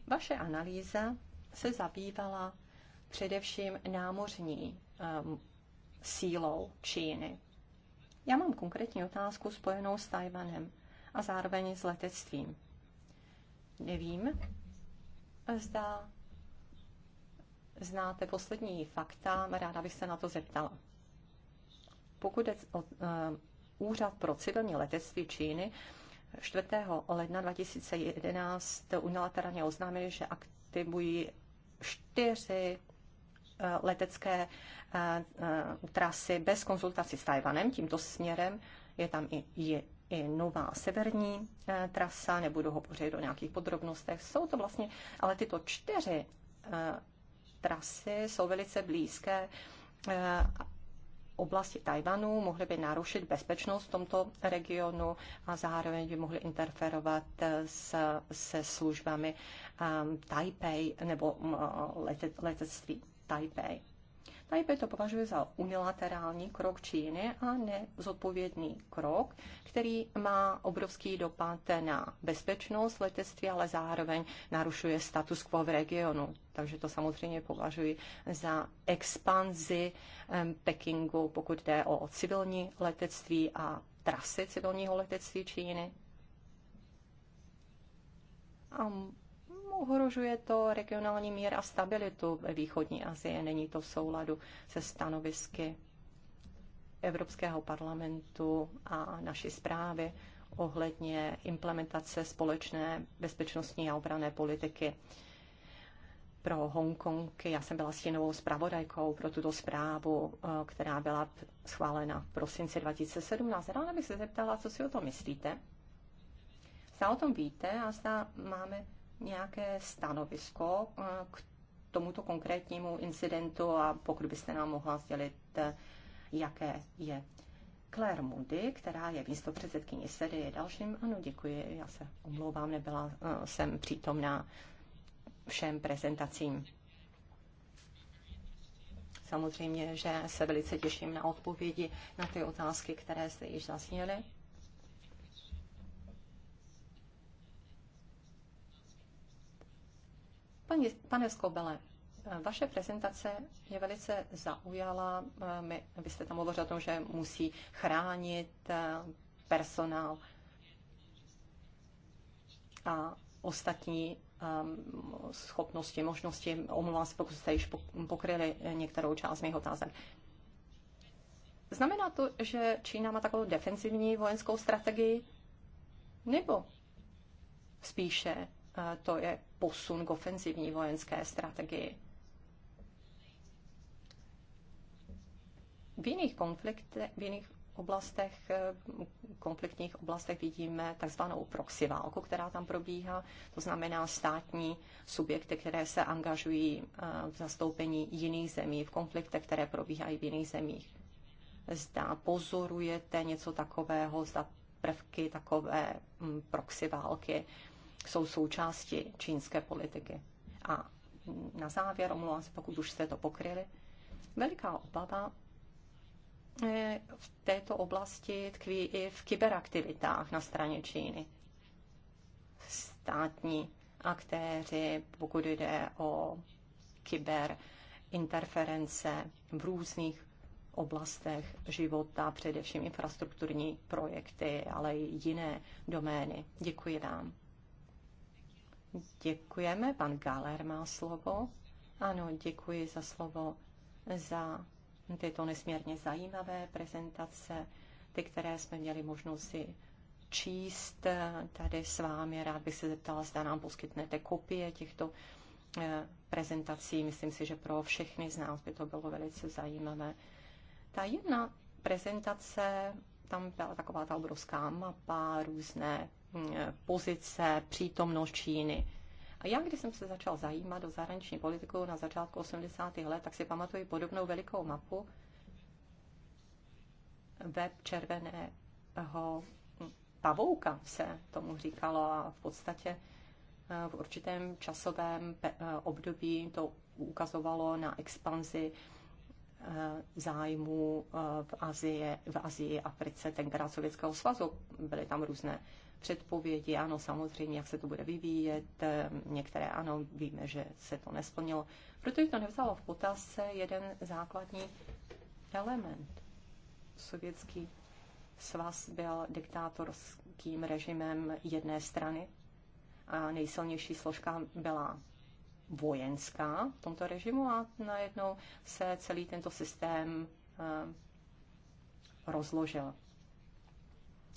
[SPEAKER 4] Vaše analýza se zabývala především námořní um, sílou Číny. Já mám konkrétní otázku spojenou s Tajvanem a zároveň s letectvím. Nevím, zda znáte poslední fakta, ráda bych se na to zeptala. Pokud jde o ehm, Úřad pro civilní letectví Číny 4. ledna 2011 unilaterálně oznámil, že aktivují čtyři eh, letecké eh, eh, trasy bez konzultaci s Tajvanem. Tímto směrem je tam i, i, i nová severní trasa, nebudu hovořit o nějakých podrobnostech. Jsou to vlastně, ale tyto čtyři trasy jsou velice blízké oblasti Tajvanu, mohly by narušit bezpečnost v tomto regionu a zároveň by mohly interferovat s, se službami um, Taipei nebo um, letectví Taipei. IB to považuje za unilaterální krok Číny a nezodpovědný krok, který má obrovský dopad na bezpečnost letectví, ale zároveň narušuje status quo v regionu. Takže to samozřejmě považuji za expanzi Pekingu, pokud jde o civilní letectví a trasy civilního letectví Číny. A ohrožuje to regionální mír a stabilitu ve východní Asii. Není to v souladu se stanovisky Evropského parlamentu a naší zprávy ohledně implementace společné bezpečnostní a obrané politiky pro Hongkong. Já jsem byla stěnovou zpravodajkou pro tuto zprávu, eh, která byla schválena v prosinci 2017. Ráda bych se zeptala, co si o tom myslíte. Zda o tom víte a zda máme nějaké stanovisko eh, k tomuto konkrétnímu incidentu a pokud byste nám mohla sdělit, eh, jaké je. Claire Moody, která je místopředsedkyní SEDy, je dalším. Ano, děkuji, já se omlouvám, nebyla jsem eh, přítomná všem prezentacím. Samozřejmě, že se velice těším na odpovědi na ty otázky, které jste již zasněli. Pani, pane Skobele, vaše prezentace mě velice zaujala. My, vy jste tam hovořil o tom, že musí chránit eh, personál a ostatní eh, schopnosti, možnosti. Omlouvám se, pokud jste již pokryli některou část mých otázek. Znamená to, že Čína má takovou defensivní vojenskou strategii? Nebo spíše to je posun k ofenzivní vojenské strategii. V jiných, v jiných oblastech, konfliktních oblastech vidíme takzvanou proxy válku, která tam probíhá, to znamená státní subjekty, které se angažují eh, v zastoupení jiných zemí, v konfliktech, které probíhají v jiných zemích. Zda pozorujete něco takového, zda prvky takové hm, proxy války jsou součástí čínské politiky. A na závěr, omlouvám se, pokud už jste to pokryli, veliká obava eh, v této oblasti tkví i v kyberaktivitách na straně Číny. Státní aktéři, pokud jde o kyberinterference v různých oblastech života, především infrastrukturní projekty, ale i jiné domény. Děkuji vám. Děkujeme. Pan Galer má slovo. Ano, děkuji za slovo, za tyto nesmírně zajímavé prezentace, ty, které jsme měli možnost si číst tady s vámi. Rád bych se zeptala, zda nám poskytnete kopie těchto eh, prezentací. Myslím si, že pro všechny z nás by to bylo velice zajímavé. Ta jedna prezentace, tam byla taková ta obrovská mapa, různé Eh, pozice, přítomnost Číny. A já, když jsem se začal zajímat o zahraniční politiku na začátku 80. let, tak si pamatuju podobnou velikou mapu web červeného pavouka se tomu říkalo a v podstatě eh, v určitém časovém eh, období to ukazovalo na expanzi zájmu v Azii, v Azii, Africe, tenkrát Sovětského svazu. Byly tam různé předpovědi, ano, samozřejmě, jak se to bude vyvíjet, eh, některé ano, víme, že se to nesplnilo. Protože to nevzalo v potaz jeden základní element. Sovětský svaz byl diktátorským režimem jedné strany a nejsilnější složka byla vojenská v tomto režimu a najednou se celý tento systém eh, rozložil.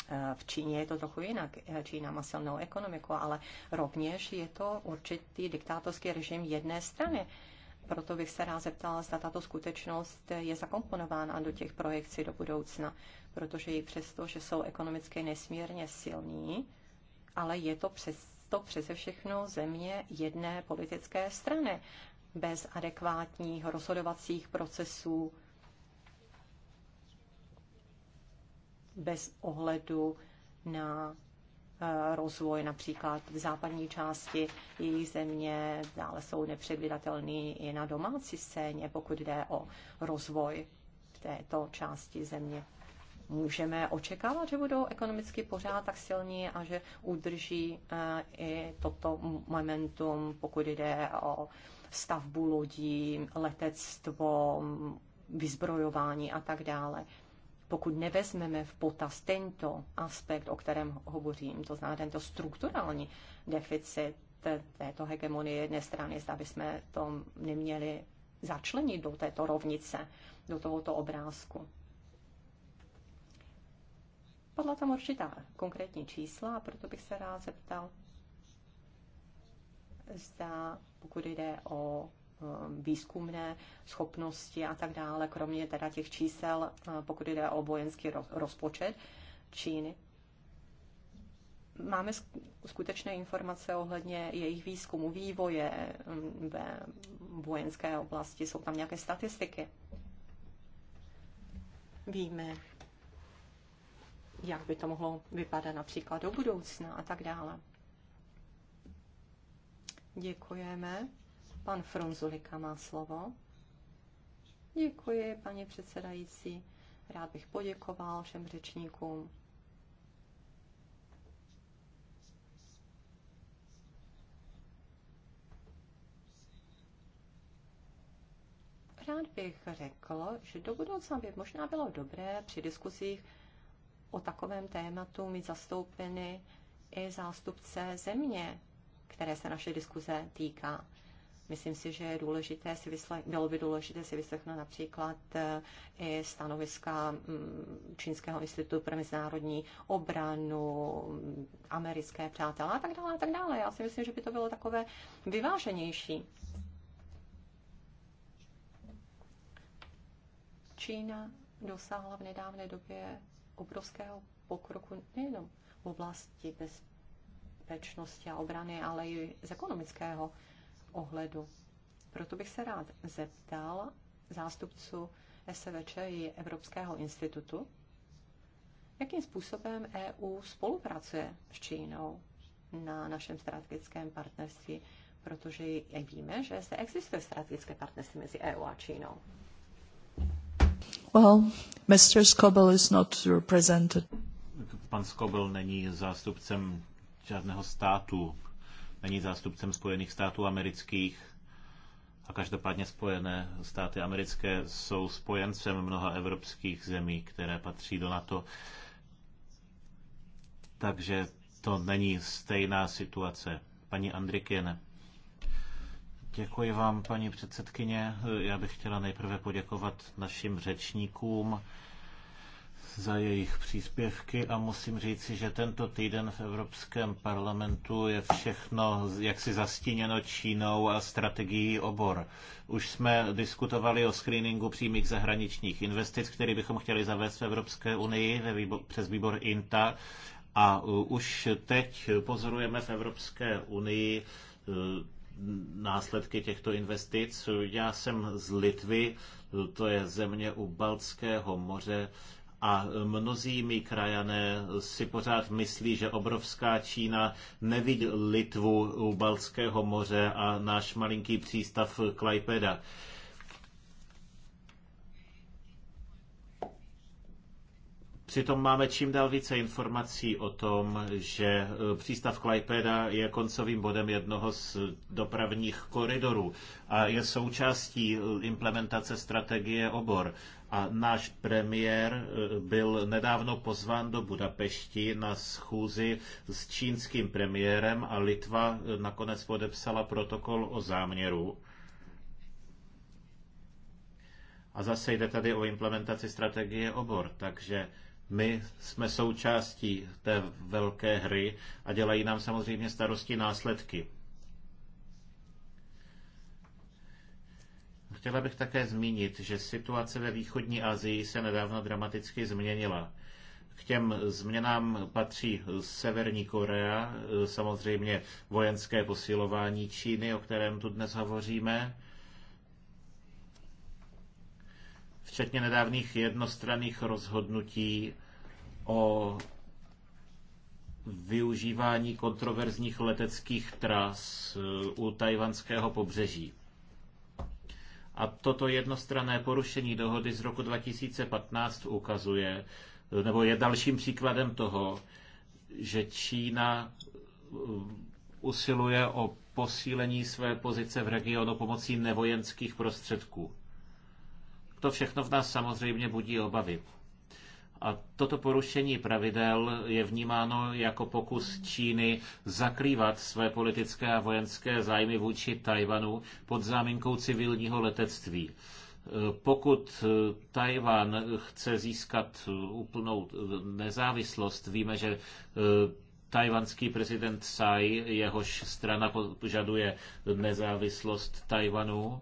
[SPEAKER 4] Eh, v Číně je to trochu jinak. Eh, Čína má silnou ekonomiku, ale rovněž je to určitý diktátorský režim jedné strany. Proto bych se rád zeptala, zda tato skutečnost je zakomponována do těch projekcí do budoucna, protože i přesto, že jsou ekonomicky nesmírně silní, ale je to přesto přeze všechno země jedné politické strany bez adekvátních rozhodovacích procesů, bez ohledu na eh, rozvoj například v západní části jejich země, dále jsou nepředvydatelný i na domácí scéně, pokud jde o rozvoj v této části země. Můžeme očekávat, že budou ekonomicky pořád tak silní a že udrží eh, i toto momentum, pokud jde o stavbu lodí, letectvo, vyzbrojování a tak dále pokud nevezmeme v potaz tento aspekt, o kterém hovořím, to znamená tento strukturální deficit této hegemonie jedné strany, zda bychom to neměli začlenit do této rovnice, do tohoto obrázku. Padla tam určitá konkrétní čísla, proto bych se rád zeptal, zda pokud jde o Um, výzkumné schopnosti a tak dále, kromě teda těch čísel, uh, pokud jde o vojenský rozpočet Číny. Máme skutečné informace ohledně jejich výzkumu, vývoje um, ve vojenské oblasti, jsou tam nějaké statistiky. Víme, jak by to mohlo vypadat například do budoucna a tak dále. Děkujeme. Pan Frunzulika má slovo. Děkuji, paní předsedající. Rád bych poděkoval všem řečníkům. Rád bych řekl, že do budoucna by možná bylo dobré při diskuzích o takovém tématu mít zastoupeny i zástupce země, které se naše diskuze týká. Myslím si, že je důležité si vyslech, bylo by důležité si vyslechnout například eh, i stanoviska mm, Čínského institutu pro mezinárodní obranu, mm, americké přátelé a tak dále a tak dále. Já si myslím, že by to bylo takové vyváženější. Čína dosáhla v nedávné době obrovského pokroku nejenom v oblasti bezpečnosti a obrany, ale i z ekonomického ohledu. Proto bych se rád zeptal zástupců SVČ i Evropského institutu, jakým způsobem EU spolupracuje s Čínou na našem strategickém partnerství, protože víme, že se existuje strategické partnerství mezi EU a Čínou. Well, Mr. Skobel is not represented.
[SPEAKER 1] Pan Skobel není zástupcem žádného státu není zástupcem Spojených států amerických. A každopádně Spojené státy americké jsou spojencem mnoha evropských zemí, které patří do NATO. Takže to není stejná situace. Paní Andrikiene. Děkuji vám, paní předsedkyně. Já bych chtěla nejprve poděkovat našim řečníkům za jejich příspěvky a musím říci, že tento týden v Evropském parlamentu je všechno jaksi zastíněno Čínou a strategií obor. Už jsme diskutovali o screeningu přímých zahraničních investic, který bychom chtěli zavést v Evropské unii ve výbo- přes výbor INTA a uh, už teď pozorujeme v Evropské unii uh, následky těchto investic. Já jsem z Litvy, to je země u Baltského moře, a mnozí mi krajané si pořád myslí, že obrovská Čína nevidí Litvu u Balského moře a náš malinký přístav Klajpeda. Přitom máme čím dál více informací o tom, že eh, přístav Klaipeda je koncovým bodem jednoho z dopravních koridorů a je součástí eh, implementace strategie obor. A náš premiér eh, byl nedávno pozván do Budapešti na schůzi s čínským premiérem a Litva eh, nakonec podepsala protokol o záměru. A zase jde tady o implementaci strategie obor, takže my jsme součástí té velké hry a dělají nám samozřejmě starosti následky. Chtěla bych také zmínit, že situace ve východní Asii se nedávno dramaticky změnila. K těm změnám patří Severní Korea, samozřejmě vojenské posilování Číny, o kterém tu dnes hovoříme, včetně nedávných jednostranných rozhodnutí o využívání kontroverzních leteckých tras eh, u tajvanského pobřeží. A toto jednostranné porušení dohody z roku 2015 ukazuje, nebo je dalším příkladem toho, že Čína uh, usiluje o posílení své pozice v regionu pomocí nevojenských prostředků. To všechno v nás samozřejmě budí obavy. A toto porušení pravidel je vnímáno jako pokus Číny zakrývat své politické a vojenské zájmy vůči Tajvanu pod záminkou civilního letectví. E, pokud e, Tajvan chce získat e, úplnou nezávislost, víme, že tajvanský prezident Tsai, jehož strana požaduje nezávislost Tajvanu,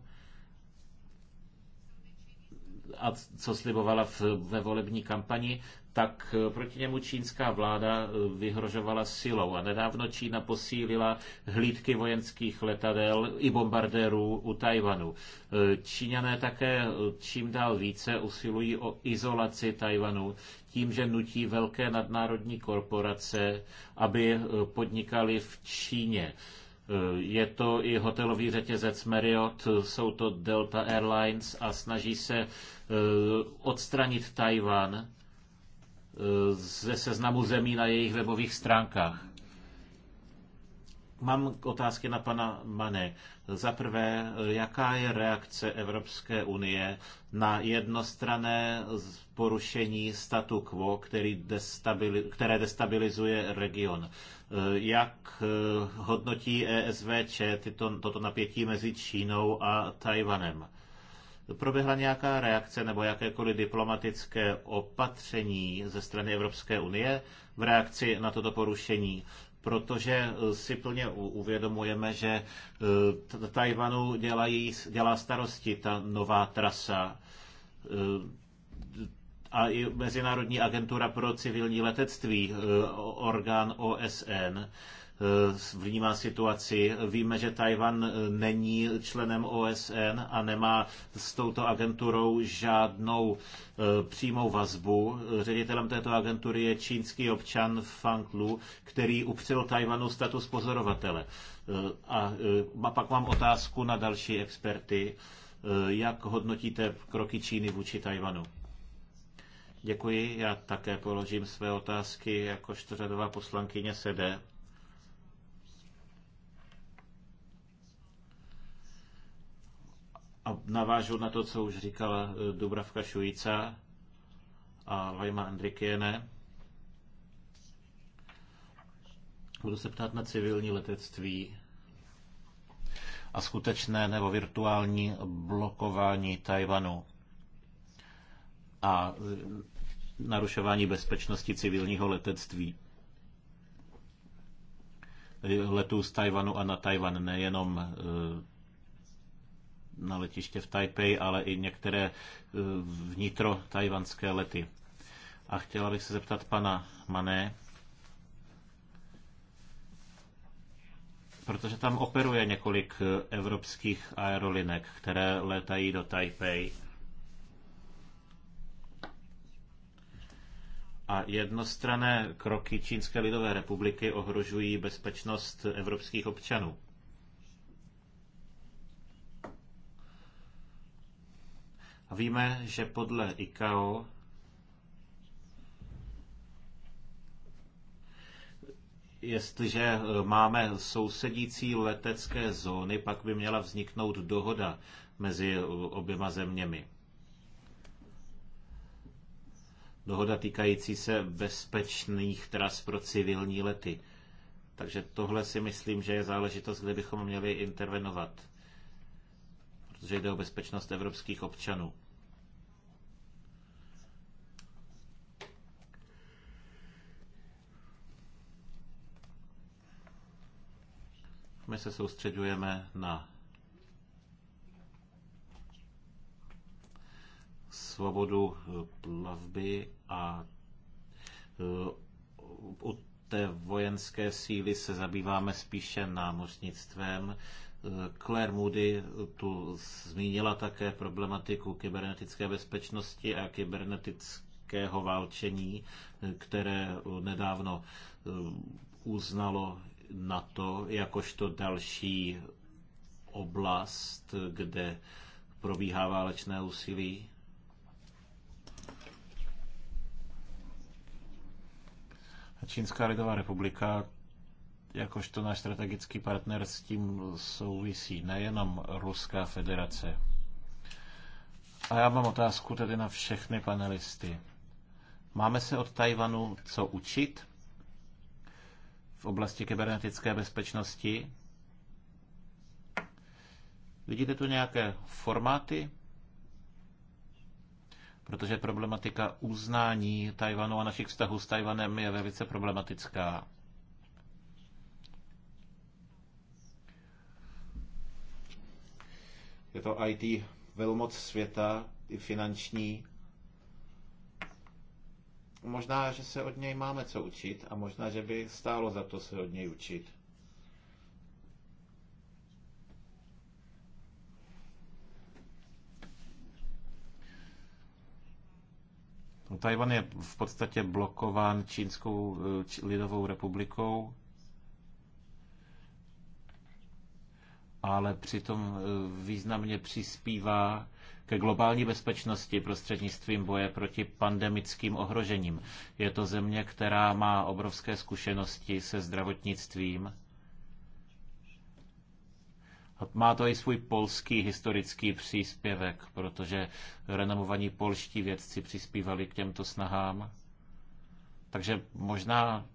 [SPEAKER 1] a co slibovala v, ve volební kampani, tak eh, proti němu čínská vláda eh, vyhrožovala silou. A nedávno Čína posílila hlídky vojenských letadel i bombardérů u Tajvanu. Eh, Číňané také čím dál více usilují o izolaci Tajvanu tím, že nutí velké nadnárodní korporace, aby podnikali v Číně Eh, je to i hotelový řetězec Marriott, jsou to Delta Airlines a snaží se eh, odstranit Tajvan eh, ze seznamu zemí na jejich webových stránkách. Mám otázky na pana Mane. Za prvé, jaká je reakce Evropské unie na jednostrané porušení statu quo, který destabilizuje, které destabilizuje region? Jak eh, hodnotí ESVČ tyto, toto napětí mezi Čínou a Tajvanem? proběhla nějaká reakce nebo jakékoliv diplomatické opatření ze strany Evropské unie v reakci na toto porušení protože eh, si plně uvědomujeme, že eh, Tajvanu dělá starosti ta nová trasa eh, a i Mezinárodní agentura pro civilní letectví, orgán OSN, Eh, vnímá situaci. Víme, že Tajvan eh, není členem OSN a nemá s touto agenturou žádnou eh, přímou vazbu. Ředitelem této agentury je čínský občan Fang Lu, který upřel Tajvanu status pozorovatele. A pak mám otázku na další experty. Jak hodnotíte kroky Číny vůči Tajvanu? Děkuji, já také položím své otázky jakožto řadová poslankyně SEDE. A navážu na to, co už říkala eh, Dubravka Šujica a Lajma Andrikiene. Budu se ptát na civilní letectví a skutečné nebo virtuální blokování Tajvanu a eh, narušování bezpečnosti civilního letectví. Eh, letů z Tajvanu a na Tajvan, nejenom na letiště v Taipei, ale i některé e, vnitro tajvanské lety. A chtěla bych se zeptat pana Mané, protože tam operuje několik e, evropských aerolinek, které létají do Taipei. A jednostrané kroky Čínské lidové republiky ohrožují bezpečnost evropských občanů. A víme, že podle ICAO jestliže eh, máme sousedící letecké zóny, pak by měla vzniknout dohoda mezi eh, oběma zeměmi. Dohoda týkající se bezpečných tras pro civilní lety. Takže tohle si myslím, že je záležitost, kde bychom měli intervenovat, protože jde o bezpečnost evropských občanů. My se soustředujeme na svobodu eh, plavby a eh, u té vojenské síly se zabýváme spíše námořnictvem. Eh, Claire Moody tu zmínila také problematiku kybernetické bezpečnosti a kybernetického válčení, které nedávno uznalo NATO jakožto další oblast, kde probíhá válečné úsilí? Čínská lidová republika jakožto náš strategický partner s tím souvisí, nejenom Ruská federace. A já mám otázku tedy na všechny panelisty. Máme se od Tajvanu co učit? v oblasti kybernetické bezpečnosti. Vidíte tu nějaké formáty? Protože problematika uznání Tajvanu a našich vztahů s Tajvanem je velice problematická. Je to IT velmoc světa, i finanční Možná, že se od něj máme co učit a možná, že by stálo za to se od něj učit. Tajvan je v podstatě blokován Čínskou eh, či, lidovou republikou ale přitom e, významně přispívá ke globální bezpečnosti prostřednictvím boje proti pandemickým ohrožením. Je to země, která má obrovské zkušenosti se zdravotnictvím. Má to i svůj polský historický příspěvek, protože renomovaní polští vědci přispívali k těmto snahám. Takže možná,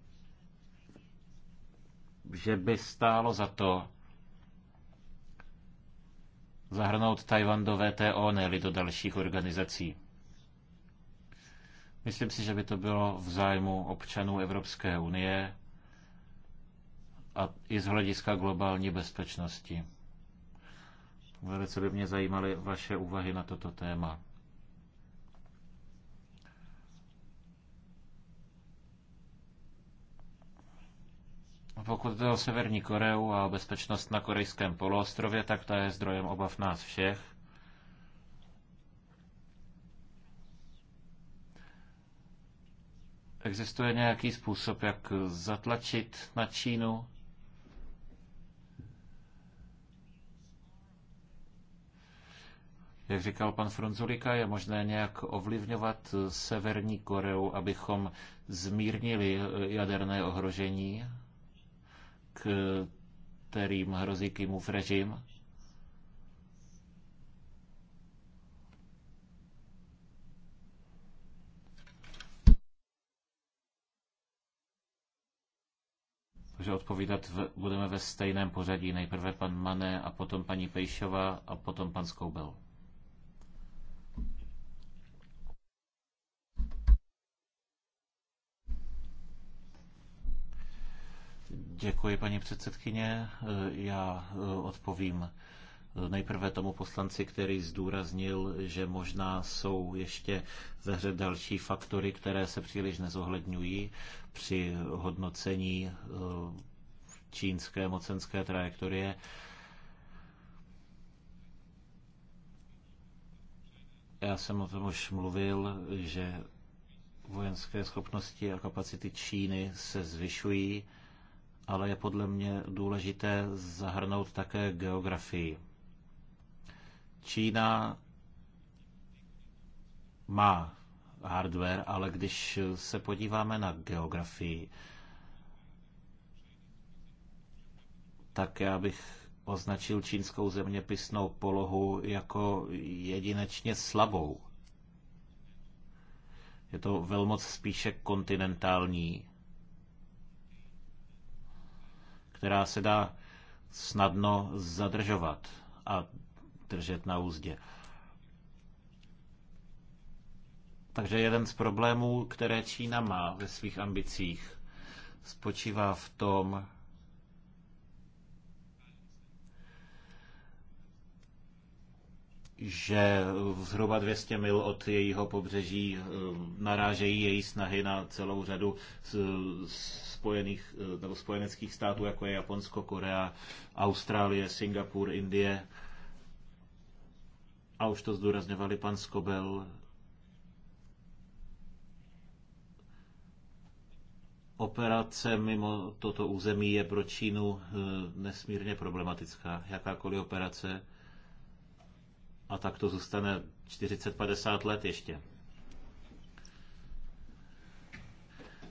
[SPEAKER 1] že by stálo za to zahrnout Tajvan do VTO, ne do dalších organizací. Myslím si, že by to bylo v zájmu občanů Evropské unie a i z hlediska globální bezpečnosti. Velice by mě zajímaly vaše úvahy na toto téma. Pokud jde o Severní Koreu a bezpečnost na korejském poloostrově, tak ta je zdrojem obav nás všech. Existuje nějaký způsob, jak zatlačit na Čínu? Jak říkal pan Frunzulika, je možné nějak ovlivňovat Severní Koreu, abychom zmírnili jaderné ohrožení kterým hrozí Kimův režim. Takže odpovídat v, budeme ve stejném pořadí. Nejprve pan Mané a potom paní Pejšová a potom pan Skoubel. Děkuji, paní předsedkyně. Já eh, odpovím eh, nejprve tomu poslanci, který zdůraznil, že možná jsou ještě ve hře další faktory, které se příliš nezohledňují při hodnocení eh, čínské mocenské trajektorie. Já jsem o tom už mluvil, že vojenské schopnosti a kapacity Číny se zvyšují ale je podle mě důležité zahrnout také geografii. Čína má hardware, ale když se podíváme na geografii, tak já bych označil čínskou zeměpisnou polohu jako jedinečně slabou. Je to velmoc spíše kontinentální která se dá snadno zadržovat a držet na úzdě. Takže jeden z problémů, které Čína má ve svých ambicích, spočívá v tom, že zhruba 200 mil od jejího pobřeží eh, narážejí její snahy na celou řadu spojených, eh, nebo spojeneckých států, jako je Japonsko, Korea, Austrálie, Singapur, Indie. A už to zdůrazňovali pan Skobel. Operace mimo toto území je pro Čínu eh, nesmírně problematická. Jakákoliv operace a tak to zůstane 40-50 let ještě.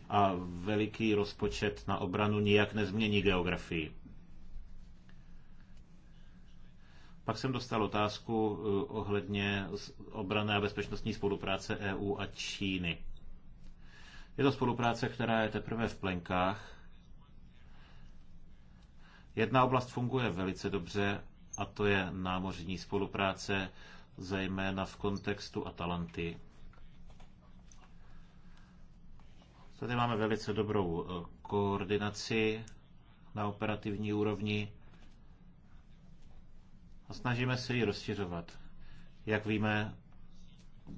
[SPEAKER 1] A veliký rozpočet na obranu nijak nezmění geografii. Pak jsem dostal otázku eh, ohledně obrané a bezpečnostní spolupráce EU a Číny. Je to spolupráce, která je teprve v plenkách. Jedna oblast funguje velice dobře a to je námořní spolupráce, zejména v kontextu Atalanty. Tady máme velice dobrou eh, koordinaci na operativní úrovni a snažíme se ji rozšiřovat. Jak víme,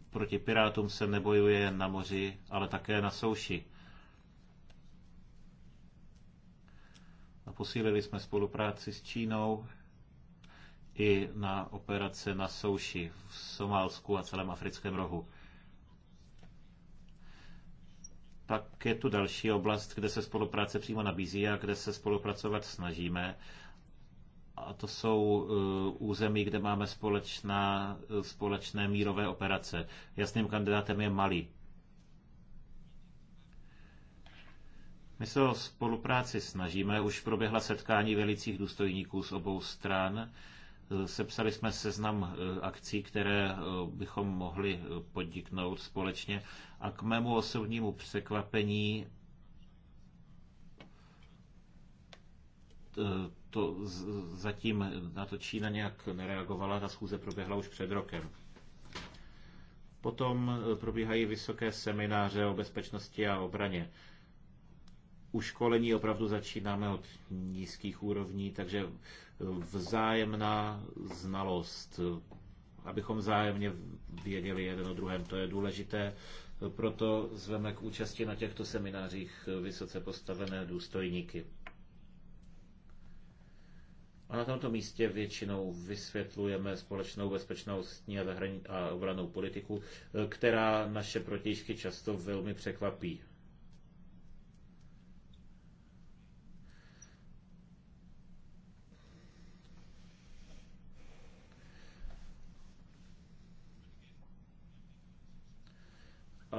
[SPEAKER 1] proti pirátům se nebojuje jen na moři, ale také na souši. A posílili jsme spolupráci s Čínou i na operace na souši v Somálsku a celém africkém rohu. Pak je tu další oblast, kde se spolupráce přímo nabízí a kde se spolupracovat snažíme. A to jsou uh, území, kde máme společná, uh, společné mírové operace. Jasným kandidátem je Mali. My se o spolupráci snažíme. Už proběhla setkání velicích důstojníků z obou stran Sepsali jsme seznam e, akcí, které e, bychom mohli e, podniknout společně a k mému osobnímu překvapení to zatím na to Čína nějak nereagovala, ta schůze proběhla už před rokem. Potom probíhají vysoké semináře o bezpečnosti a obraně u školení opravdu začínáme od nízkých úrovní, takže vzájemná znalost, abychom vzájemně věděli jeden o druhém, to je důležité. Proto zveme k účasti na těchto seminářích vysoce postavené důstojníky. A na tomto místě většinou vysvětlujeme společnou bezpečnostní a, zahrani- a obranou politiku, která naše protižky často velmi překvapí.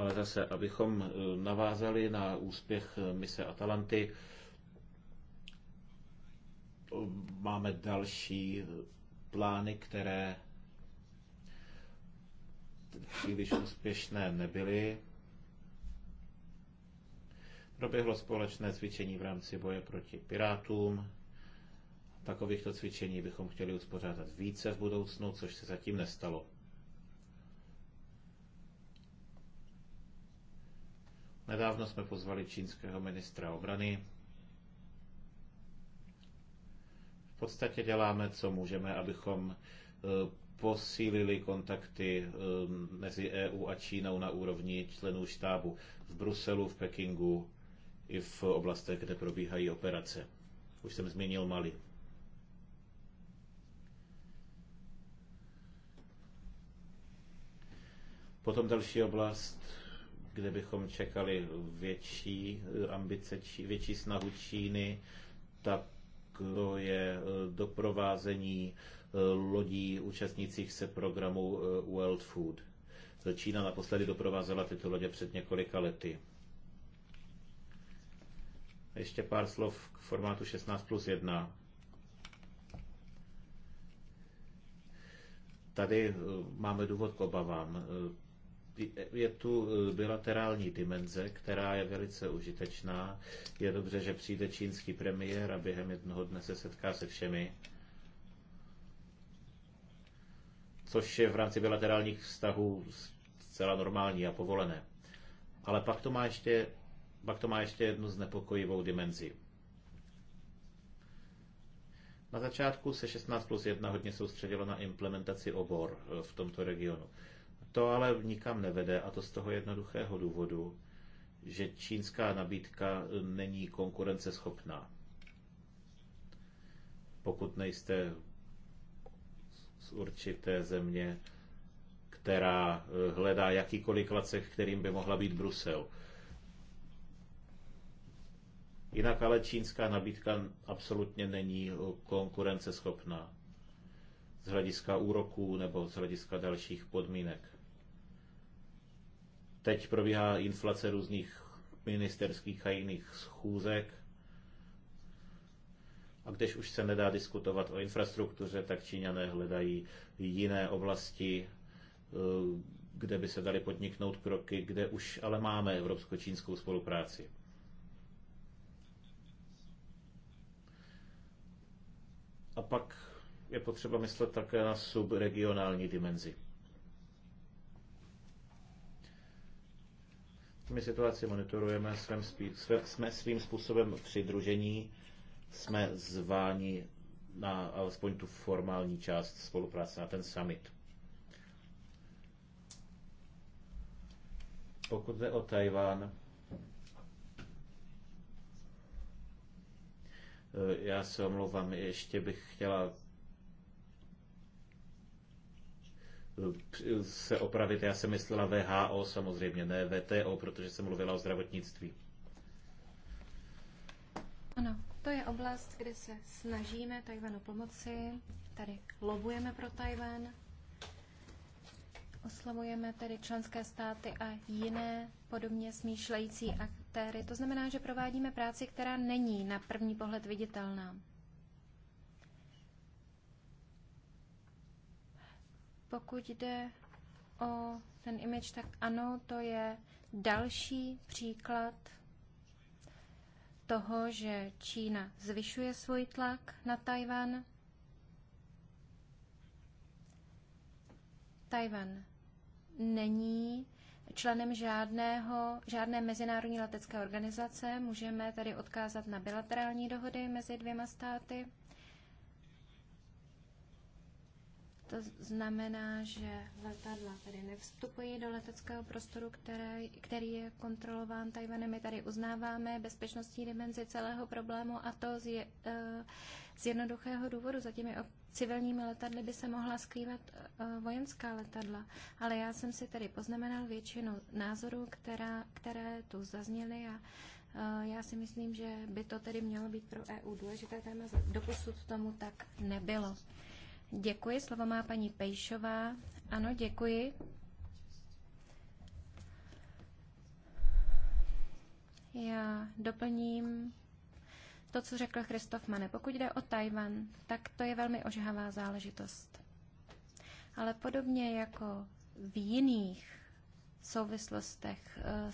[SPEAKER 1] ale zase, abychom eh, navázali na úspěch eh, mise Atalanty, máme další eh, plány, které příliš úspěšné nebyly. Proběhlo společné cvičení v rámci boje proti pirátům. Takovýchto cvičení bychom chtěli uspořádat více v budoucnu, což se zatím nestalo. Nedávno jsme pozvali čínského ministra obrany. V podstatě děláme, co můžeme, abychom e, posílili kontakty e, mezi EU a Čínou na úrovni členů štábu v Bruselu, v Pekingu i v oblastech, kde probíhají operace. Už jsem zmínil Mali. Potom další oblast kde bychom čekali větší ambice, větší snahu Číny, tak je e, doprovázení e, lodí účastnících se programu e, World Food. Čína naposledy doprovázela tyto lodě před několika lety. Ještě pár slov k formátu 16 plus 1. Tady máme důvod k obavám je tu eh, bilaterální dimenze, která je velice užitečná. Je dobře, že přijde čínský premiér a během jednoho dne se setká se všemi. Což je v rámci bilaterálních vztahů zcela normální a povolené. Ale pak to má ještě, pak to má ještě jednu znepokojivou dimenzi. Na začátku se 16 plus 1 hodně soustředilo na implementaci obor eh, v tomto regionu. To ale nikam nevede a to z toho jednoduchého důvodu, že čínská nabídka není konkurenceschopná. Pokud nejste z určité země, která eh, hledá jakýkoliv klacek, kterým by mohla být Brusel. Jinak ale čínská nabídka absolutně není eh, konkurenceschopná z hlediska úroků nebo z hlediska dalších podmínek. Teď probíhá inflace různých ministerských a jiných schůzek. A když už se nedá diskutovat o infrastruktuře, tak Číňané hledají jiné oblasti, eh, kde by se daly podniknout kroky, kde už ale máme evropsko-čínskou spolupráci. A pak je potřeba myslet také na subregionální dimenzi. My situaci monitorujeme, svém, svém, jsme svým způsobem přidružení, jsme zváni na alespoň tu formální část spolupráce, na ten summit. Pokud jde o Tajván, eh, já se omlouvám, ještě bych chtěla se opravit. Já jsem myslela VHO samozřejmě, ne VTO, protože jsem mluvila o zdravotnictví.
[SPEAKER 2] Ano, to je oblast, kde se snažíme Tajvanu pomoci. Tady lobujeme pro Tajvan. Oslavujeme tedy členské státy a jiné podobně smýšlející aktéry. To znamená, že provádíme práci, která není na první pohled viditelná. Pokud jde o ten image, tak ano, to je další příklad toho, že Čína zvyšuje svůj tlak na Tajvan. Tajvan není členem žádného, žádné mezinárodní letecké organizace. Můžeme tady odkázat na bilaterální dohody mezi dvěma státy. To znamená, že letadla tedy nevstupují do leteckého prostoru, které, který je kontrolován Tajvanem. My tady uznáváme bezpečnostní dimenzi celého problému a to z, je, eh, z jednoduchého důvodu. Za těmi civilními letadly by se mohla skrývat eh, vojenská letadla. Ale já jsem si tedy poznamenal většinu názorů, která, které tu zazněly a eh, já si myslím, že by to tedy mělo být pro EU důležité téma. Doposud tomu tak nebylo. Děkuji, slovo má paní Pejšová. Ano, děkuji. Já doplním to, co řekl Christoph Mane. Pokud jde o Tajvan, tak to je velmi ožhavá záležitost. Ale podobně jako v jiných souvislostech eh,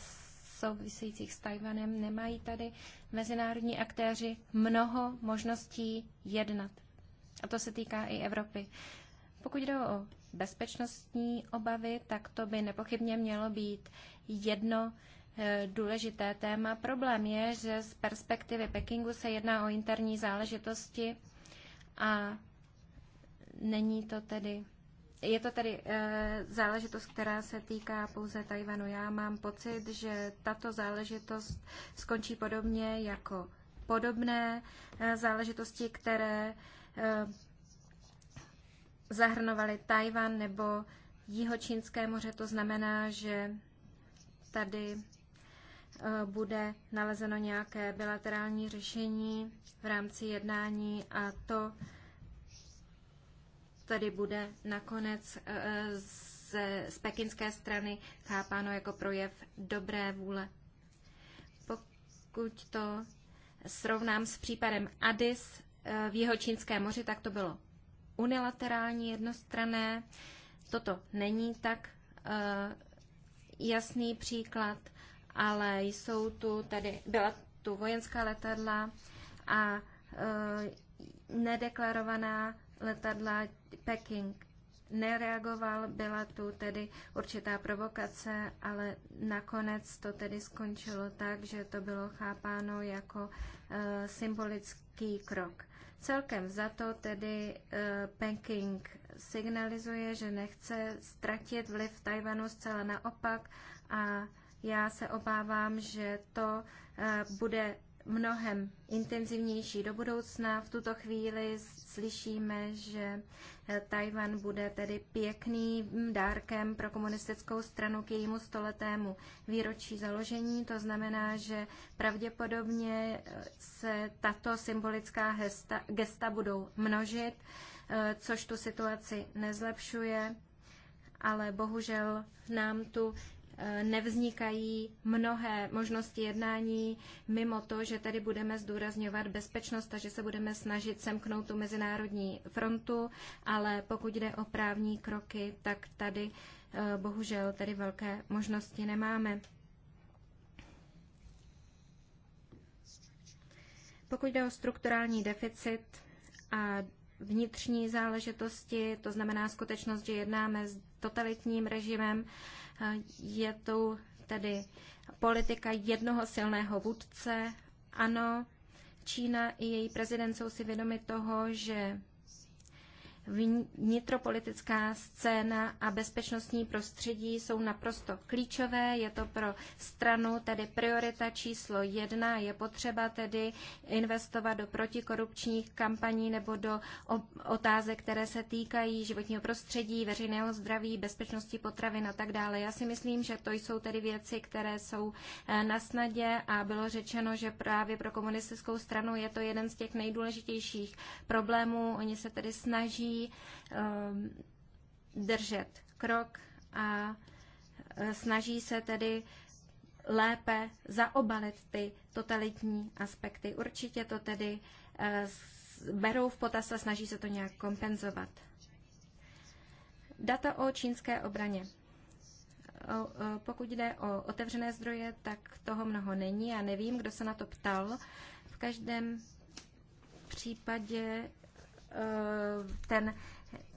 [SPEAKER 2] souvisejících s Tajvanem nemají tady mezinárodní aktéři mnoho možností jednat. A to se týká i Evropy. Pokud jde o bezpečnostní obavy, tak to by nepochybně mělo být jedno e, důležité téma. Problém je, že z perspektivy Pekingu se jedná o interní záležitosti a není to tedy je to tedy e, záležitost, která se týká pouze Tajvanu. Já mám pocit, že tato záležitost skončí podobně jako podobné e, záležitosti, které e, Eh, zahrnovaly Tajvan nebo Jihočínské moře. To znamená, že tady eh, bude nalezeno nějaké bilaterální řešení v rámci jednání a to tady bude nakonec eh, z, z pekinské strany chápáno jako projev dobré vůle. Pokud to srovnám s případem Addis, Eh, v čínské moři, tak to bylo unilaterální, jednostrané. Toto není tak eh, jasný příklad, ale jsou tu tady, byla tu vojenská letadla a eh, nedeklarovaná letadla Peking nereagoval, byla tu tedy určitá provokace, ale nakonec to tedy skončilo tak, že to bylo chápáno jako e, symbolický krok. Celkem za to tedy eh, Peking signalizuje, že nechce ztratit vliv Tajvanu zcela naopak a já se obávám, že to eh, bude mnohem intenzivnější do budoucna. V tuto chvíli slyšíme, že Tajvan bude tedy pěkným dárkem pro komunistickou stranu k jejímu stoletému výročí založení. To znamená, že pravděpodobně eh, se tato symbolická gesta, gesta budou množit, eh, což tu situaci nezlepšuje, ale bohužel nám tu Eh, nevznikají mnohé možnosti jednání mimo to, že tady budeme zdůrazňovat bezpečnost a že se budeme snažit semknout tu mezinárodní frontu, ale pokud jde o právní kroky, tak tady eh, bohužel tady velké možnosti nemáme. Pokud jde o strukturální deficit a vnitřní záležitosti, to znamená skutečnost, že jednáme s totalitním režimem, je tu tedy politika jednoho silného vůdce. Ano, Čína i její prezident jsou si vědomi toho, že vnitropolitická scéna a bezpečnostní prostředí jsou naprosto klíčové. Je to pro stranu tedy priorita číslo jedna. Je potřeba tedy investovat do protikorupčních kampaní nebo do otázek, které se týkají životního prostředí, veřejného zdraví, bezpečnosti potravin a tak dále. Já si myslím, že to jsou tedy věci, které jsou eh, na snadě a bylo řečeno, že právě pro komunistickou stranu je to jeden z těch nejdůležitějších problémů. Oni se tedy snaží Ehm, držet krok a e, snaží se tedy lépe zaobalit ty totalitní aspekty. Určitě to tedy e, berou v potaz a snaží se to nějak kompenzovat. Data o čínské obraně. E, pokud jde o otevřené zdroje, tak toho mnoho není. Já nevím, kdo se na to ptal. V každém případě Eh, ten,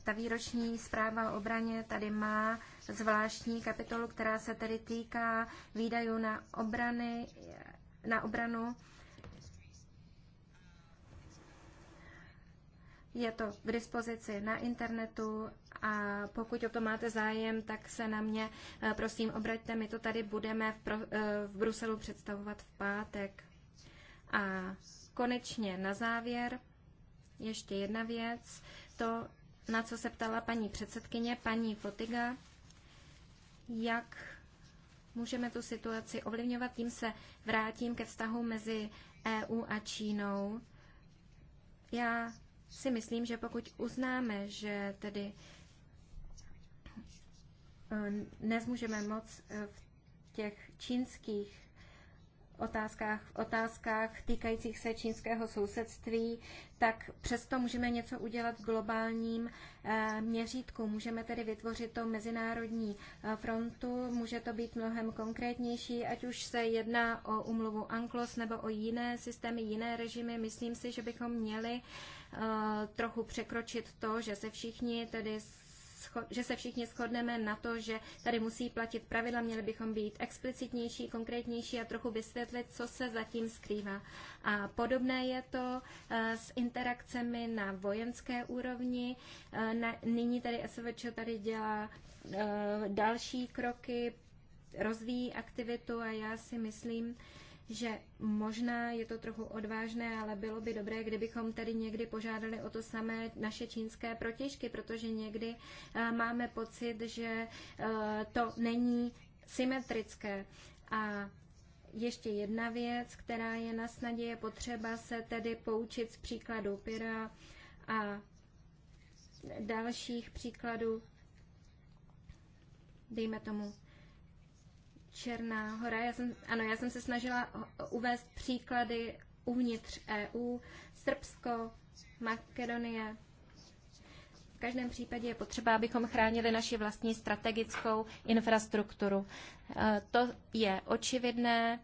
[SPEAKER 2] ta výroční zpráva o obraně tady má zvláštní kapitolu, která se tedy týká výdajů na, obrany, na obranu. Je to k dispozici na internetu a pokud o to máte zájem, tak se na mě eh, prosím obraťte. My to tady budeme v, Pro, eh, v Bruselu představovat v pátek. A konečně na závěr ještě jedna věc, to, na co se ptala paní předsedkyně, paní Fotiga, jak můžeme tu situaci ovlivňovat, tím se vrátím ke vztahu mezi EU a Čínou. Já si myslím, že pokud uznáme, že tedy eh, nezmůžeme moc eh, v těch čínských otázkách, v otázkách týkajících se čínského sousedství, tak přesto můžeme něco udělat v globálním eh, měřítku. Můžeme tedy vytvořit to mezinárodní eh, frontu, může to být mnohem konkrétnější, ať už se jedná o umluvu ANKLOS nebo o jiné systémy, jiné režimy. Myslím si, že bychom měli eh, trochu překročit to, že se všichni tedy že se všichni shodneme na to, že tady musí platit pravidla, měli bychom být explicitnější, konkrétnější a trochu vysvětlit, co se zatím skrývá. A podobné je to eh, s interakcemi na vojenské úrovni. Eh, nyní tady SVČ tady dělá eh, další kroky, rozvíjí aktivitu a já si myslím, že možná je to trochu odvážné, ale bylo by dobré, kdybychom tedy někdy požádali o to samé naše čínské protěžky, protože někdy eh, máme pocit, že eh, to není symetrické. A ještě jedna věc, která je na snadě, je potřeba se tedy poučit z příkladu Pira a dalších příkladů, dejme tomu Černá hora. Já jsem, ano, já jsem se snažila uh, uvést příklady uvnitř EU, Srbsko, Makedonie. V každém případě je potřeba, abychom chránili naši vlastní strategickou infrastrukturu. Uh, to je očividné.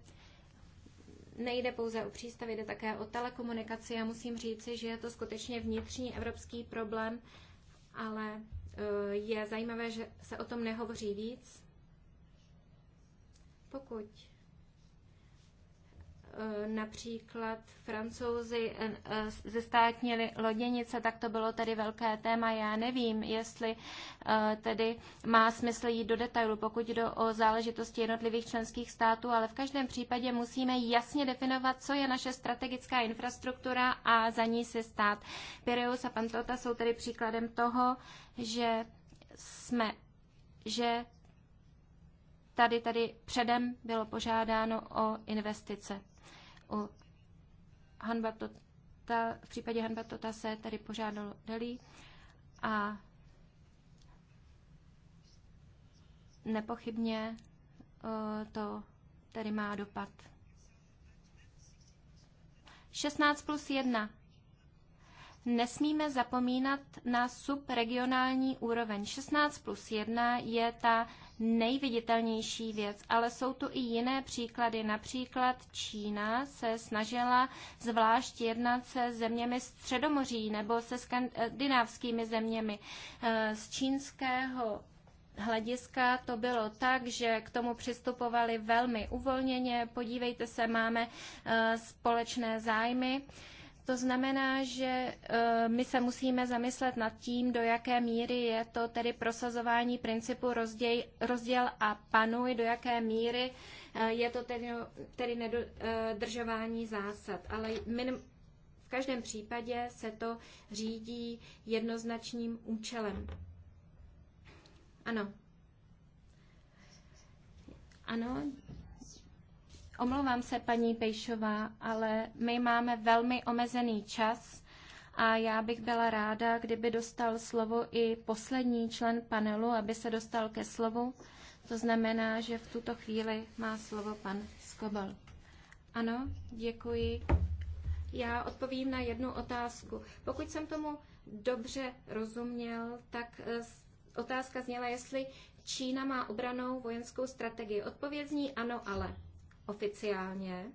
[SPEAKER 2] Nejde pouze o přístav, jde také o telekomunikaci. Já musím říci, že je to skutečně vnitřní evropský problém, ale uh, je zajímavé, že se o tom nehovoří víc. Pokud eh, například francouzi eh, eh, ze státní loděnice, tak to bylo tedy velké téma. Já nevím, jestli tedy má smysl jít do detailu, pokud jde o záležitosti jednotlivých členských států, ale v každém případě musíme jasně definovat, co je naše strategická infrastruktura a za ní se stát. Pireus a Pantota jsou tedy příkladem toho, že jsme že tady tady předem bylo požádáno o investice. U Hanbatota, v případě Hanbatota se tady požádalo Delhi a nepochybně eh, to tady má dopad. 16 plus 1. Nesmíme zapomínat na subregionální úroveň. 16 plus 1 je ta nejviditelnější věc, ale jsou tu i jiné příklady. Například Čína se snažila zvlášť jednat se zeměmi Středomoří nebo se skandinávskými zeměmi. Eh, z čínského hlediska to bylo tak, že k tomu přistupovali velmi uvolněně. Podívejte se, máme eh, společné zájmy. To znamená, že e, my se musíme zamyslet nad tím, do jaké míry je to tedy prosazování principu rozděj, rozděl a panuj, do jaké míry e, je to tedy, tedy nedodržování e, zásad. Ale minim, v každém případě se to řídí jednoznačným účelem. Ano. Ano, Omlouvám se, paní Pejšová, ale my máme velmi omezený čas a já bych byla ráda, kdyby dostal slovo i poslední člen panelu, aby se dostal ke slovu. To znamená, že v tuto chvíli má slovo pan Skobal. Ano, děkuji. Já odpovím na jednu otázku. Pokud jsem tomu dobře rozuměl, tak eh, otázka zněla, jestli Čína má obranou vojenskou strategii. Odpověď zní ano, ale oficiálně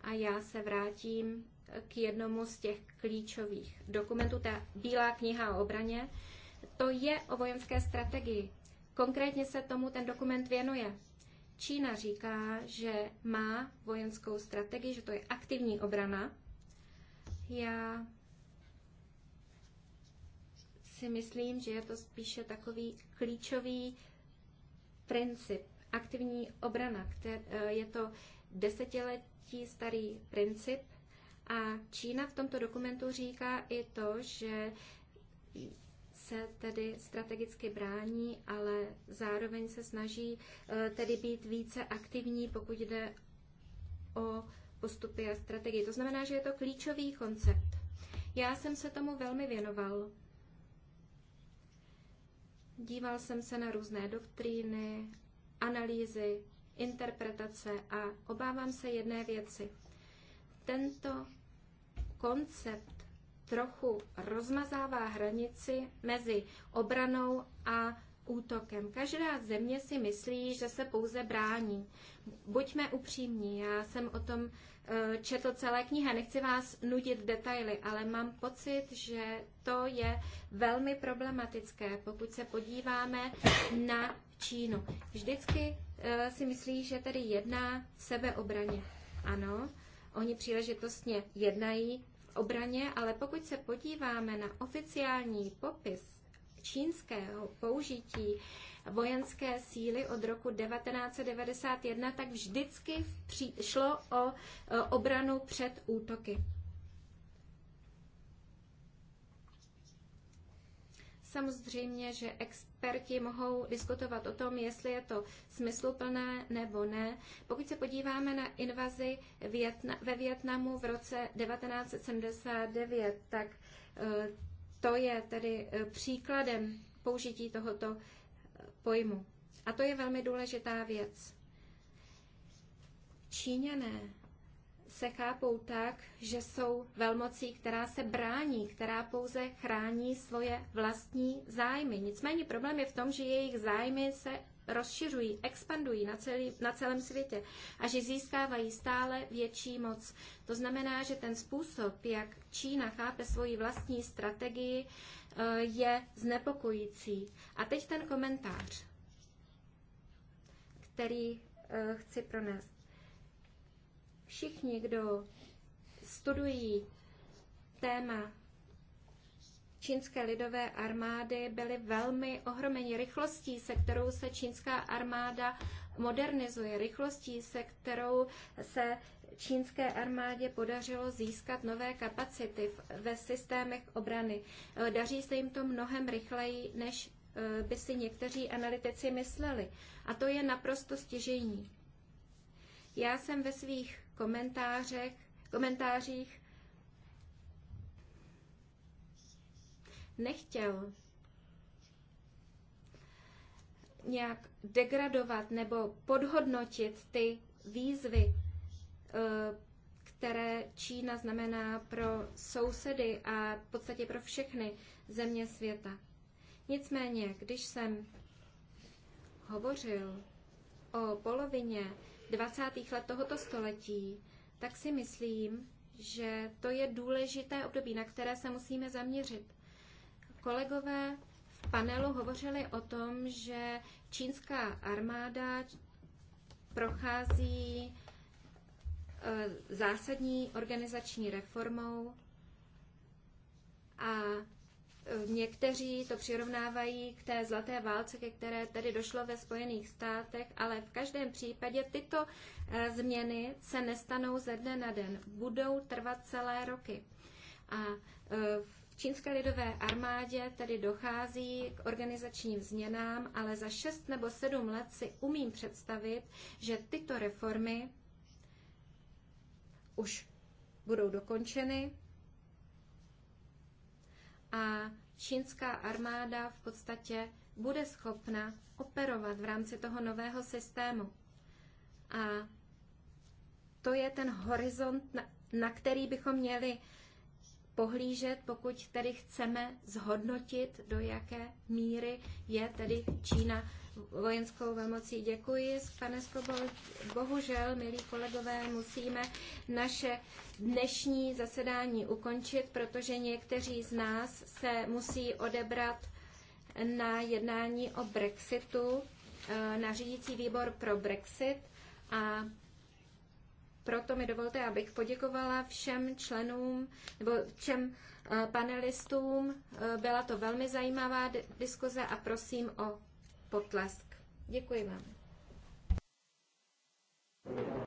[SPEAKER 2] a já se vrátím k jednomu z těch klíčových dokumentů, ta Bílá kniha o obraně. To je o vojenské strategii. Konkrétně se tomu ten dokument věnuje. Čína říká, že má vojenskou strategii, že to je aktivní obrana. Já si myslím, že je to spíše takový klíčový princip aktivní obrana, které, eh, je to desetiletí starý princip a Čína v tomto dokumentu říká i to, že se tedy strategicky brání, ale zároveň se snaží eh, tedy být více aktivní, pokud jde o postupy a strategii. To znamená, že je to klíčový koncept. Já jsem se tomu velmi věnoval. Díval jsem se na různé doktríny analýzy, interpretace a obávám se jedné věci. Tento koncept trochu rozmazává hranici mezi obranou a útokem. Každá země si myslí, že se pouze brání. Buďme upřímní, já jsem o tom eh, četl celé knihy, nechci vás nudit detaily, ale mám pocit, že to je velmi problematické. Pokud se podíváme na Čínu. Vždycky eh, si myslí, že tedy jedná sebeobraně. Ano, oni příležitostně jednají v obraně, ale pokud se podíváme na oficiální popis čínského použití vojenské síly od roku 1991, tak vždycky šlo o eh, obranu před útoky. Samozřejmě, že experti mohou diskutovat o tom, jestli je to smysluplné nebo ne. Pokud se podíváme na invazi Větna, ve Větnamu v roce 1979, tak eh, to je tedy eh, příkladem použití tohoto eh, pojmu. A to je velmi důležitá věc. Číňané se chápou tak, že jsou velmocí, která se brání, která pouze chrání svoje vlastní zájmy. Nicméně problém je v tom, že jejich zájmy se rozšiřují, expandují na, celý, na celém světě a že získávají stále větší moc. To znamená, že ten způsob, jak Čína chápe svoji vlastní strategii, eh, je znepokojící. A teď ten komentář, který eh, chci pronést. Všichni, kdo studují téma čínské lidové armády, byli velmi ohromeni rychlostí, se kterou se čínská armáda modernizuje, rychlostí, se kterou se čínské armádě podařilo získat nové kapacity ve systémech obrany. Eh, daří se jim to mnohem rychleji, než eh, by si někteří analytici mysleli. A to je naprosto stěžejní. Já jsem ve svých komentářech, komentářích nechtěl nějak degradovat nebo podhodnotit ty výzvy, eh, které Čína znamená pro sousedy a v podstatě pro všechny země světa. Nicméně, když jsem hovořil o polovině 20. let tohoto století, tak si myslím, že to je důležité období, na které se musíme zaměřit. Kolegové v panelu hovořili o tom, že čínská armáda prochází e, zásadní organizační reformou a Někteří to přirovnávají k té zlaté válce, ke které tady došlo ve Spojených státech, ale v každém případě tyto eh, změny se nestanou ze dne na den. Budou trvat celé roky. A eh, v čínské lidové armádě tedy dochází k organizačním změnám, ale za šest nebo sedm let si umím představit, že tyto reformy už budou dokončeny a čínská armáda v podstatě bude schopna operovat v rámci toho nového systému. A to je ten horizont, na, na který bychom měli pohlížet, pokud tedy chceme zhodnotit, do jaké míry je tedy Čína vojenskou velmocí. Děkuji, pane Skobo. Bohužel, milí kolegové, musíme naše dnešní zasedání ukončit, protože někteří z nás se musí odebrat na jednání o Brexitu, eh, na řídící výbor pro Brexit a proto mi dovolte, abych poděkovala všem členům nebo všem eh, panelistům. Eh, byla to velmi zajímavá diskuze a prosím o potlesk. Děkuji vám.